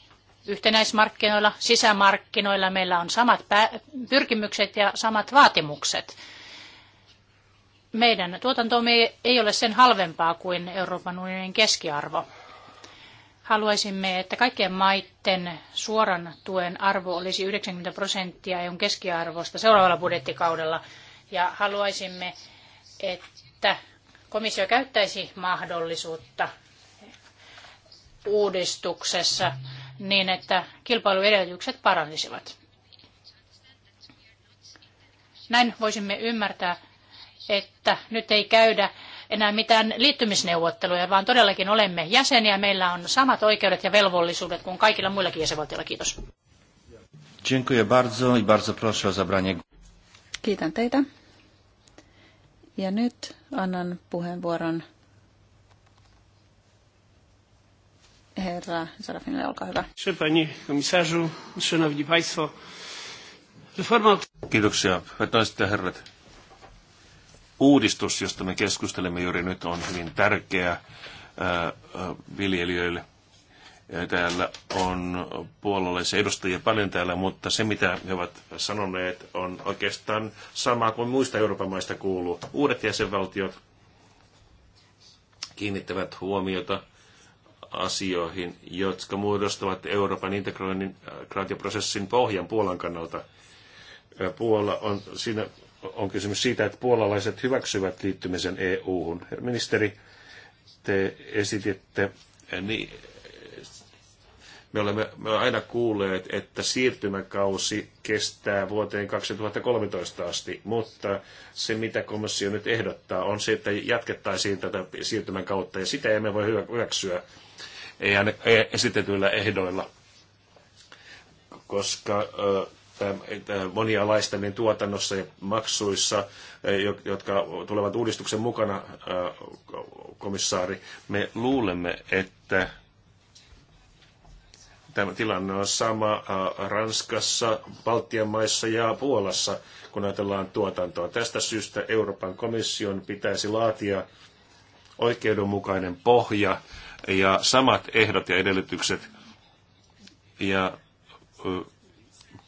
yhtenäismarkkinoilla, sisämarkkinoilla meillä on samat pyrkimykset ja samat vaatimukset. Meidän tuotantomme ei ole sen halvempaa kuin Euroopan unionin keskiarvo. Haluaisimme, että kaikkien maiden suoran tuen arvo olisi 90 prosenttia EUn keskiarvosta seuraavalla budjettikaudella. Ja haluaisimme, että komissio käyttäisi mahdollisuutta uudistuksessa niin, että kilpailuedellytykset paranisivat. Näin voisimme ymmärtää, että nyt ei käydä enää mitään liittymisneuvotteluja, vaan todellakin olemme jäseniä. Meillä on samat oikeudet ja velvollisuudet kuin kaikilla muillakin jäsenvaltioilla. Kiitos. bardzo i bardzo proszę o zabranie. Kiitän teitä. Ja nyt annan puheenvuoron Herra Sarafinille, olkaa hyvä. Panie komisarzu, szanowni państwo. Reforma... Kiitoksia, hyvät naiset ja herrat. Uudistus, josta me keskustelemme juuri nyt, on hyvin tärkeä äh, äh, viljelijöille. Täällä on puolueellisia edustajia paljon täällä, mutta se mitä he ovat sanoneet on oikeastaan sama kuin muista Euroopan maista kuuluu. Uudet jäsenvaltiot kiinnittävät huomiota asioihin, jotka muodostavat Euroopan äh, integraatioprosessin pohjan Puolan kannalta. Äh, Puola on, siinä on kysymys siitä, että puolalaiset hyväksyvät liittymisen EU-hun. Ministeri, te esititte, äh, niin me olemme, me olemme aina kuulleet, että siirtymäkausi kestää vuoteen 2013 asti, mutta se mitä komissio nyt ehdottaa on se, että jatkettaisiin tätä kautta ja sitä emme voi hyväksyä ei e- esitetyillä ehdoilla, koska monialaisten niin tuotannossa ja maksuissa, e, jotka tulevat uudistuksen mukana, komissaari, me luulemme, että tämä tilanne on sama Ranskassa, Baltian maissa ja Puolassa, kun ajatellaan tuotantoa. Tästä syystä Euroopan komission pitäisi laatia oikeudenmukainen pohja ja samat ehdot ja edellytykset. Ja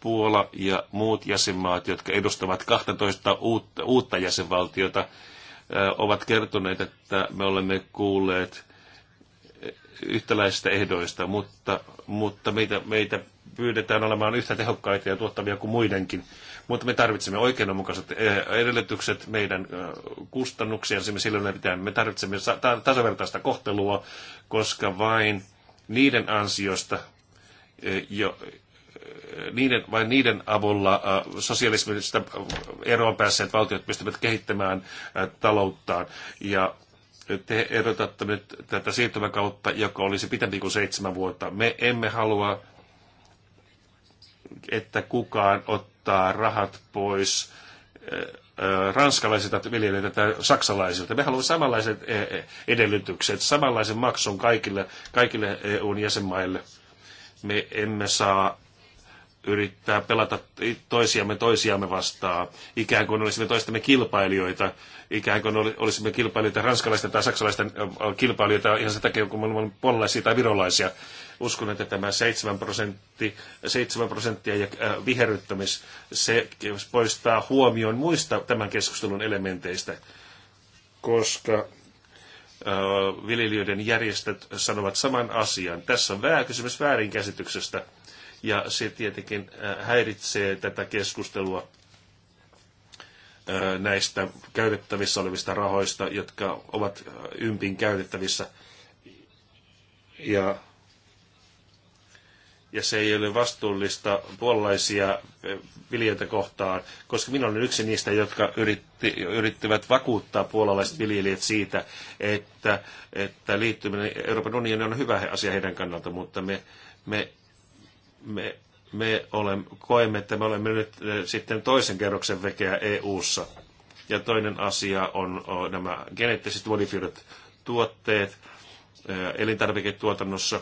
Puola ja muut jäsenmaat, jotka edustavat 12 uutta, uutta jäsenvaltiota, ovat kertoneet, että me olemme kuulleet yhtäläisistä ehdoista, mutta, mutta meitä, meitä pyydetään olemaan yhtä tehokkaita ja tuottavia kuin muidenkin. Mutta me tarvitsemme oikeudenmukaiset eh, edellytykset meidän eh, kustannuksia, silloin pitää. Me tarvitsemme tasavertaista kohtelua, koska vain niiden ansiosta, eh, jo, niiden, vain niiden avulla sosialismista eroon päässeet valtiot pystyvät kehittämään talouttaan. Ja te erotatte nyt tätä siirtymäkautta, joka olisi pitempi kuin seitsemän vuotta. Me emme halua että kukaan ottaa rahat pois eh, eh, ranskalaisilta viljelijöiltä tai saksalaisilta. Me haluamme samanlaiset eh, edellytykset, samanlaisen maksun kaikille, kaikille eu jäsenmaille. Me emme saa yrittää pelata toisiamme toisiamme vastaan, ikään kuin olisimme toistemme kilpailijoita, ikään kuin olisimme kilpailijoita ranskalaisten tai saksalaisten kilpailijoita ihan sen takia, kun me olemme puolalaisia tai virolaisia. Uskon, että tämä 7, prosentti, 7 prosenttia ja viherryttämis, se poistaa huomion muista tämän keskustelun elementeistä, koska viljelijöiden järjestöt sanovat saman asian. Tässä on vää, kysymys väärinkäsityksestä ja se tietenkin äh, häiritsee tätä keskustelua äh, näistä käytettävissä olevista rahoista, jotka ovat äh, ympin käytettävissä. Ja, ja se ei ole vastuullista puolalaisia viljelijöitä kohtaan, koska minä olen yksi niistä, jotka yritti, yrittivät vakuuttaa puolalaiset viljelijät siitä, että, että liittyminen Euroopan unioniin on hyvä asia heidän kannalta, mutta me, me me, me olemme, koemme, että me olemme nyt eh, sitten toisen kerroksen vekeä EU-ssa. Ja toinen asia on nämä geneettiset modifioidut tuotteet eh, elintarviketuotannossa.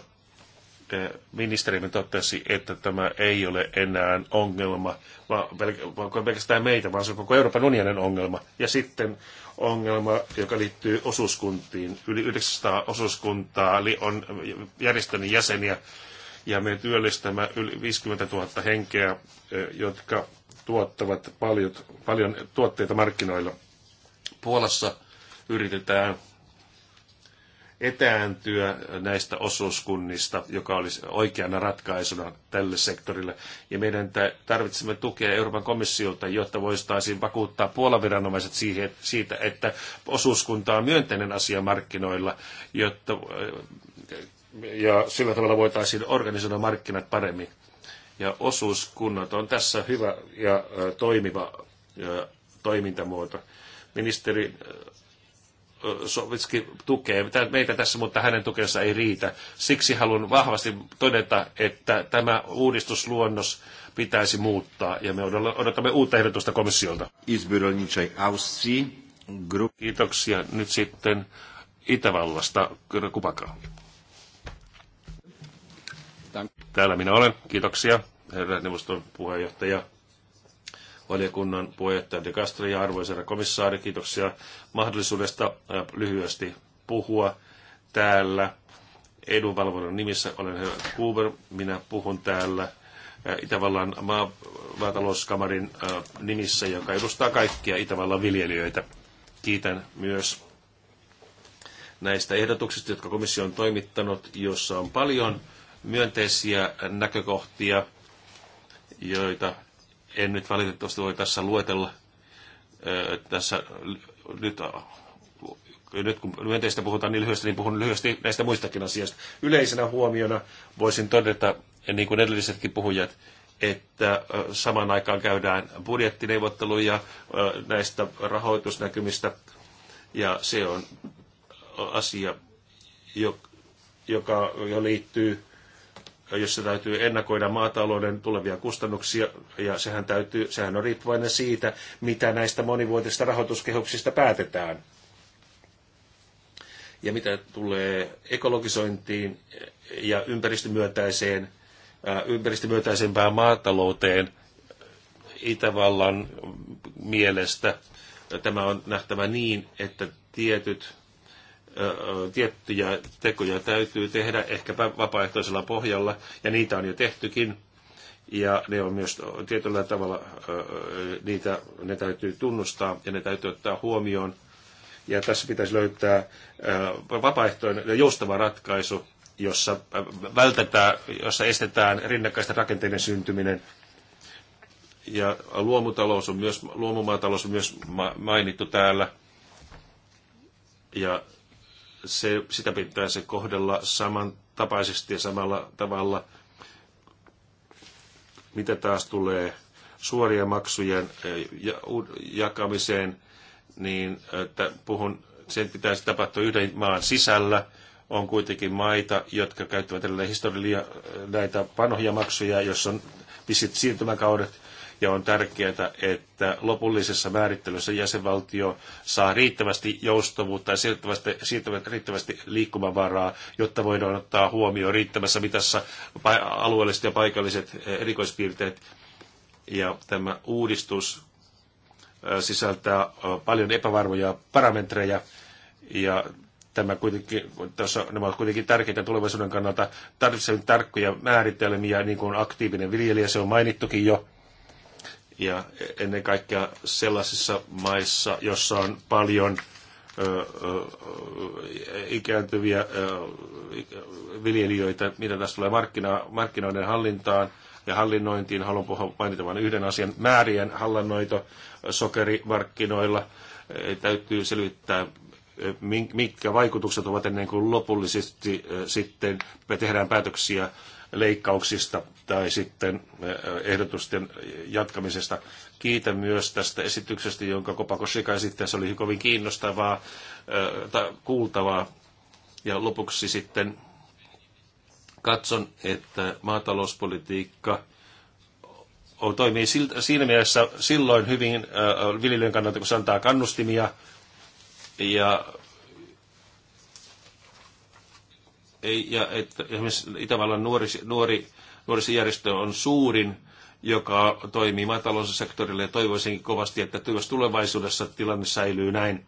Eh, ministerimme totesi, että tämä ei ole enää ongelma, vaan pelkästään meitä, vaan se on koko Euroopan unionin ongelma. Ja sitten ongelma, joka liittyy osuuskuntiin. Yli 900 osuuskuntaa on järjestön jäseniä ja me työllistämme yli 50 000 henkeä, eh, jotka tuottavat paljon, paljon tuotteita markkinoilla. Puolassa yritetään etääntyä näistä osuuskunnista, joka olisi oikeana ratkaisuna tälle sektorille. Ja meidän tarvitsemme tukea Euroopan komissiolta, jotta voitaisiin vakuuttaa puolaviranomaiset siitä, että osuuskunta on myönteinen asia markkinoilla, jotta eh, ja sillä tavalla voitaisiin organisoida markkinat paremmin. Ja osuuskunnat on tässä hyvä ja toimiva toimintamuoto. Ministeri Sovitski tukee meitä tässä, mutta hänen tukensa ei riitä. Siksi haluan vahvasti todeta, että tämä uudistusluonnos pitäisi muuttaa ja me odotamme uutta ehdotusta komissiolta. Kiitoksia nyt sitten Itävallasta. Kupaka. Täällä minä olen. Kiitoksia, herra neuvoston puheenjohtaja, valiokunnan puheenjohtaja De Castro ja arvoisa herra komissaari. Kiitoksia mahdollisuudesta äh, lyhyesti puhua täällä. Edunvalvonnan nimissä olen herra Kuber. Minä puhun täällä äh, Itävallan maa, maatalouskamarin äh, nimissä, joka edustaa kaikkia Itävallan viljelijöitä. Kiitän myös näistä ehdotuksista, jotka komissio on toimittanut, jossa on paljon myönteisiä näkökohtia, joita en nyt valitettavasti voi tässä luetella. Tässä nyt, nyt kun myönteistä puhutaan niin lyhyesti, niin puhun lyhyesti näistä muistakin asioista. Yleisenä huomiona voisin todeta, niin kuin edellisetkin puhujat, että samaan aikaan käydään budjettineuvotteluja näistä rahoitusnäkymistä, ja se on asia, joka jo liittyy jossa täytyy ennakoida maatalouden tulevia kustannuksia, ja sehän, täytyy, sehän on riippuvainen siitä, mitä näistä monivuotisista rahoituskehyksistä päätetään. Ja mitä tulee ekologisointiin ja ympäristömyötäiseen, ympäristömyötäisempään maatalouteen Itävallan mielestä, tämä on nähtävä niin, että tietyt tiettyjä tekoja täytyy tehdä, ehkäpä vapaaehtoisella pohjalla, ja niitä on jo tehtykin. Ja ne on myös tietyllä tavalla, niitä, ne täytyy tunnustaa ja ne täytyy ottaa huomioon. Ja tässä pitäisi löytää vapaaehtoinen ja joustava ratkaisu, jossa vältetään, jossa estetään rinnakkaisten rakenteiden syntyminen. Ja luomutalous on myös, luomumaatalous on myös mainittu täällä. Ja se, sitä pitäisi kohdella samantapaisesti ja samalla tavalla, mitä taas tulee suoria maksujen eh, jakamiseen, niin että eh, puhun, sen pitäisi tapahtua yhden maan sisällä. On kuitenkin maita, jotka käyttävät edelleen historiallisia eh, näitä vanhoja maksuja, jos on pisit siirtymäkaudet, ja on tärkeää, että lopullisessa määrittelyssä jäsenvaltio saa riittävästi joustavuutta ja siirtävästi, siirtävästi, riittävästi liikkumavaraa, jotta voidaan ottaa huomioon riittävässä mitassa alueelliset ja paikalliset eh, erikoispiirteet. Ja tämä uudistus eh, sisältää eh, paljon epävarmoja parametreja ja tämä kuitenkin, tässä, nämä ovat kuitenkin tärkeitä tulevaisuuden kannalta. tarvitsevat tarkkoja määritelmiä, niin kuin aktiivinen viljelijä, se on mainittukin jo ja ennen kaikkea sellaisissa maissa, jossa on paljon ikääntyviä viljelijöitä, mitä tässä tulee markkina, markkinoiden hallintaan ja hallinnointiin. Haluan puhua, mainita vain yhden asian. Määrien hallinnoito sokerimarkkinoilla täytyy selvittää, mitkä vaikutukset ovat ennen kuin lopullisesti sitten me tehdään päätöksiä leikkauksista tai sitten ehdotusten jatkamisesta. Kiitän myös tästä esityksestä, jonka Kopakos Sika esittää. Se oli kovin kiinnostavaa tai kuultavaa. Ja lopuksi sitten katson, että maatalouspolitiikka toimii siinä mielessä silloin hyvin viljelijän kannalta, kun se antaa kannustimia ja ei, ja että esimerkiksi Itävallan nuoris, nuori, nuorisojärjestö on suurin, joka toimii maatalousen sektorille, ja toivoisinkin kovasti, että myös tulevaisuudessa tilanne säilyy näin.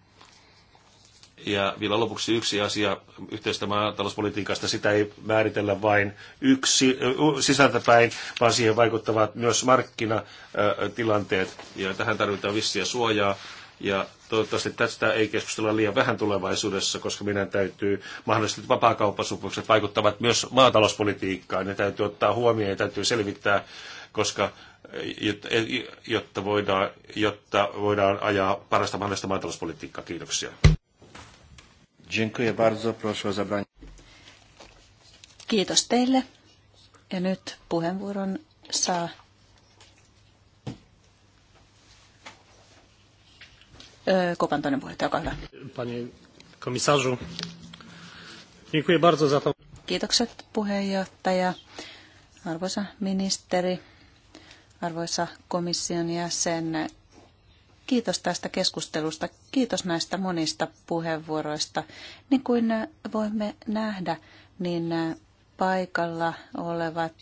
Ja vielä lopuksi yksi asia yhteistä maatalouspolitiikasta, sitä ei määritellä vain yksi sisältäpäin, vaan siihen vaikuttavat myös markkinatilanteet, ja tähän tarvitaan vissiä suojaa ja toivottavasti tästä ei keskustella liian vähän tulevaisuudessa, koska meidän täytyy, mahdollisesti vapaakauppasopimukset vaikuttavat myös maatalouspolitiikkaan. Ne täytyy ottaa huomioon ja täytyy selvittää, koska jotta voidaan, jotta voidaan ajaa parasta mahdollista maatalouspolitiikkaa. Kiitoksia. Kiitos teille. Ja nyt puheenvuoron saa Kopan toinen puheenjohtaja, olkaa hyvä. Panie komisarzu, dziękuję bardzo za to. Kiitokset puheenjohtaja, arvoisa ministeri, arvoisa komission jäsen. Kiitos tästä keskustelusta. Kiitos näistä monista puheenvuoroista. Niin kuin voimme nähdä, niin paikalla olevat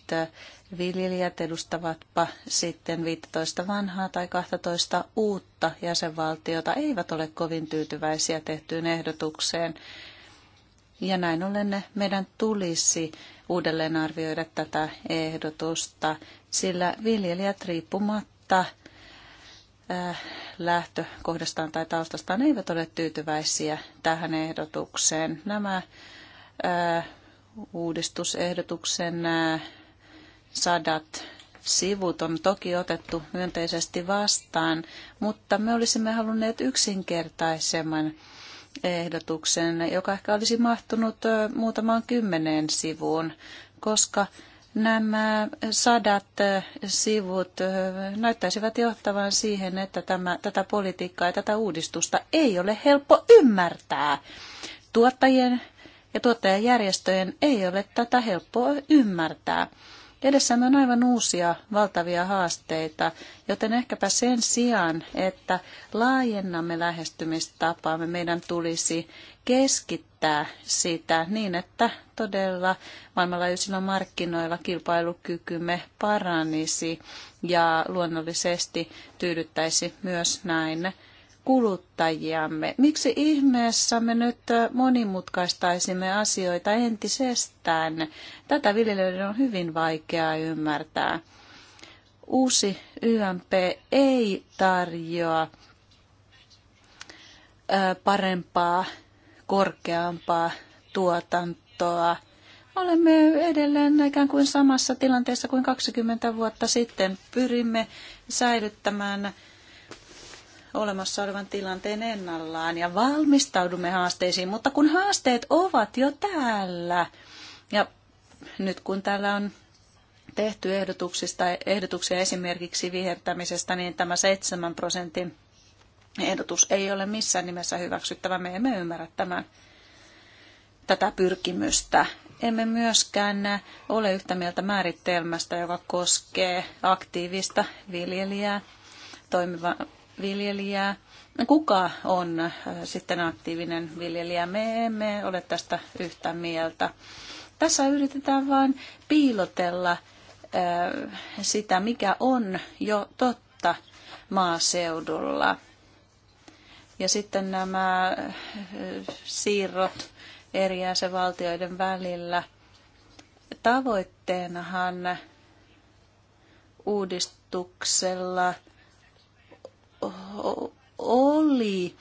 viljelijät edustavatpa sitten 15 vanhaa tai 12 uutta jäsenvaltiota eivät ole kovin tyytyväisiä tehtyyn ehdotukseen. Ja näin ollen meidän tulisi uudelleen arvioida tätä ehdotusta, sillä viljelijät riippumatta äh, lähtökohdastaan tai taustastaan eivät ole tyytyväisiä tähän ehdotukseen. Nämä äh, uudistusehdotuksen sadat sivut on toki otettu myönteisesti vastaan, mutta me olisimme halunneet yksinkertaisemman ehdotuksen, joka ehkä olisi mahtunut muutamaan kymmeneen sivuun, koska nämä sadat sivut näyttäisivät johtavan siihen, että tämä, tätä politiikkaa ja tätä uudistusta ei ole helppo ymmärtää. Tuottajien ja tuottajajärjestöjen ei ole tätä helppoa ymmärtää. Edessämme on aivan uusia valtavia haasteita, joten ehkäpä sen sijaan, että laajennamme lähestymistapaamme, meidän tulisi keskittää sitä niin, että todella maailmanlaajuisilla markkinoilla kilpailukykymme paranisi ja luonnollisesti tyydyttäisi myös näin kuluttajiamme. Miksi ihmeessä me nyt monimutkaistaisimme asioita entisestään? Tätä viljelijöiden on hyvin vaikeaa ymmärtää. Uusi YMP ei tarjoa parempaa, korkeampaa tuotantoa. Olemme edelleen ikään kuin samassa tilanteessa kuin 20 vuotta sitten. Pyrimme säilyttämään olemassa olevan tilanteen ennallaan ja valmistaudumme haasteisiin, mutta kun haasteet ovat jo täällä ja nyt kun täällä on tehty ehdotuksista, ehdotuksia esimerkiksi vihertämisestä, niin tämä 7 prosentin ehdotus ei ole missään nimessä hyväksyttävä. Me emme ymmärrä tämän, tätä pyrkimystä. Emme myöskään ole yhtä mieltä määritelmästä, joka koskee aktiivista viljelijää, toimiva, viljelijää. No, kuka on äh, sitten aktiivinen viljelijä? Me emme ole tästä yhtä mieltä. Tässä yritetään vain piilotella äh, sitä, mikä on jo totta maaseudulla. Ja sitten nämä äh, siirrot eri jäsenvaltioiden välillä. Tavoitteenahan uudistuksella – oli,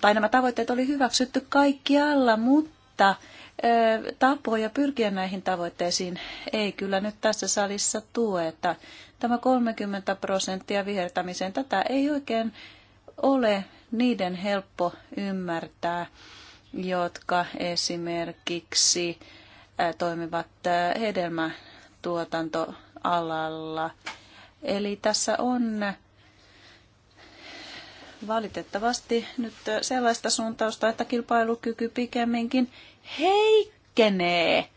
tai nämä tavoitteet oli hyväksytty kaikkialla, mutta tapoja pyrkiä näihin tavoitteisiin ei kyllä nyt tässä salissa tueta. Tämä 30 prosenttia vihertämiseen, tätä ei oikein ole niiden helppo ymmärtää, jotka esimerkiksi toimivat hedelmätuotantoalalla – Eli tässä on valitettavasti nyt sellaista suuntausta, että kilpailukyky pikemminkin heikkenee.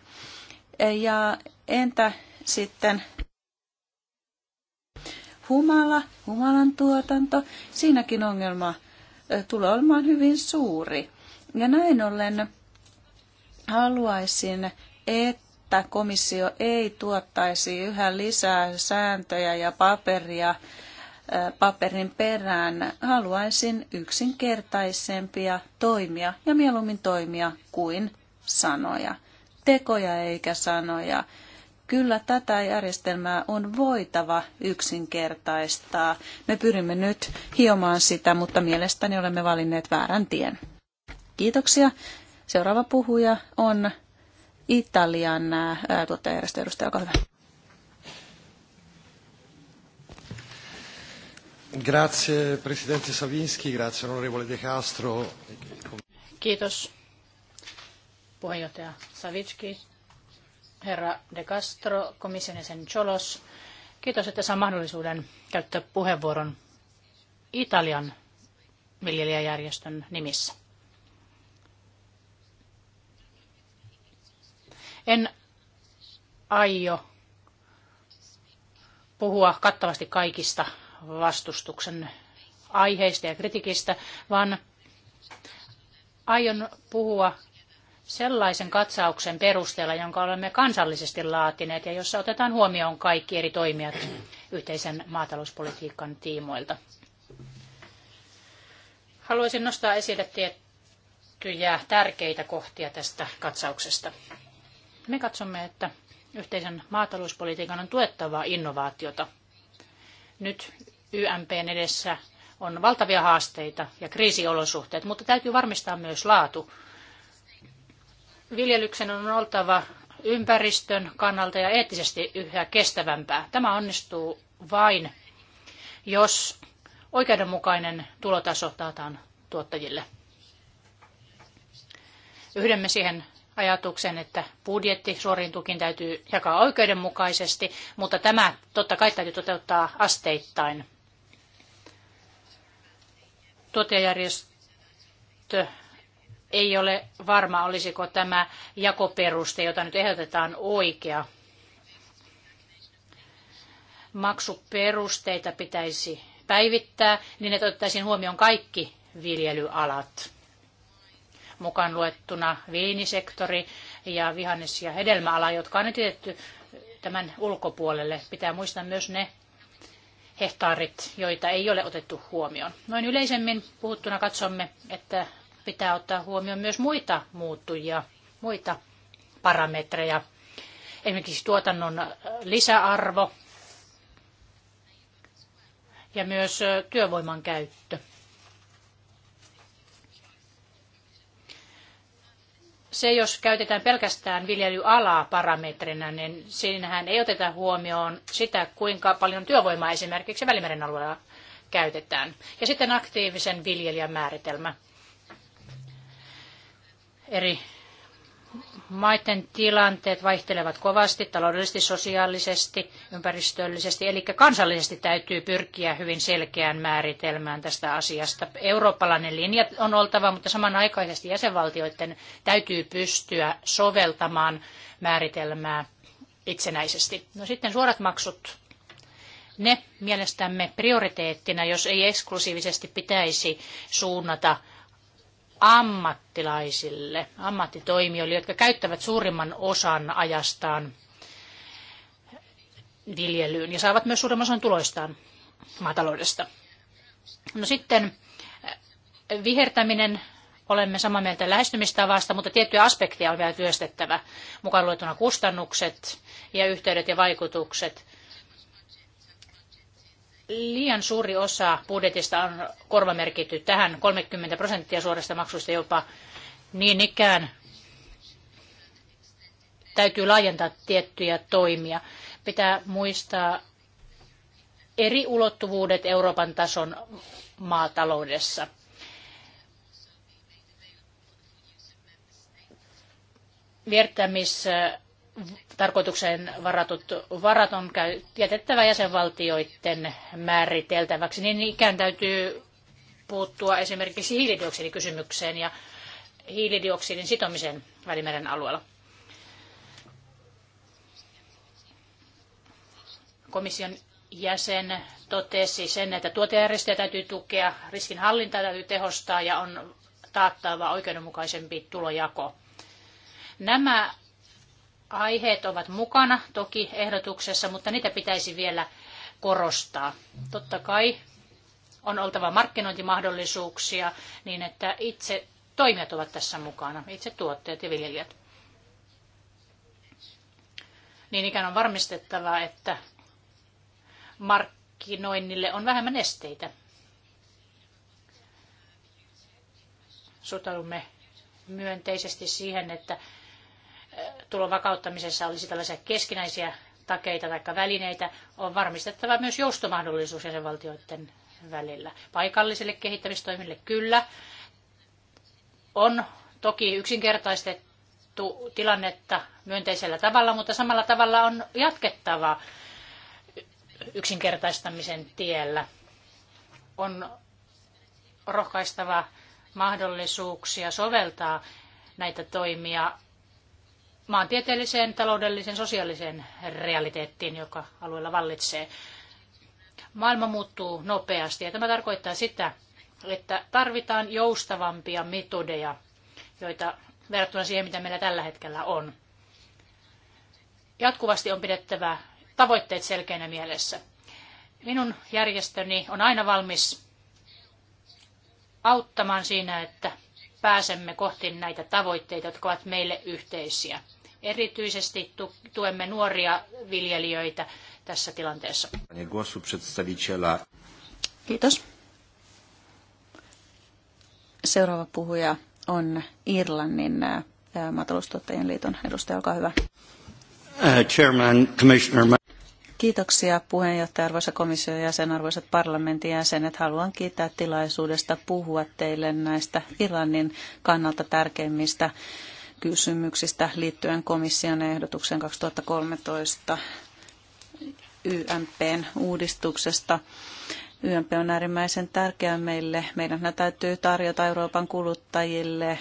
Ja entä sitten humala, humalan tuotanto, siinäkin ongelma tulee olemaan hyvin suuri. Ja näin ollen haluaisin, että että komissio ei tuottaisi yhä lisää sääntöjä ja paperia paperin perään. Haluaisin yksinkertaisempia toimia ja mieluummin toimia kuin sanoja. Tekoja eikä sanoja. Kyllä tätä järjestelmää on voitava yksinkertaistaa. Me pyrimme nyt hiomaan sitä, mutta mielestäni olemme valinneet väärän tien. Kiitoksia. Seuraava puhuja on Italian tuottajajärjestö edustaja, olkaa hyvä. Grazie Presidente Savinski, grazie onorevole De Castro. Kiitos puheenjohtaja Savitski, herra De Castro, komission jäsen Cholos. Kiitos, että saan mahdollisuuden käyttää puheenvuoron Italian viljelijäjärjestön nimissä. En aio puhua kattavasti kaikista vastustuksen aiheista ja kritiikistä, vaan aion puhua sellaisen katsauksen perusteella, jonka olemme kansallisesti laatineet ja jossa otetaan huomioon kaikki eri toimijat yhteisen maatalouspolitiikan tiimoilta. Haluaisin nostaa esille tiettyjä tärkeitä kohtia tästä katsauksesta. Me katsomme, että yhteisen maatalouspolitiikan on tuettavaa innovaatiota. Nyt YMPn edessä on valtavia haasteita ja kriisiolosuhteet, mutta täytyy varmistaa myös laatu. Viljelyksen on oltava ympäristön kannalta ja eettisesti yhä kestävämpää. Tämä onnistuu vain, jos oikeudenmukainen tulotaso taataan tuottajille. Yhdemme siihen ajatuksen, että budjetti suoriin tukiin täytyy jakaa oikeudenmukaisesti, mutta tämä totta kai täytyy toteuttaa asteittain. Tuottajajärjestö ei ole varma, olisiko tämä jakoperuste, jota nyt ehdotetaan, oikea. Maksuperusteita pitäisi päivittää niin, että otettaisiin huomioon kaikki viljelyalat mukaan luettuna viinisektori ja vihannes- ja hedelmäala, jotka on jätetty tämän ulkopuolelle. Pitää muistaa myös ne hehtaarit, joita ei ole otettu huomioon. Noin yleisemmin puhuttuna katsomme, että pitää ottaa huomioon myös muita muuttujia, muita parametreja, esimerkiksi tuotannon lisäarvo ja myös työvoiman käyttö. se, jos käytetään pelkästään viljelyalaa parametrinä, niin siinähän ei oteta huomioon sitä, kuinka paljon työvoimaa esimerkiksi Välimeren alueella käytetään. Ja sitten aktiivisen viljelijän määritelmä. Eri maiden tilanteet vaihtelevat kovasti taloudellisesti, sosiaalisesti, ympäristöllisesti, eli kansallisesti täytyy pyrkiä hyvin selkeään määritelmään tästä asiasta. Eurooppalainen linja on oltava, mutta samanaikaisesti jäsenvaltioiden täytyy pystyä soveltamaan määritelmää itsenäisesti. No sitten suorat maksut. Ne mielestämme prioriteettina, jos ei eksklusiivisesti pitäisi suunnata ammattilaisille, ammattitoimijoille, jotka käyttävät suurimman osan ajastaan viljelyyn ja saavat myös suurimman osan tuloistaan maataloudesta. No sitten äh, vihertäminen, olemme samaa mieltä lähestymistavasta, mutta tiettyjä aspekteja on vielä työstettävä, mukaan luettuna kustannukset ja yhteydet ja vaikutukset liian suuri osa budjetista on korvamerkitty tähän 30 prosenttia suorasta maksusta jopa niin ikään täytyy laajentaa tiettyjä toimia. Pitää muistaa eri ulottuvuudet Euroopan tason maataloudessa. Viertämis tarkoitukseen varatut varat on jätettävä jäsenvaltioiden määriteltäväksi. Niin ikään täytyy puuttua esimerkiksi hiilidioksidikysymykseen ja hiilidioksidin sitomiseen Välimeren alueella. Komission jäsen totesi sen, että tuotejärjestöjä täytyy tukea, riskinhallintaa täytyy tehostaa ja on taattava oikeudenmukaisempi tulojako. Nämä aiheet ovat mukana toki ehdotuksessa, mutta niitä pitäisi vielä korostaa. Totta kai on oltava markkinointimahdollisuuksia niin, että itse toimijat ovat tässä mukana, itse tuottajat ja viljelijät. Niin ikään on varmistettava, että markkinoinnille on vähemmän esteitä. Suhtaudumme myönteisesti siihen, että tulon vakauttamisessa olisi tällaisia keskinäisiä takeita tai välineitä, on varmistettava myös joustomahdollisuus jäsenvaltioiden välillä. Paikallisille kehittämistoimille kyllä on toki yksinkertaistettu tilannetta myönteisellä tavalla, mutta samalla tavalla on jatkettava yksinkertaistamisen tiellä. On rohkaistava mahdollisuuksia soveltaa näitä toimia maantieteelliseen, taloudelliseen, sosiaaliseen realiteettiin, joka alueella vallitsee. Maailma muuttuu nopeasti ja tämä tarkoittaa sitä, että tarvitaan joustavampia metodeja, joita verrattuna siihen, mitä meillä tällä hetkellä on. Jatkuvasti on pidettävä tavoitteet selkeinä mielessä. Minun järjestöni on aina valmis auttamaan siinä, että pääsemme kohti näitä tavoitteita, jotka ovat meille yhteisiä. Erityisesti tuemme nuoria viljelijöitä tässä tilanteessa. Kiitos. Seuraava puhuja on Irlannin maataloustuottajien liiton edustaja. Olkaa hyvä. Uh, chairman, commissioner. Kiitoksia puheenjohtaja, arvoisa komission jäsen, arvoisat parlamentin jäsenet. Haluan kiittää tilaisuudesta puhua teille näistä Irlannin kannalta tärkeimmistä kysymyksistä liittyen komission ehdotuksen 2013 YMPn uudistuksesta. YMP on äärimmäisen tärkeä meille. Meidän täytyy tarjota Euroopan kuluttajille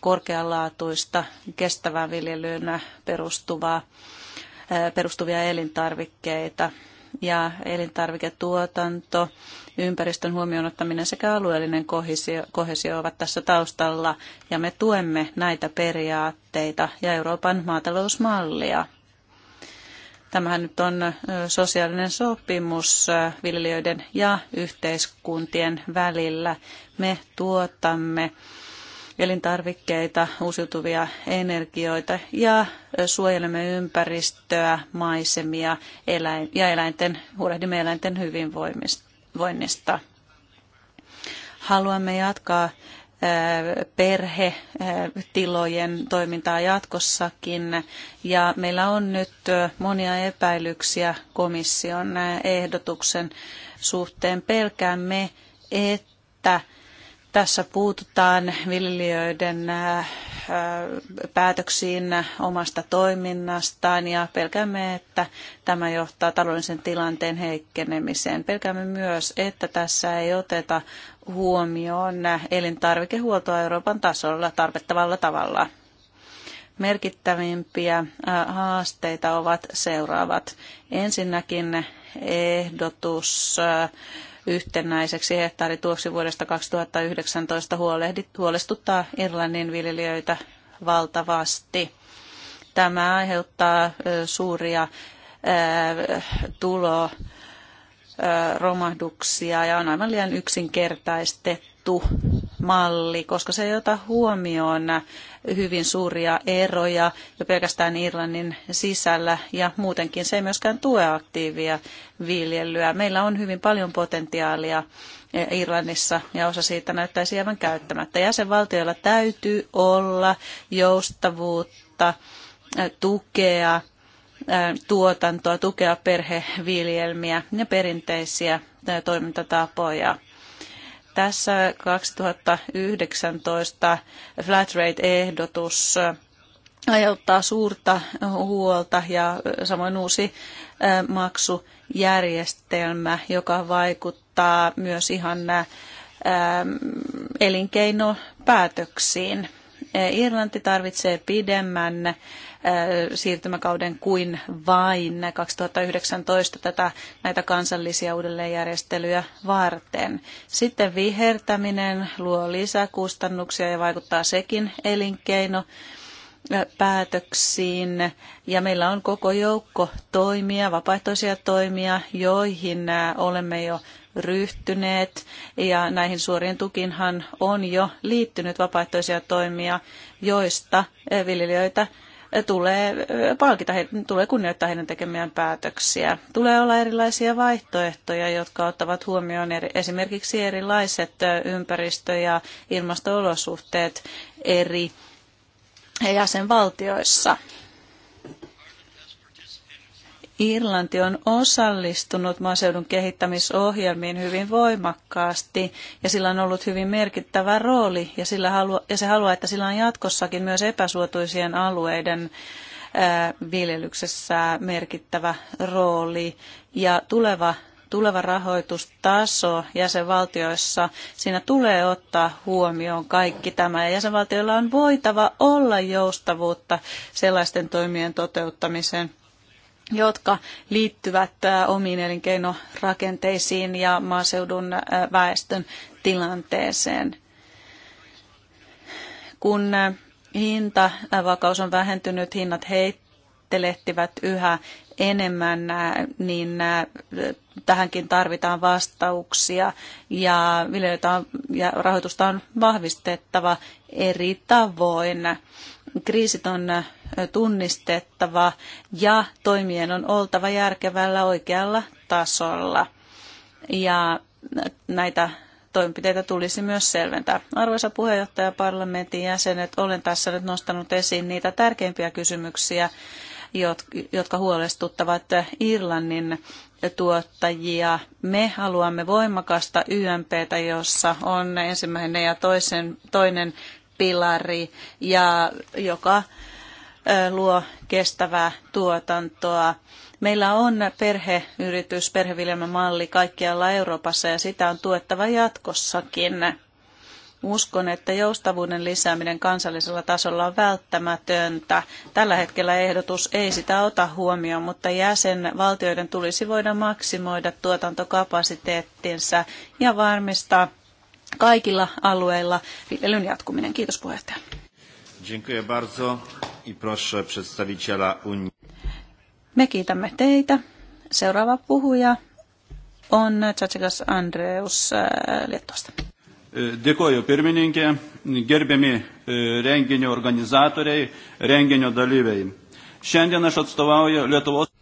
korkealaatuista, kestävää viljelyyn perustuvaa perustuvia elintarvikkeita ja elintarviketuotanto, ympäristön huomioon ottaminen sekä alueellinen kohesio, kohesio ovat tässä taustalla. Ja me tuemme näitä periaatteita ja Euroopan maatalousmallia. Tämähän nyt on sosiaalinen sopimus viljelijöiden ja yhteiskuntien välillä. Me tuotamme elintarvikkeita, uusiutuvia energioita ja suojelemme ympäristöä, maisemia eläin, ja eläinten, huolehdimme eläinten hyvinvoinnista. Haluamme jatkaa perhetilojen toimintaa jatkossakin. Ja meillä on nyt monia epäilyksiä komission ehdotuksen suhteen. Pelkäämme, että tässä puututaan viljelijöiden äh, äh, päätöksiin omasta toiminnastaan ja pelkäämme, että tämä johtaa taloudellisen tilanteen heikkenemiseen. Pelkäämme myös, että tässä ei oteta huomioon elintarvikehuoltoa Euroopan tasolla tarvittavalla tavalla. Merkittävimpiä äh, haasteita ovat seuraavat. Ensinnäkin ehdotus yhtenäiseksi hehtaarituoksi vuodesta 2019 huolestuttaa Irlannin viljelijöitä valtavasti. Tämä aiheuttaa suuria tulo romahduksia ja on aivan liian yksinkertaistettu malli, koska se ei ota huomioon hyvin suuria eroja jo pelkästään Irlannin sisällä ja muutenkin se ei myöskään tue aktiivia viljelyä. Meillä on hyvin paljon potentiaalia Irlannissa ja osa siitä näyttäisi jäävän käyttämättä. Jäsenvaltioilla täytyy olla joustavuutta, tukea tuotantoa, tukea perheviljelmiä ja perinteisiä toimintatapoja. Tässä 2019 flat rate-ehdotus aiheuttaa suurta huolta ja samoin uusi maksujärjestelmä, joka vaikuttaa myös ihan elinkeinopäätöksiin. Eh, Irlanti tarvitsee pidemmän eh, siirtymäkauden kuin vain 2019 tätä, näitä kansallisia uudelleenjärjestelyjä varten. Sitten vihertäminen luo lisäkustannuksia ja vaikuttaa sekin elinkeino päätöksiin ja meillä on koko joukko toimia, vapaaehtoisia toimia, joihin olemme jo ryhtyneet ja näihin suorien tukinhan on jo liittynyt vapaaehtoisia toimia, joista viljelijöitä tulee palkita, tulee kunnioittaa heidän tekemiään päätöksiä. Tulee olla erilaisia vaihtoehtoja, jotka ottavat huomioon eri, esimerkiksi erilaiset ympäristö- ja ilmasto-olosuhteet eri jäsenvaltioissa. Irlanti on osallistunut maaseudun kehittämisohjelmiin hyvin voimakkaasti ja sillä on ollut hyvin merkittävä rooli ja, sillä halua, ja se haluaa, että sillä on jatkossakin myös epäsuotuisien alueiden viljelyksessä merkittävä rooli ja tuleva tuleva rahoitustaso jäsenvaltioissa, siinä tulee ottaa huomioon kaikki tämä. Ja jäsenvaltioilla on voitava olla joustavuutta sellaisten toimien toteuttamiseen, jotka liittyvät omiin elinkeinorakenteisiin ja maaseudun väestön tilanteeseen. Kun hinta, vakaus on vähentynyt, hinnat heittelehtivät yhä, enemmän, äh, niin äh, tähänkin tarvitaan vastauksia ja viljelijöitä on, ja rahoitusta on vahvistettava eri tavoin. Kriisit on äh, tunnistettava ja toimien on oltava järkevällä oikealla tasolla. Ja näitä toimenpiteitä tulisi myös selventää. Arvoisa puheenjohtaja parlamentin jäsenet, olen tässä nyt nostanut esiin niitä tärkeimpiä kysymyksiä, jotka huolestuttavat Irlannin tuottajia. Me haluamme voimakasta YMPtä, jossa on ensimmäinen ja toisen, toinen pilari, ja joka luo kestävää tuotantoa. Meillä on perheyritys, perheviljelmämalli kaikkialla Euroopassa ja sitä on tuettava jatkossakin. Uskon, että joustavuuden lisääminen kansallisella tasolla on välttämätöntä. Tällä hetkellä ehdotus ei sitä ota huomioon, mutta jäsenvaltioiden tulisi voida maksimoida tuotantokapasiteettinsa ja varmistaa kaikilla alueilla viljelyn jatkuminen. Kiitos puheenjohtaja. Dziękuję bardzo i proszę przedstawiciela Unii. Me kiitämme teitä. Seuraava puhuja on Tsatsikas Andreus äh, Liettuasta. E, dėkoju pirmininkė, gerbiami e, renginio organizatoriai, renginio dalyviai. Šiandien aš atstovauju Lietuvos.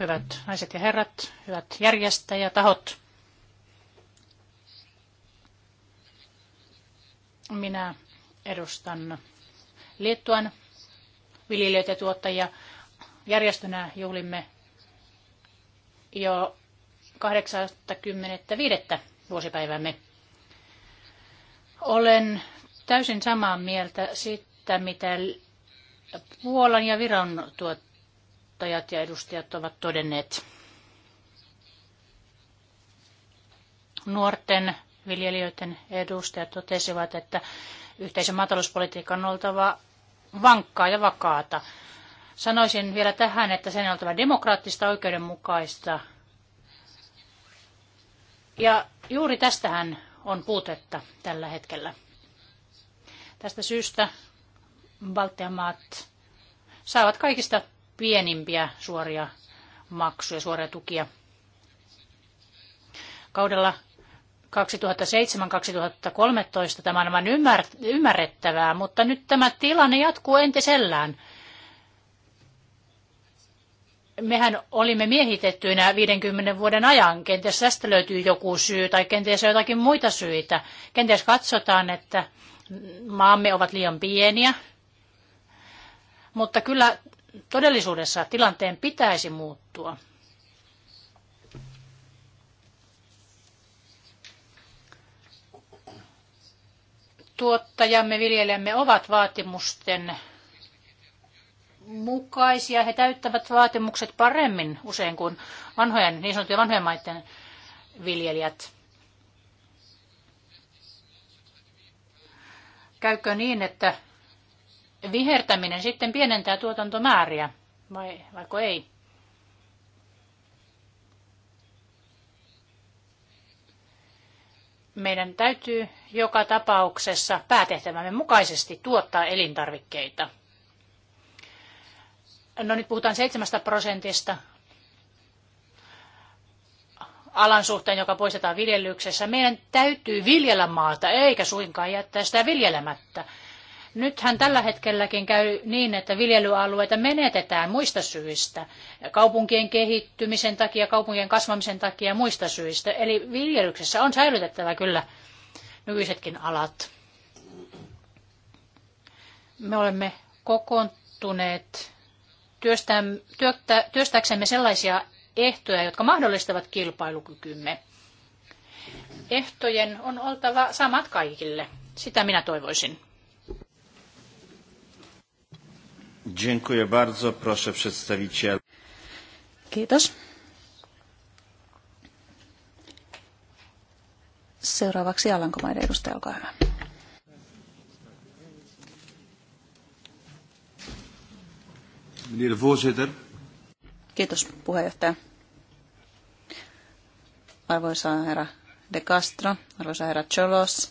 Hyvät naiset ja herrat, hyvät järjestäjätahot. Minä edustan Liettuan viljelijöitä ja tuottajia. Järjestönä juhlimme jo 85. vuosipäivämme. Olen täysin samaa mieltä siitä, mitä Puolan ja Viron tuottajat ja edustajat ovat todenneet. Nuorten viljelijöiden edustajat totesivat, että yhteisen maatalouspolitiikan on oltava vankkaa ja vakaata. Sanoisin vielä tähän, että sen on oltava demokraattista, oikeudenmukaista. Ja juuri tästähän on puutetta tällä hetkellä. Tästä syystä Baltian maat saavat kaikista pienimpiä suoria maksuja, suoria tukia. Kaudella 2007-2013 tämä on ymmärrettävää, mutta nyt tämä tilanne jatkuu entisellään mehän olimme miehitettyinä 50 vuoden ajan. Kenties tästä löytyy joku syy tai kenties jotakin muita syitä. Kenties katsotaan, että maamme ovat liian pieniä. Mutta kyllä todellisuudessa tilanteen pitäisi muuttua. Tuottajamme, viljelijämme ovat vaatimusten mukaisia. He täyttävät vaatimukset paremmin usein kuin vanhojen, niin sanottujen vanhojen maiden viljelijät. Käykö niin, että vihertäminen sitten pienentää tuotantomääriä vai vaiko ei? Meidän täytyy joka tapauksessa päätehtävämme mukaisesti tuottaa elintarvikkeita – no nyt puhutaan 7 prosentista alan suhteen, joka poistetaan viljelyksessä. Meidän täytyy viljellä maata, eikä suinkaan jättää sitä viljelemättä. Nythän tällä hetkelläkin käy niin, että viljelyalueita menetetään muista syistä, kaupunkien kehittymisen takia, kaupunkien kasvamisen takia ja muista syistä. Eli viljelyksessä on säilytettävä kyllä nykyisetkin alat. Me olemme kokoontuneet työstää, työttä, työstääksemme sellaisia ehtoja, jotka mahdollistavat kilpailukykymme. Ehtojen on oltava samat kaikille. Sitä minä toivoisin. Dziękuję bardzo. Proszę przedstawiciel. Kiitos. Seuraavaksi Alankomaiden edustaja, olkaa hyvä. meneer de voorzitter. Kiitos puheenjohtaja. Arvoisa herra De Castro, arvoisa herra Cholos,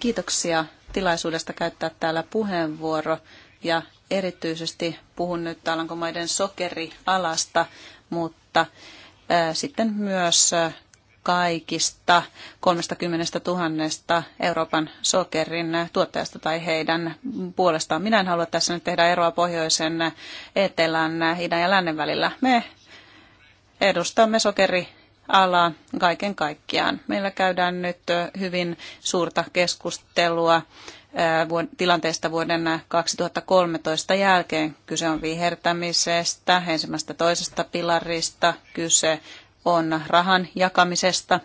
kiitoksia tilaisuudesta käyttää täällä puheenvuoro ja erityisesti puhun nyt Alankomaiden sokerialasta, mutta sitten myös kaikista 30 000 Euroopan sokerin tuottajasta tai heidän puolestaan. Minä en halua tässä nyt tehdä eroa pohjoisen, etelän, idän ja lännen välillä. Me edustamme sokeri ala kaiken kaikkiaan. Meillä käydään nyt hyvin suurta keskustelua tilanteesta vuoden 2013 jälkeen. Kyse on vihertämisestä, ensimmäistä toisesta pilarista, kyse on rahan jakamisesta.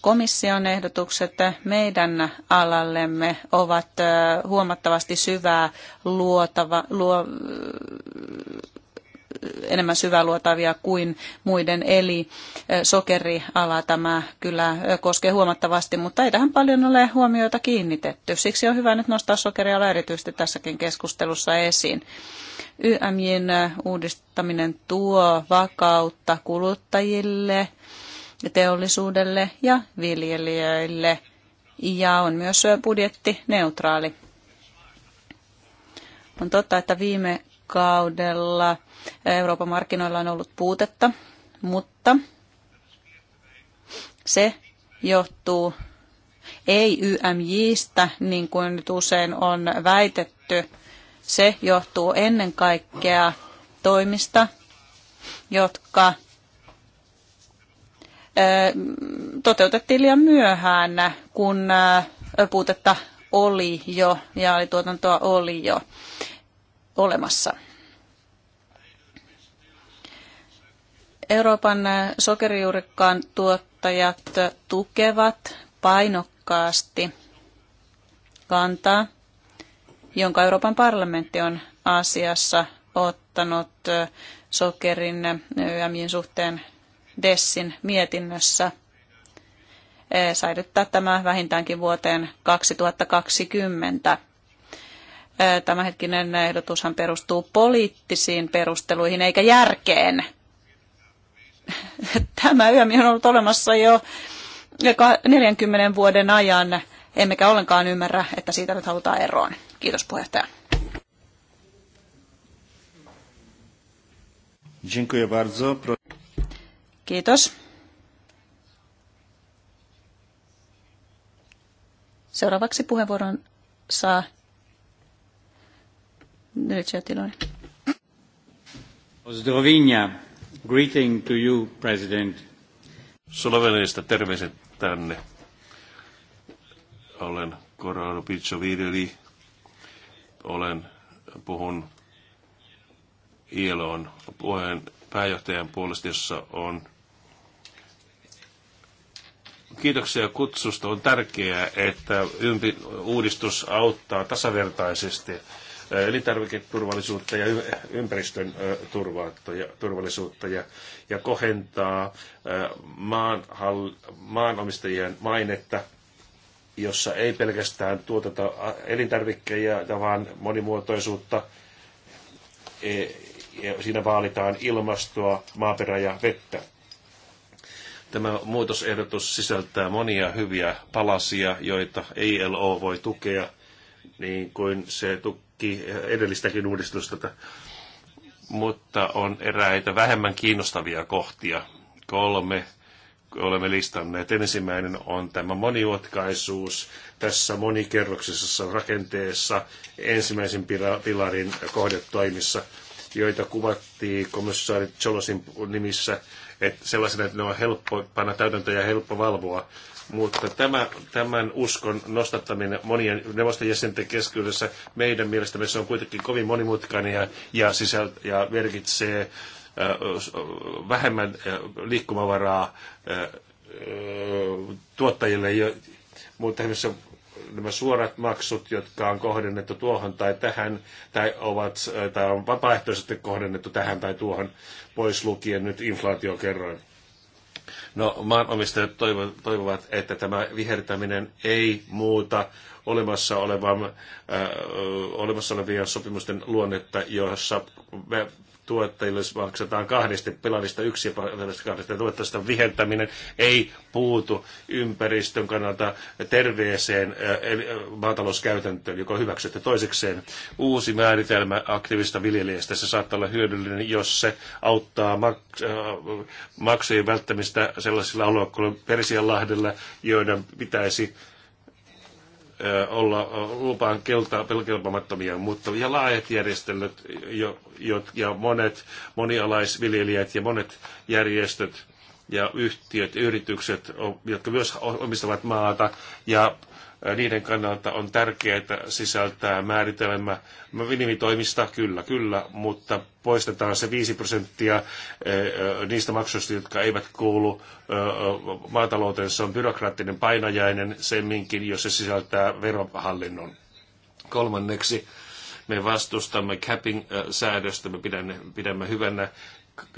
Komission ehdotukset meidän alallemme ovat huomattavasti syvää luotava, luo, enemmän syväluotavia kuin muiden. Eli sokeriala tämä kyllä koskee huomattavasti, mutta ei tähän paljon ole huomioita kiinnitetty. Siksi on hyvä nyt nostaa sokeriala erityisesti tässäkin keskustelussa esiin. YMJin uudistaminen tuo vakautta kuluttajille, teollisuudelle ja viljelijöille ja on myös budjettineutraali. On totta, että viime kaudella Euroopan markkinoilla on ollut puutetta, mutta se johtuu ei YMJistä, niin kuin nyt usein on väitetty. Se johtuu ennen kaikkea toimista, jotka toteutettiin liian myöhään, kun puutetta oli jo ja oli tuotantoa oli jo olemassa. Euroopan sokerijuurikkaan tuottajat tukevat painokkaasti kantaa, jonka Euroopan parlamentti on asiassa ottanut sokerin YMJin suhteen Dessin mietinnössä eh, säilyttää tämä vähintäänkin vuoteen 2020 tämänhetkinen ehdotushan perustuu poliittisiin perusteluihin eikä järkeen. <laughs> Tämä yömi on ollut olemassa jo 40 vuoden ajan, emmekä ollenkaan ymmärrä, että siitä nyt halutaan eroon. Kiitos puheenjohtaja. Kiitos. Seuraavaksi puheenvuoron saa Delicia greeting to you, President. Sloveniasta terveiset tänne. Olen Corrado Piccioviri. Olen, puhun ILOn puheen pääjohtajan puolesta, jossa on kiitoksia kutsusta. On tärkeää, että ympi uudistus auttaa tasavertaisesti elintarviketurvallisuutta ja ympäristön turvallisuutta ja, ja kohentaa maan, maanomistajien mainetta, jossa ei pelkästään tuoteta elintarvikkeita, vaan monimuotoisuutta. E, siinä vaalitaan ilmastoa, maaperää ja vettä. Tämä muutosehdotus sisältää monia hyviä palasia, joita ILO voi tukea, niin kuin se tukee kaikki eh, edellistäkin uudistusta, mutta on eräitä vähemmän kiinnostavia kohtia. Kolme olemme listanneet. Ensimmäinen on tämä moniotkaisuus tässä monikerroksisessa rakenteessa ensimmäisen pilarin kohdetoimissa, joita kuvattiin komissaari Cholosin nimissä, että sellaisena, että ne on helppo panna täytäntöön ja helppo valvoa. Mutta tämä, tämän uskon nostattaminen monien neuvoston jäsenten keskuudessa meidän mielestämme se on kuitenkin kovin monimutkainen ja, ja, sisält, ja merkitsee vähemmän liikkumavaraa tuottajille, mutta esimerkiksi nämä suorat maksut, jotka on kohdennettu tuohon tai tähän, tai, ovat, tai on vapaaehtoisesti kohdennettu tähän tai tuohon, pois lukien nyt inflaatiokerroin. No, maanomistajat toivovat, että tämä vihertäminen ei muuta olemassa, olevan, äh, olemassa olevien sopimusten luonnetta, jossa tuottajille maksetaan kahdesti, pelarista yksi ja pelarista kahdesta. Tuottajista viheltäminen ei puutu ympäristön kannalta terveeseen maatalouskäytäntöön, joka on hyväksytty. Toisekseen uusi määritelmä aktiivista viljelijästä, se saattaa olla hyödyllinen, jos se auttaa maks- maksujen välttämistä sellaisilla alueilla kuin Persianlahdella, joiden pitäisi olla lupaan kelpaamattomia, mutta ja laajat järjestelyt jo, jo, ja monet monialaisviljelijät ja monet järjestöt ja yhtiöt, yritykset, jotka myös omistavat maata ja niiden kannalta on tärkeää että sisältää määritelmä minimitoimista, kyllä, kyllä, mutta poistetaan se 5 prosenttia niistä maksuista, jotka eivät kuulu maatalouteen. Se on byrokraattinen painajainen semminkin, jos se sisältää verohallinnon. Kolmanneksi me vastustamme capping-säädöstä, me pidämme, pidämme hyvänä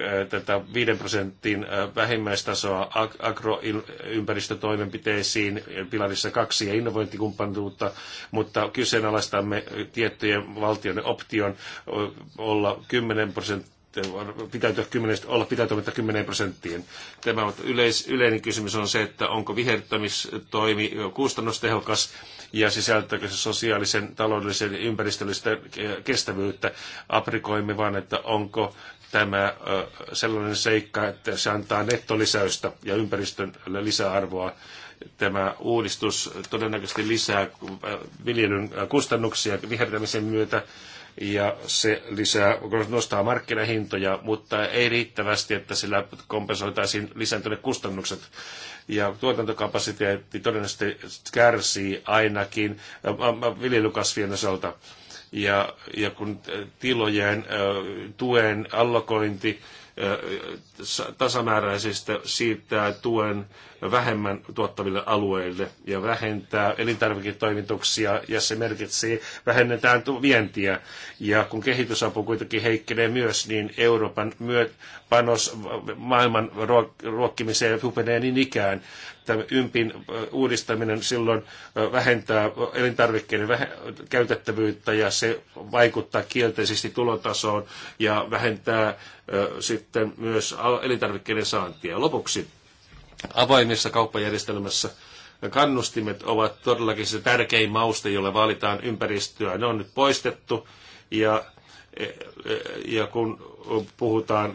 Äh, tätä 5 prosentin äh, vähimmäistasoa agroympäristötoimenpiteisiin äh, pilarissa kaksi ja innovointikumppanuutta, mutta kyseenalaistamme tiettyjen valtion option olla 10 prosenttia pitäytyä 10, olla pitäytymättä 10 prosenttiin. Tämä yleis, yleinen kysymys on se, että onko vihertämistoimi kustannustehokas ja sisältääkö se sosiaalisen, taloudellisen ja ympäristöllistä kestävyyttä. Aprikoimme vaan, että onko tämä sellainen seikka, että se antaa nettolisäystä ja ympäristön lisäarvoa. Tämä uudistus todennäköisesti lisää viljelyn kustannuksia vihertämisen myötä ja se lisää, nostaa markkinahintoja, mutta ei riittävästi, että sillä kompensoitaisiin lisääntyneet kustannukset. Ja tuotantokapasiteetti todennäköisesti kärsii ainakin viljelykasvien osalta ja, ja kun äh, tilojen äh, tuen allokointi äh, tasamääräisistä siirtää tuen vähemmän tuottaville alueille ja vähentää elintarviketoimituksia ja se merkitsee vähennetään vientiä. Ja kun kehitysapu kuitenkin heikkenee myös, niin Euroopan myöt panos maailman ruokkimiseen hupenee niin ikään. Tämä ympin uudistaminen silloin vähentää elintarvikkeiden käytettävyyttä ja se vaikuttaa kielteisesti tulotasoon ja vähentää sitten myös elintarvikkeiden saantia. Lopuksi avaimessa kauppajärjestelmässä kannustimet ovat todellakin se tärkein mauste, jolla valitaan ympäristöä. Ne on nyt poistettu ja, e, e, ja kun puhutaan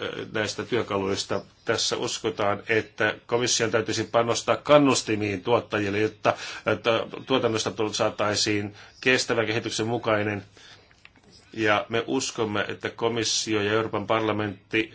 e, näistä työkaluista. Tässä uskotaan, että komission täytyisi panostaa kannustimiin tuottajille, jotta tuotannosta saataisiin kestävän kehityksen mukainen ja me uskomme, että komissio ja Euroopan parlamentti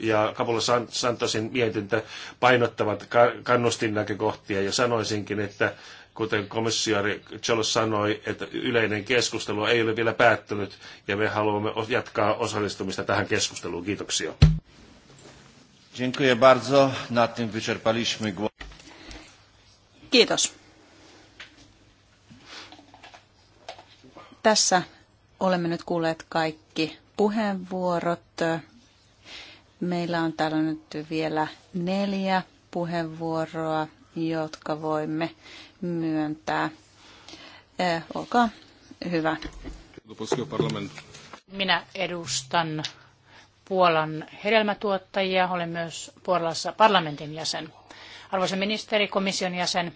ja Kapula Santosin mietintö painottavat kannustin näkökohtia ja sanoisinkin, että kuten komissiari Cholos sanoi, että yleinen keskustelu ei ole vielä päättynyt ja me haluamme jatkaa osallistumista tähän keskusteluun. Kiitoksia. Dziękuję bardzo. Na tym wyczerpaliśmy Kiitos. Tässä olemme nyt kuulleet kaikki puheenvuorot. Meillä on täällä nyt vielä neljä puheenvuoroa, jotka voimme myöntää. Eh, olkaa hyvä. Minä edustan Puolan hedelmätuottajia. Olen myös Puolassa parlamentin jäsen. Arvoisa ministeri, komission jäsen,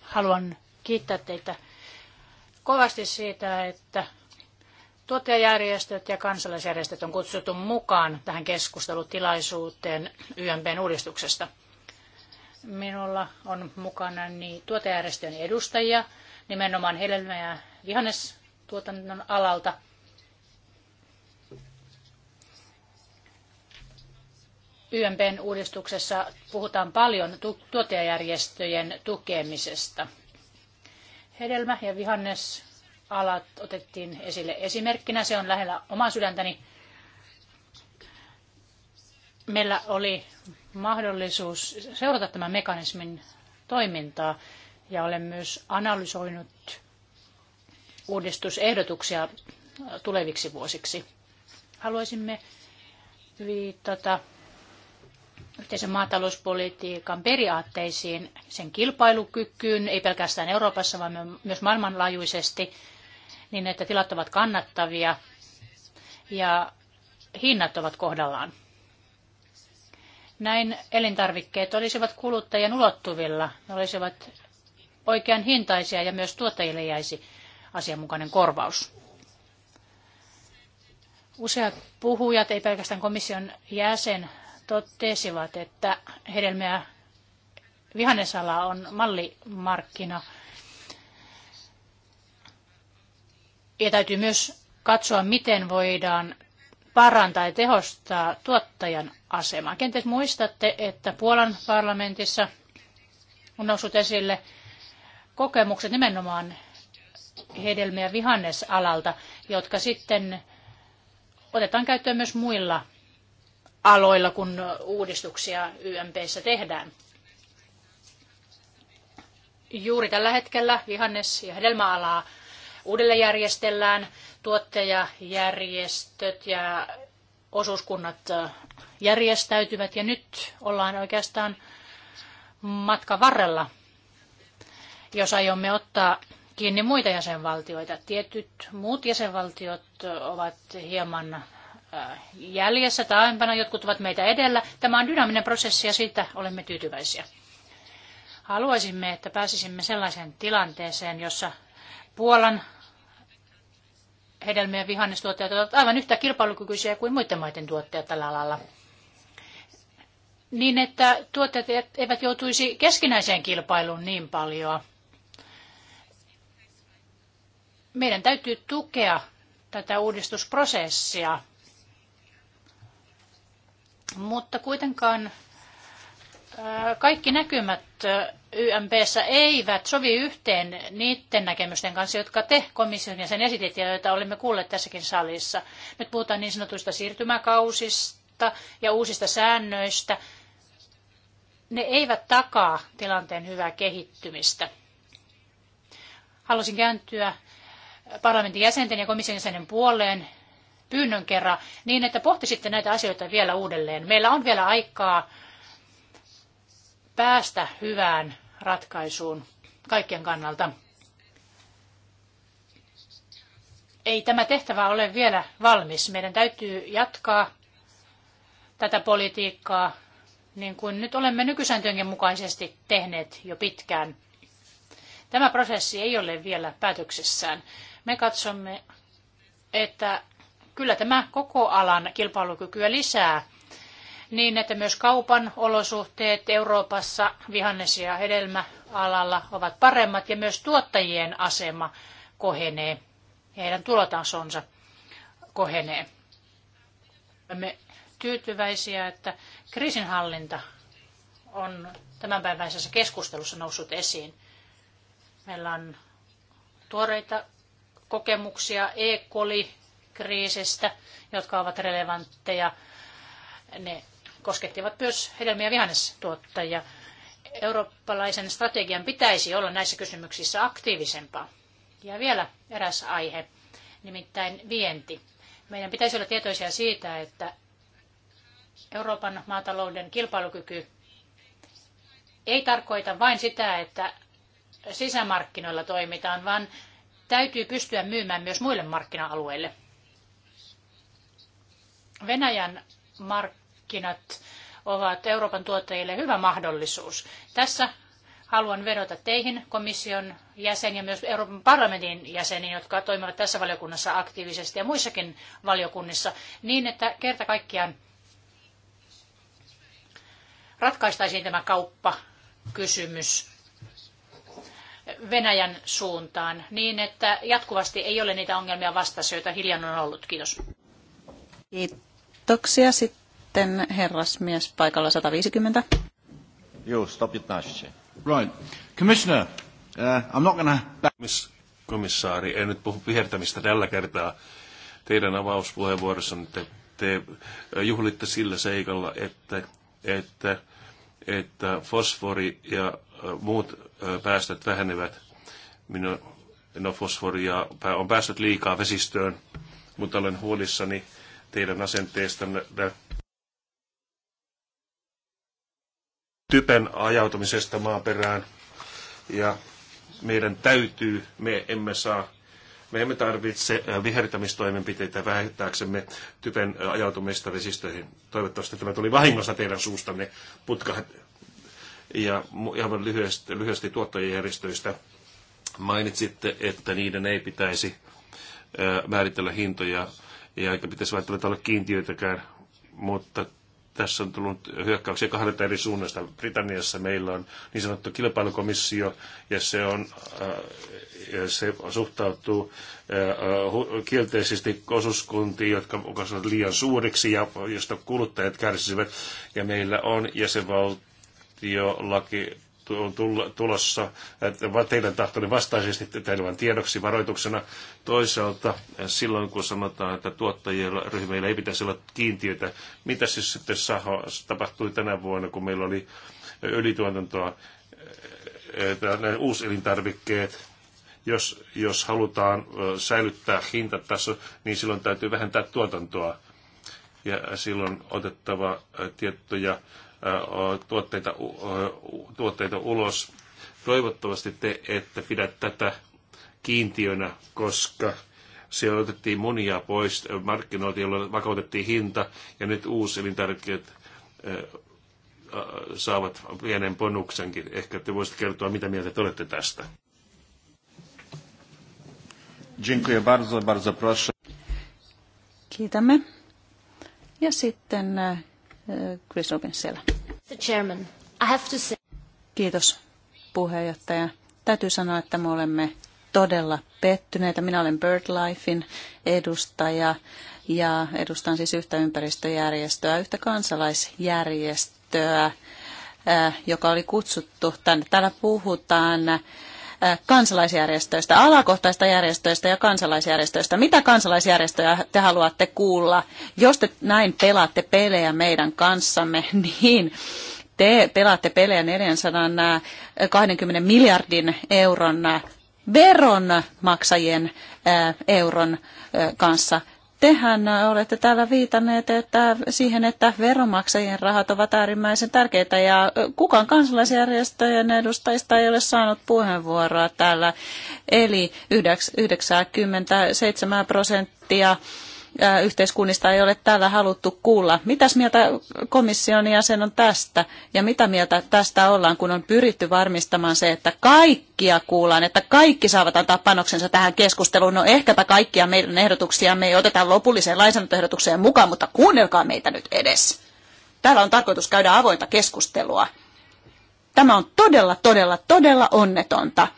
haluan kiittää teitä kovasti siitä, että tuottajajärjestöt ja kansalaisjärjestöt on kutsuttu mukaan tähän keskustelutilaisuuteen YMPn uudistuksesta. Minulla on mukana niin tuottajajärjestöjen edustajia, nimenomaan hedelmä- ja vihannestuotannon alalta. YMPn uudistuksessa puhutaan paljon tuottajajärjestöjen tukemisesta – Hedelmä- ja vihannesalat otettiin esille esimerkkinä. Se on lähellä omaa sydäntäni. Meillä oli mahdollisuus seurata tämän mekanismin toimintaa ja olen myös analysoinut uudistusehdotuksia tuleviksi vuosiksi. Haluaisimme viitata yhteisen maatalouspolitiikan periaatteisiin, sen kilpailukykyyn, ei pelkästään Euroopassa, vaan myös maailmanlaajuisesti, niin että tilat ovat kannattavia ja hinnat ovat kohdallaan. Näin elintarvikkeet olisivat kuluttajien ulottuvilla, ne olisivat oikean hintaisia ja myös tuottajille jäisi asianmukainen korvaus. Useat puhujat, ei pelkästään komission jäsen, totesivat, että hedelmiä vihannesala on mallimarkkina. Ja täytyy myös katsoa, miten voidaan parantaa ja tehostaa tuottajan asemaa. Kenties muistatte, että Puolan parlamentissa on noussut esille kokemukset nimenomaan hedelmiä vihannesalalta, jotka sitten otetaan käyttöön myös muilla aloilla, kun uudistuksia YMPssä tehdään. Juuri tällä hetkellä vihannes- ja hedelmäalaa uudelleen järjestellään. Tuottajajärjestöt ja osuuskunnat järjestäytyvät ja nyt ollaan oikeastaan matkan varrella, jos aiomme ottaa kiinni muita jäsenvaltioita. Tietyt muut jäsenvaltiot ovat hieman Äh, jäljessä taaempana, jotkut ovat meitä edellä. Tämä on dynaaminen prosessi ja siitä olemme tyytyväisiä. Haluaisimme, että pääsisimme sellaiseen tilanteeseen, jossa Puolan hedelmien vihannestuottajat ovat aivan yhtä kilpailukykyisiä kuin muiden maiden tuottajat tällä alalla. Niin, että tuotteet e- eivät joutuisi keskinäiseen kilpailuun niin paljon. Meidän täytyy tukea tätä uudistusprosessia mutta kuitenkaan kaikki näkymät YMPssä eivät sovi yhteen niiden näkemysten kanssa, jotka te komission ja sen esititte ja joita olemme kuulleet tässäkin salissa. Nyt puhutaan niin sanotuista siirtymäkausista ja uusista säännöistä. Ne eivät takaa tilanteen hyvää kehittymistä. Haluaisin kääntyä parlamentin jäsenten ja komission jäsenen puoleen pyynnön kerran niin, että pohtisitte näitä asioita vielä uudelleen. Meillä on vielä aikaa päästä hyvään ratkaisuun kaikkien kannalta. Ei tämä tehtävä ole vielä valmis. Meidän täytyy jatkaa tätä politiikkaa niin kuin nyt olemme nykysääntöjen mukaisesti tehneet jo pitkään. Tämä prosessi ei ole vielä päätöksessään. Me katsomme, että Kyllä tämä koko alan kilpailukykyä lisää niin, että myös kaupan olosuhteet Euroopassa vihannes- ja hedelmäalalla ovat paremmat ja myös tuottajien asema kohenee heidän tulotasonsa kohenee. Olemme tyytyväisiä, että kriisinhallinta on tämänpäiväisessä keskustelussa noussut esiin. Meillä on tuoreita kokemuksia E. coli kriisistä, jotka ovat relevantteja. Ne koskettivat myös hedelmiä ja vihannestuottajia. Eurooppalaisen strategian pitäisi olla näissä kysymyksissä aktiivisempaa. Ja vielä eräs aihe, nimittäin vienti. Meidän pitäisi olla tietoisia siitä, että Euroopan maatalouden kilpailukyky ei tarkoita vain sitä, että sisämarkkinoilla toimitaan, vaan täytyy pystyä myymään myös muille markkina-alueille. Venäjän markkinat ovat Euroopan tuottajille hyvä mahdollisuus. Tässä haluan vedota teihin komission jäsen ja myös Euroopan parlamentin jäseniin, jotka toimivat tässä valiokunnassa aktiivisesti ja muissakin valiokunnissa, niin että kerta kaikkiaan ratkaistaisiin tämä kauppakysymys Venäjän suuntaan niin, että jatkuvasti ei ole niitä ongelmia vastassa, joita hiljan on ollut. Kiitos. Kiitos. Kiitoksia. Sitten herrasmies paikalla 150. Joo, 115. Right. Commissioner, uh, I'm not gonna... Miss komissaari, en nyt puhu vihertämistä tällä kertaa. Teidän avauspuheenvuorossanne te, te juhlitte sillä seikalla, että, että, että fosfori ja muut päästöt vähenevät. Minun, no fosforia on päästöt liikaa vesistöön, mutta olen huolissani teidän asenteestanne typen ajautumisesta maaperään. Ja meidän täytyy, me emme saa, me emme tarvitse vihertämistoimenpiteitä vähentääksemme typen ajautumista vesistöihin. Toivottavasti tämä tuli vahingossa teidän suustanne putka. Ja ihan lyhyesti, lyhyesti tuottajajärjestöistä mainitsitte, että niiden ei pitäisi määritellä hintoja ei aika pitäisi välttämättä olla kiintiöitäkään, mutta tässä on tullut hyökkäyksiä kahdelta eri suunnasta. Britanniassa meillä on niin sanottu kilpailukomissio, ja se, on, äh, se suhtautuu äh, kielteisesti osuuskuntiin, jotka ovat liian suuriksi, ja josta kuluttajat kärsisivät. Ja meillä on jäsenvaltiolaki on tulossa teidän tahtonne vastaisesti teidän tiedoksi varoituksena. Toisaalta eh, silloin, kun sanotaan, että tuottajien ryhmillä ei pitäisi olla kiintiöitä, mitä siis sitten saho, tapahtui tänä vuonna, kun meillä oli ylituotantoa, eh, eh, uuselintarvikkeet, jos, jos halutaan säilyttää hintataso, niin silloin täytyy vähentää tuotantoa ja silloin otettava tiettyjä tuotteita, tuotteita ulos. Toivottavasti te ette pidä tätä kiintiönä, koska siellä otettiin monia pois markkinoilta, jolloin vakautettiin hinta, ja nyt uuselintarvikkeet saavat pienen ponuksenkin. Ehkä te voisitte kertoa, mitä mieltä te olette tästä. bardzo, bardzo Kiitämme. Ja sitten Eh, Chris Robbins siellä. Kiitos puheenjohtaja. Täytyy sanoa, että me olemme todella pettyneitä. Minä olen BirdLifein edustaja ja edustan siis yhtä ympäristöjärjestöä, yhtä kansalaisjärjestöä, eh, joka oli kutsuttu tänne. Täällä puhutaan kansalaisjärjestöistä, alakohtaista järjestöistä ja kansalaisjärjestöistä. Mitä kansalaisjärjestöjä te haluatte kuulla? Jos te näin pelaatte pelejä meidän kanssamme, <laughs> niin te pelaatte pelejä 420 miljardin euron veronmaksajien euron kanssa. Tehän olette täällä viitanneet että siihen, että veromaksajien rahat ovat äärimmäisen tärkeitä ja kukaan kansalaisjärjestöjen edustajista ei ole saanut puheenvuoroa täällä. Eli 97 prosenttia yhteiskunnista ei ole täällä haluttu kuulla. Mitäs mieltä komission jäsen on tästä ja mitä mieltä tästä ollaan, kun on pyritty varmistamaan se, että kaikkia kuullaan, että kaikki saavat antaa panoksensa tähän keskusteluun. No ehkäpä kaikkia meidän ehdotuksia me ei oteta lopulliseen lainsäädäntöehdotukseen mukaan, mutta kuunnelkaa meitä nyt edes. Täällä on tarkoitus käydä avointa keskustelua. Tämä on todella, todella, todella onnetonta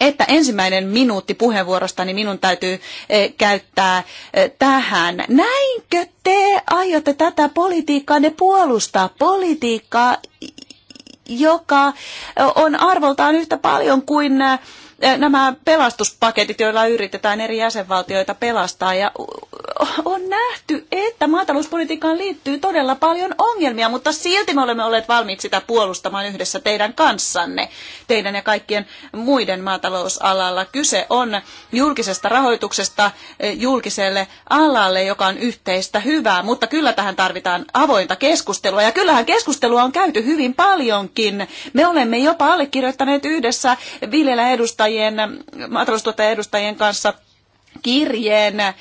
että ensimmäinen minuutti puheenvuorostani minun täytyy eh, käyttää eh, tähän. Näinkö te aiotte tätä politiikkaa ne puolustaa? Politiikkaa, joka eh, on arvoltaan yhtä paljon kuin Äh, nämä pelastuspaketit, joilla yritetään eri jäsenvaltioita pelastaa. Ja on nähty, että maatalouspolitiikkaan liittyy todella paljon ongelmia, mutta silti me olemme olleet valmiit sitä puolustamaan yhdessä teidän kanssanne, teidän ja kaikkien muiden maatalousalalla. Kyse on julkisesta rahoituksesta äh, julkiselle alalle, joka on yhteistä hyvää, mutta kyllä tähän tarvitaan avointa keskustelua. Ja kyllähän keskustelua on käyty hyvin paljonkin. Me olemme jopa allekirjoittaneet yhdessä edustajia edustajien, maataloustuottajien edustajien kanssa kirjeen eh,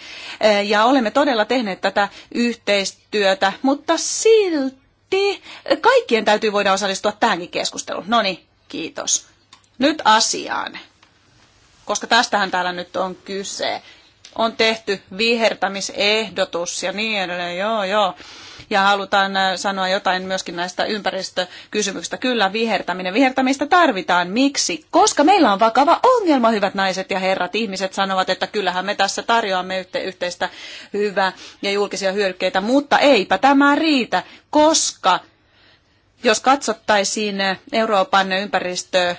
ja olemme todella tehneet tätä yhteistyötä, mutta silti kaikkien täytyy voida osallistua tähänkin keskusteluun. No niin, kiitos. Nyt asiaan, koska tästähän täällä nyt on kyse. On tehty vihertämisehdotus ja niin edelleen, joo joo ja halutaan äh, sanoa jotain myöskin näistä ympäristökysymyksistä. Kyllä, vihertäminen. Vihertämistä tarvitaan. Miksi? Koska meillä on vakava ongelma, hyvät naiset ja herrat. Ihmiset sanovat, että kyllähän me tässä tarjoamme yhteistä hyvää ja julkisia hyödykkeitä, mutta eipä tämä riitä, koska jos katsottaisiin Euroopan ympäristö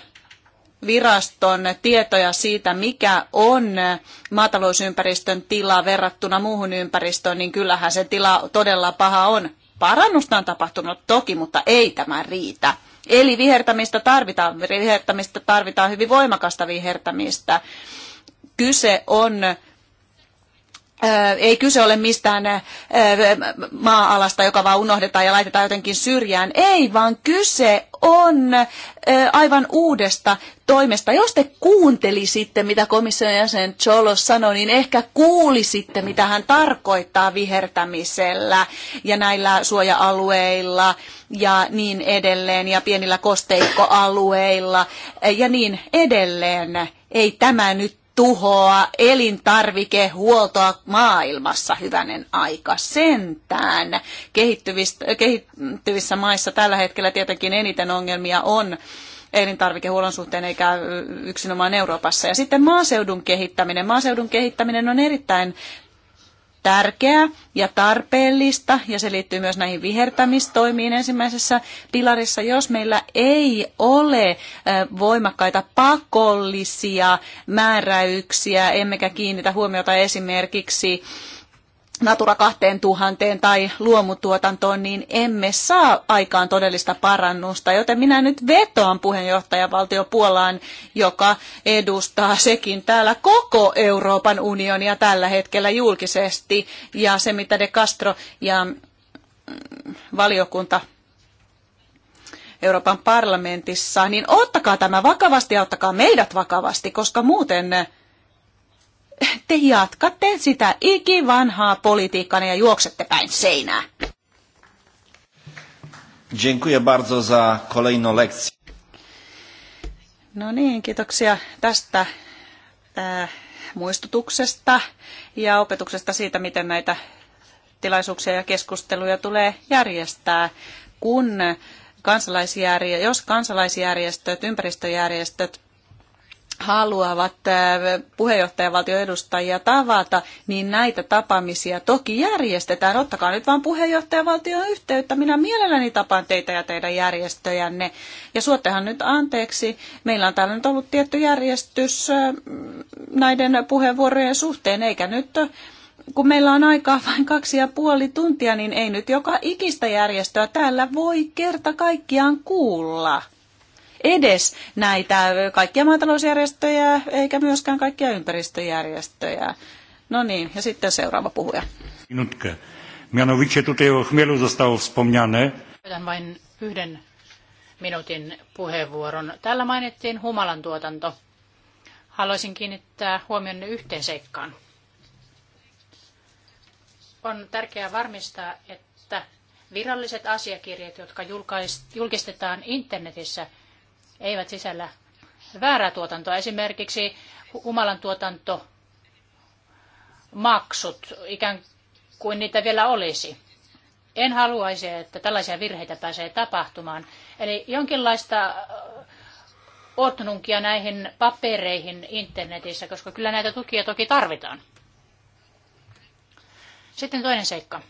viraston tietoja siitä, mikä on maatalousympäristön tila verrattuna muuhun ympäristöön, niin kyllähän se tila todella paha on. Parannusta on tapahtunut toki, mutta ei tämä riitä. Eli vihertämistä tarvitaan, vihertämistä tarvitaan hyvin voimakasta vihertämistä. Kyse on ei kyse ole mistään maa-alasta, joka vaan unohdetaan ja laitetaan jotenkin syrjään. Ei, vaan kyse on aivan uudesta toimesta. Jos te kuuntelisitte, mitä komission jäsen Cholos sanoi, niin ehkä kuulisitte, mitä hän tarkoittaa vihertämisellä ja näillä suoja-alueilla ja niin edelleen ja pienillä kosteikkoalueilla ja niin edelleen. Ei tämä nyt tuhoa elintarvikehuoltoa maailmassa hyvänen aika sentään. Kehittyvissä maissa tällä hetkellä tietenkin eniten ongelmia on elintarvikehuollon suhteen eikä yksinomaan Euroopassa. Ja sitten maaseudun kehittäminen. Maaseudun kehittäminen on erittäin tärkeää ja tarpeellista, ja se liittyy myös näihin vihertämistoimiin ensimmäisessä pilarissa, jos meillä ei ole voimakkaita pakollisia määräyksiä, emmekä kiinnitä huomiota esimerkiksi Natura 2000 tai luomutuotantoon, niin emme saa aikaan todellista parannusta. Joten minä nyt vetoan puheenjohtajavaltio Puolaan, joka edustaa sekin täällä koko Euroopan unionia tällä hetkellä julkisesti. Ja se, mitä De Castro ja mm, valiokunta Euroopan parlamentissa, niin ottakaa tämä vakavasti ja ottakaa meidät vakavasti, koska muuten te jatkatte sitä ikivanhaa politiikkaa ja juoksette päin seinää. Dziękuję bardzo za kolejną lekcję. No niin, kiitoksia tästä äh, muistutuksesta ja opetuksesta siitä, miten näitä tilaisuuksia ja keskusteluja tulee järjestää, kun kansalaisjärjestö, jos kansalaisjärjestöt, ympäristöjärjestöt haluavat äh, puheenjohtajavaltion edustajia tavata, niin näitä tapaamisia toki järjestetään. Ottakaa nyt vaan puheenjohtajavaltion yhteyttä. Minä mielelläni tapaan teitä ja teidän järjestöjänne. Ja suottehan nyt anteeksi. Meillä on täällä nyt ollut tietty järjestys äh, näiden puheenvuorojen suhteen, eikä nyt äh, kun meillä on aikaa <laughs> vain kaksi ja puoli tuntia, niin ei nyt joka ikistä järjestöä täällä voi kerta kaikkiaan kuulla edes näitä kaikkia maatalousjärjestöjä eikä myöskään kaikkia ympäristöjärjestöjä. No niin, ja sitten seuraava puhuja. Minutke. Mianowicie tutaj o chmielu zostało wspomniane. Pyydän vain yhden minuutin puheenvuoron. Täällä mainittiin humalan tuotanto. Haluaisin kiinnittää huomioon yhteen seikkaan. On tärkeää varmistaa, että viralliset asiakirjat, jotka julkistetaan internetissä – eivät sisällä väärää tuotantoa. Esimerkiksi humalan tuotanto maksut, ikään kuin niitä vielä olisi. En haluaisi, että tällaisia virheitä pääsee tapahtumaan. Eli jonkinlaista otnunkia näihin papereihin internetissä, koska kyllä näitä tukia toki tarvitaan. Sitten toinen seikka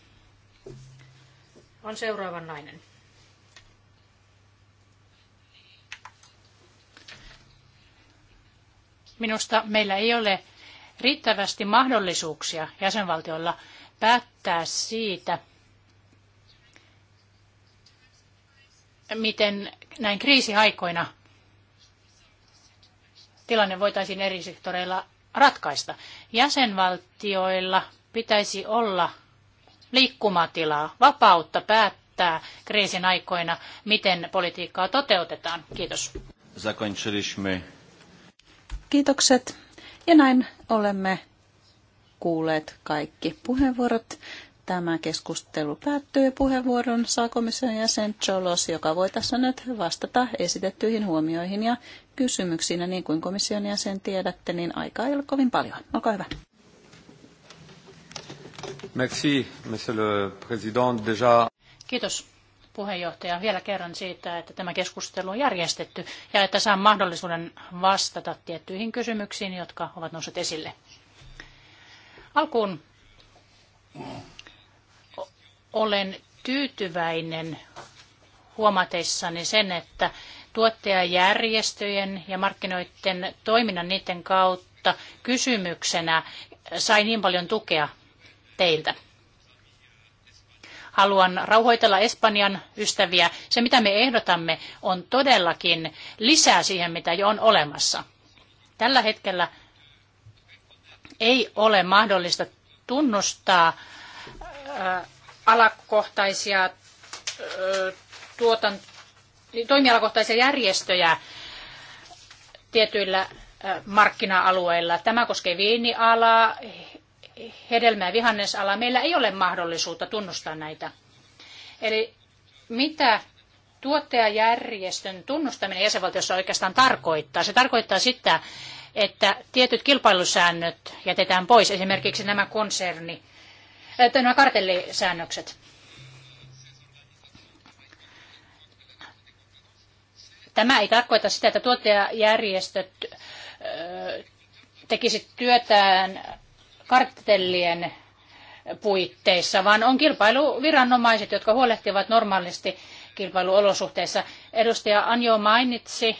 on seuraavanlainen. nainen. Minusta meillä ei ole riittävästi mahdollisuuksia jäsenvaltioilla päättää siitä, miten näin kriisiaikoina tilanne voitaisiin eri sektoreilla ratkaista. Jäsenvaltioilla pitäisi olla liikkumatilaa, vapautta päättää kriisin aikoina, miten politiikkaa toteutetaan. Kiitos. Zakończyliśmy Kiitokset. Ja näin olemme kuulleet kaikki puheenvuorot. Tämä keskustelu päättyy puheenvuoron saa komission jäsen Cholos, joka voi tässä nyt vastata esitettyihin huomioihin ja kysymyksiin. Ja niin kuin komission jäsen tiedätte, niin aikaa ei ole kovin paljon. Olkaa hyvä. Merci, monsieur le président. Déjà... Kiitos puheenjohtaja vielä kerran siitä, että tämä keskustelu on järjestetty ja että saan mahdollisuuden vastata tiettyihin kysymyksiin, jotka ovat nousseet esille. Alkuun olen tyytyväinen huomatessani sen, että tuottajajärjestöjen ja markkinoiden toiminnan niiden kautta kysymyksenä sai niin paljon tukea teiltä haluan rauhoitella Espanjan ystäviä. Se, mitä me ehdotamme, on todellakin lisää siihen, mitä jo on olemassa. Tällä hetkellä ei ole mahdollista tunnustaa äh, alakohtaisia äh, tuotan, niin toimialakohtaisia järjestöjä tietyillä äh, markkina-alueilla. Tämä koskee viinialaa, hedelmä- ja vihannesala, meillä ei ole mahdollisuutta tunnustaa näitä. Eli mitä tuottajajärjestön tunnustaminen jäsenvaltiossa oikeastaan tarkoittaa? Se tarkoittaa sitä, että tietyt kilpailusäännöt jätetään pois, esimerkiksi nämä konserni, että äh, nämä kartellisäännökset. Tämä ei tarkoita sitä, että tuottajajärjestöt äh, tekisivät työtään kartellien puitteissa, vaan on kilpailuviranomaiset, jotka huolehtivat normaalisti kilpailuolosuhteissa. Edustaja Anjo mainitsi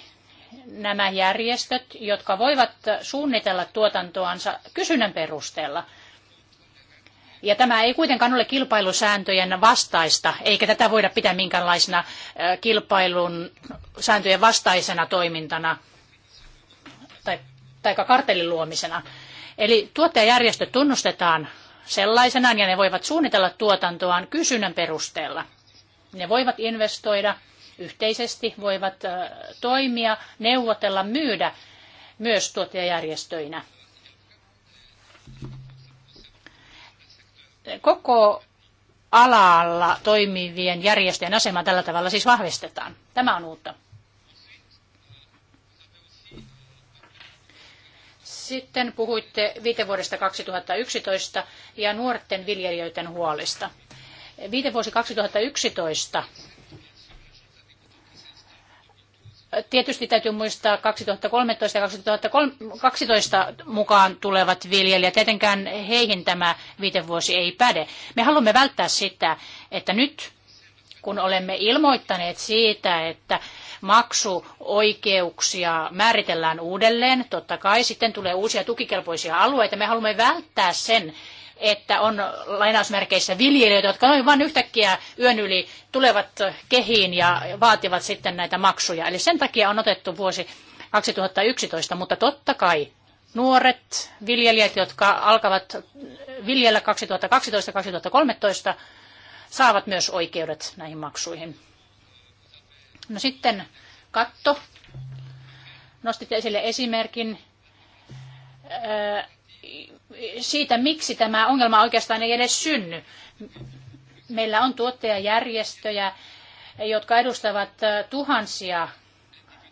nämä järjestöt, jotka voivat suunnitella tuotantoansa kysynnän perusteella. Ja tämä ei kuitenkaan ole kilpailusääntöjen vastaista, eikä tätä voida pitää minkäänlaisena kilpailun sääntöjen vastaisena toimintana tai, tai kartellin luomisena. Eli tuottajajärjestöt tunnustetaan sellaisenaan ja ne voivat suunnitella tuotantoaan kysynnän perusteella. Ne voivat investoida yhteisesti, voivat toimia, neuvotella, myydä myös tuottajajärjestöinä. Koko alalla toimivien järjestöjen asemaa tällä tavalla siis vahvistetaan. Tämä on uutta. Sitten puhuitte viitevuodesta 2011 ja nuorten viljelijöiden huolista. Viitevuosi 2011 tietysti täytyy muistaa 2013 ja 2012 mukaan tulevat viljelijät. Tietenkään heihin tämä viitevuosi ei päde. Me haluamme välttää sitä, että nyt kun olemme ilmoittaneet siitä, että maksuoikeuksia määritellään uudelleen. Totta kai sitten tulee uusia tukikelpoisia alueita. Me haluamme välttää sen, että on lainausmerkeissä viljelijöitä, jotka noin vain yhtäkkiä yön yli tulevat kehiin ja vaativat sitten näitä maksuja. Eli sen takia on otettu vuosi 2011, mutta totta kai nuoret viljelijät, jotka alkavat viljellä 2012-2013, saavat myös oikeudet näihin maksuihin. No sitten katto. Nostit esille esimerkin äh, siitä, miksi tämä ongelma oikeastaan ei edes synny. Meillä on tuottajajärjestöjä, jotka edustavat äh, tuhansia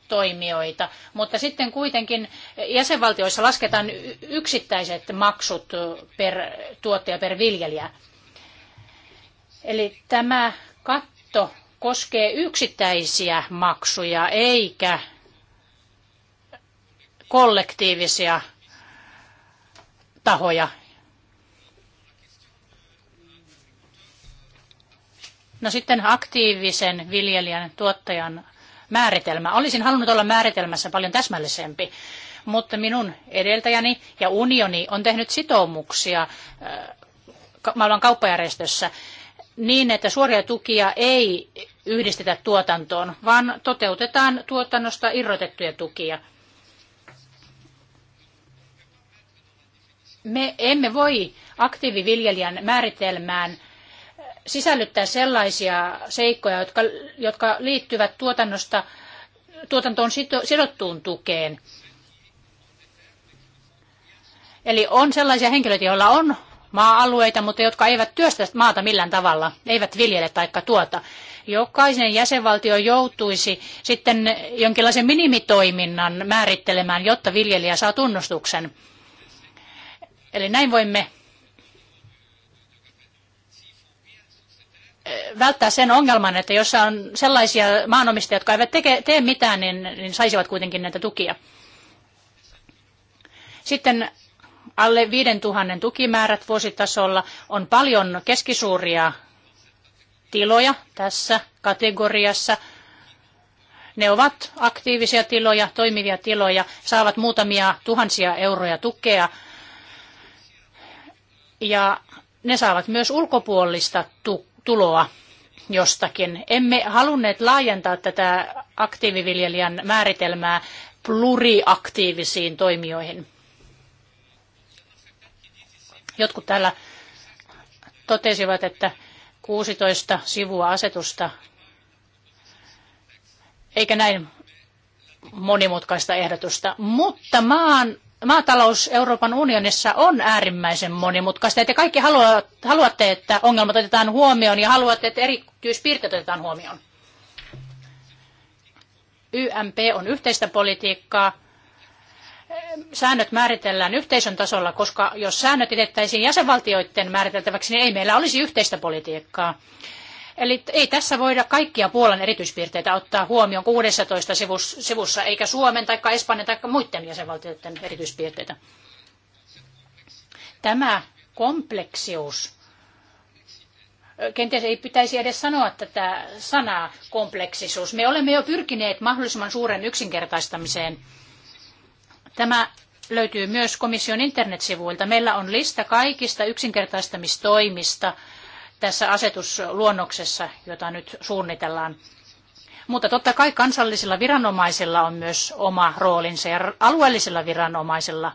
toimijoita, mutta sitten kuitenkin jäsenvaltioissa lasketaan yksittäiset maksut äh, per tuottaja per viljelijä. Eli tämä katto koskee yksittäisiä maksuja eikä kollektiivisia tahoja. No sitten aktiivisen viljelijän, tuottajan määritelmä. Olisin halunnut olla määritelmässä paljon täsmällisempi, mutta minun edeltäjäni ja unioni on tehnyt sitoumuksia äh, maailman kauppajärjestössä niin, että suoria tukia ei yhdistetä tuotantoon, vaan toteutetaan tuotannosta irrotettuja tukia. Me emme voi aktiiviviljelijän määritelmään sisällyttää sellaisia seikkoja, jotka, jotka liittyvät tuotannosta, tuotantoon sidottuun tukeen. Eli on sellaisia henkilöitä, joilla on maa-alueita, mutta jotka eivät työstä maata millään tavalla, eivät viljele tai tuota. Jokainen jäsenvaltio joutuisi sitten jonkinlaisen minimitoiminnan määrittelemään, jotta viljelijä saa tunnustuksen. Eli näin voimme eh, välttää sen ongelman, että jos on sellaisia maanomistajia, jotka eivät teke, tee mitään, niin, niin saisivat kuitenkin näitä tukia. Sitten alle 5000 tukimäärät vuositasolla. On paljon keskisuuria tiloja tässä kategoriassa. Ne ovat aktiivisia tiloja, toimivia tiloja, saavat muutamia tuhansia euroja tukea. Ja ne saavat myös ulkopuolista tu- tuloa jostakin. Emme halunneet laajentaa tätä aktiiviviljelijän määritelmää pluriaktiivisiin toimijoihin. Jotkut täällä totesivat, että 16 sivua asetusta, eikä näin monimutkaista ehdotusta, mutta maan maatalous Euroopan unionissa on äärimmäisen monimutkaista. Ja te kaikki haluatte, että ongelmat otetaan huomioon ja haluatte, että erityispiirteet otetaan huomioon. YMP on yhteistä politiikkaa säännöt määritellään yhteisön tasolla, koska jos säännöt jätettäisiin jäsenvaltioiden määriteltäväksi, niin ei meillä olisi yhteistä politiikkaa. Eli ei tässä voida kaikkia Puolan erityispiirteitä ottaa huomioon 16 sivussa, eikä Suomen tai Espanjan tai muiden jäsenvaltioiden erityispiirteitä. Tämä kompleksius, kenties ei pitäisi edes sanoa tätä sanaa kompleksisuus. Me olemme jo pyrkineet mahdollisimman suuren yksinkertaistamiseen Tämä löytyy myös komission internetsivuilta. Meillä on lista kaikista yksinkertaistamistoimista tässä asetusluonnoksessa, jota nyt suunnitellaan. Mutta totta kai kansallisilla viranomaisilla on myös oma roolinsa ja alueellisilla viranomaisilla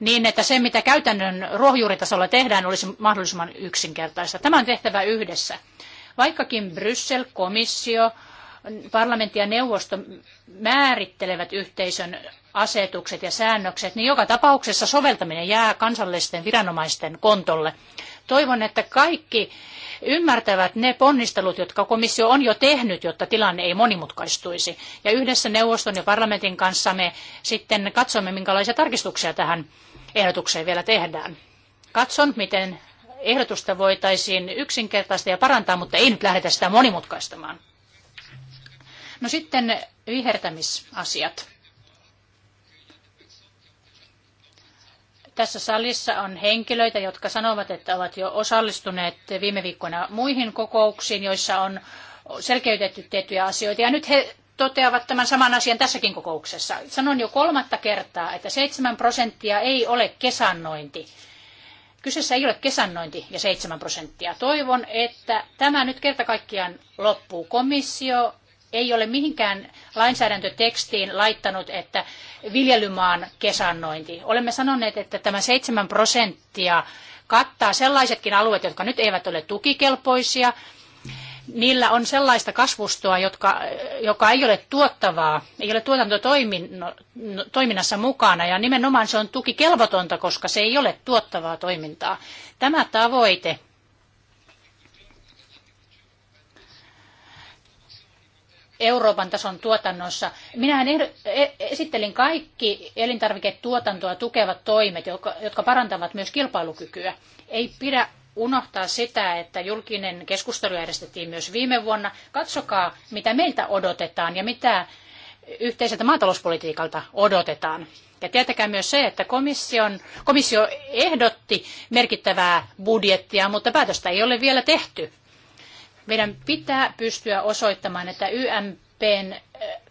niin, että se mitä käytännön ruohonjuuritasolla tehdään olisi mahdollisimman yksinkertaista. Tämä on tehtävä yhdessä. Vaikkakin Bryssel, komissio, parlamentti ja neuvosto määrittelevät yhteisön asetukset ja säännökset, niin joka tapauksessa soveltaminen jää kansallisten viranomaisten kontolle. Toivon, että kaikki ymmärtävät ne ponnistelut, jotka komissio on jo tehnyt, jotta tilanne ei monimutkaistuisi. Ja yhdessä neuvoston ja parlamentin kanssa me sitten katsomme, minkälaisia tarkistuksia tähän ehdotukseen vielä tehdään. Katson, miten ehdotusta voitaisiin yksinkertaista ja parantaa, mutta ei nyt lähdetä sitä monimutkaistamaan. No sitten vihertämisasiat. Tässä salissa on henkilöitä, jotka sanovat, että ovat jo osallistuneet viime viikkoina muihin kokouksiin, joissa on selkeytetty tiettyjä asioita. Ja nyt he toteavat tämän saman asian tässäkin kokouksessa. Sanon jo kolmatta kertaa, että 7 prosenttia ei ole kesannointi. Kyseessä ei ole kesannointi ja 7 prosenttia. Toivon, että tämä nyt kerta kaikkiaan loppuu. Komissio ei ole mihinkään lainsäädäntötekstiin laittanut, että viljelymaan kesannointi. Olemme sanoneet, että tämä 7 prosenttia kattaa sellaisetkin alueet, jotka nyt eivät ole tukikelpoisia. Niillä on sellaista kasvustoa, jotka, joka ei ole tuottavaa, ei ole tuotantotoiminnassa no, mukana ja nimenomaan se on tukikelvotonta, koska se ei ole tuottavaa toimintaa. Tämä tavoite Euroopan tason tuotannossa. Minähän e- esittelin kaikki elintarviketuotantoa tukevat toimet, jotka parantavat myös kilpailukykyä. Ei pidä unohtaa sitä, että julkinen keskustelu järjestettiin myös viime vuonna. Katsokaa, mitä meiltä odotetaan ja mitä yhteiseltä maatalouspolitiikalta odotetaan. Ja tietäkää myös se, että komission, komissio ehdotti merkittävää budjettia, mutta päätöstä ei ole vielä tehty. Meidän pitää pystyä osoittamaan, että YMPn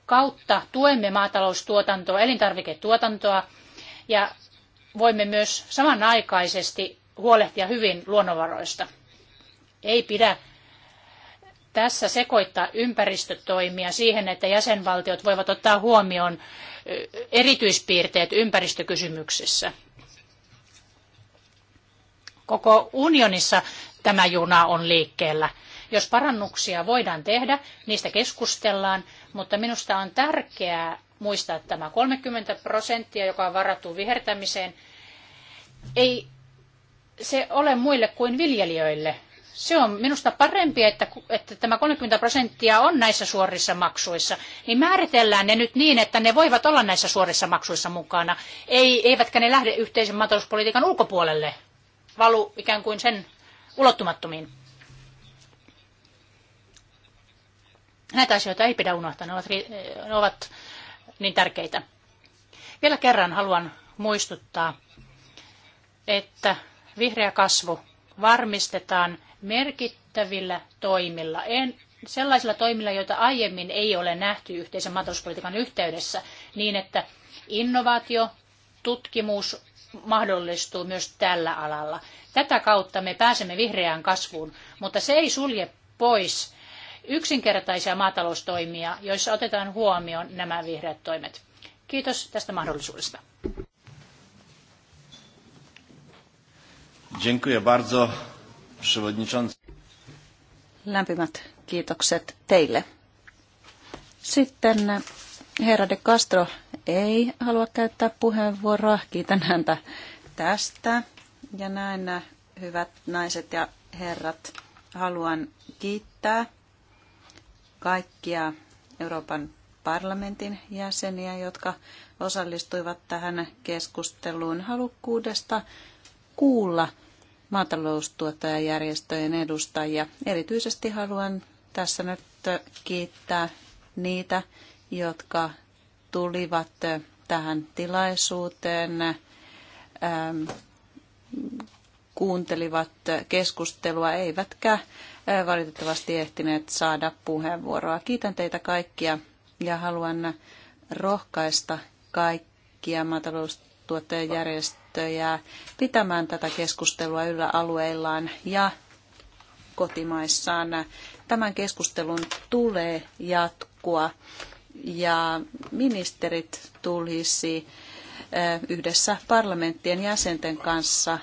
kautta tuemme maataloustuotantoa, elintarviketuotantoa ja voimme myös samanaikaisesti huolehtia hyvin luonnonvaroista. Ei pidä tässä sekoittaa ympäristötoimia siihen, että jäsenvaltiot voivat ottaa huomioon erityispiirteet ympäristökysymyksissä. Koko unionissa tämä juna on liikkeellä. Jos parannuksia voidaan tehdä, niistä keskustellaan, mutta minusta on tärkeää muistaa tämä 30 prosenttia, joka on varattu vihertämiseen, ei se ole muille kuin viljelijöille. Se on minusta parempi, että, että tämä 30 prosenttia on näissä suorissa maksuissa. Niin määritellään ne nyt niin, että ne voivat olla näissä suorissa maksuissa mukana, ei, eivätkä ne lähde yhteisen maatalouspolitiikan ulkopuolelle, valu ikään kuin sen ulottumattomiin. Näitä asioita ei pidä unohtaa, ne ovat, ne ovat niin tärkeitä. Vielä kerran haluan muistuttaa, että vihreä kasvu varmistetaan merkittävillä toimilla, en, sellaisilla toimilla, joita aiemmin ei ole nähty yhteisen maatalouspolitiikan yhteydessä, niin että innovaatio, tutkimus mahdollistuu myös tällä alalla. Tätä kautta me pääsemme vihreään kasvuun, mutta se ei sulje pois yksinkertaisia maataloustoimia, joissa otetaan huomioon nämä vihreät toimet. Kiitos tästä mahdollisuudesta. Dziękuję bardzo, przewodniczący. Lämpimät kiitokset teille. Sitten herra de Castro ei halua käyttää puheenvuoroa. Kiitän häntä tästä. Ja näin hyvät naiset ja herrat, haluan kiittää kaikkia Euroopan parlamentin jäseniä, jotka osallistuivat tähän keskusteluun halukkuudesta kuulla maataloustuottajajärjestöjen edustajia. Erityisesti haluan tässä nyt kiittää niitä, jotka tulivat tähän tilaisuuteen, ähm, kuuntelivat keskustelua, eivätkä valitettavasti ehtineet saada puheenvuoroa. Kiitän teitä kaikkia ja haluan rohkaista kaikkia maataloustuottajajärjestöjä pitämään tätä keskustelua yllä alueillaan ja kotimaissaan. Tämän keskustelun tulee jatkua ja ministerit tulisi yhdessä parlamenttien jäsenten kanssa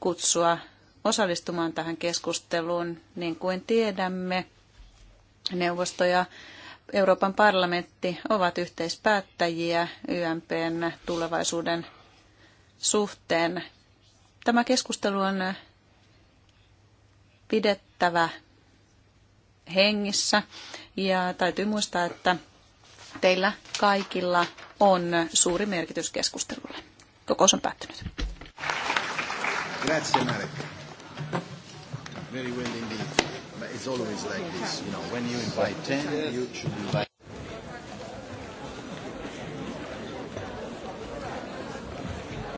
kutsua osallistumaan tähän keskusteluun. Niin kuin tiedämme, neuvosto ja Euroopan parlamentti ovat yhteispäättäjiä YMPn tulevaisuuden suhteen. Tämä keskustelu on pidettävä hengissä ja täytyy muistaa, että teillä kaikilla on suuri merkitys keskustelulle. Kokous on päättynyt. Grazie Marek. Very well indeed. But it's always like this, you know, when you invite 10, you should invite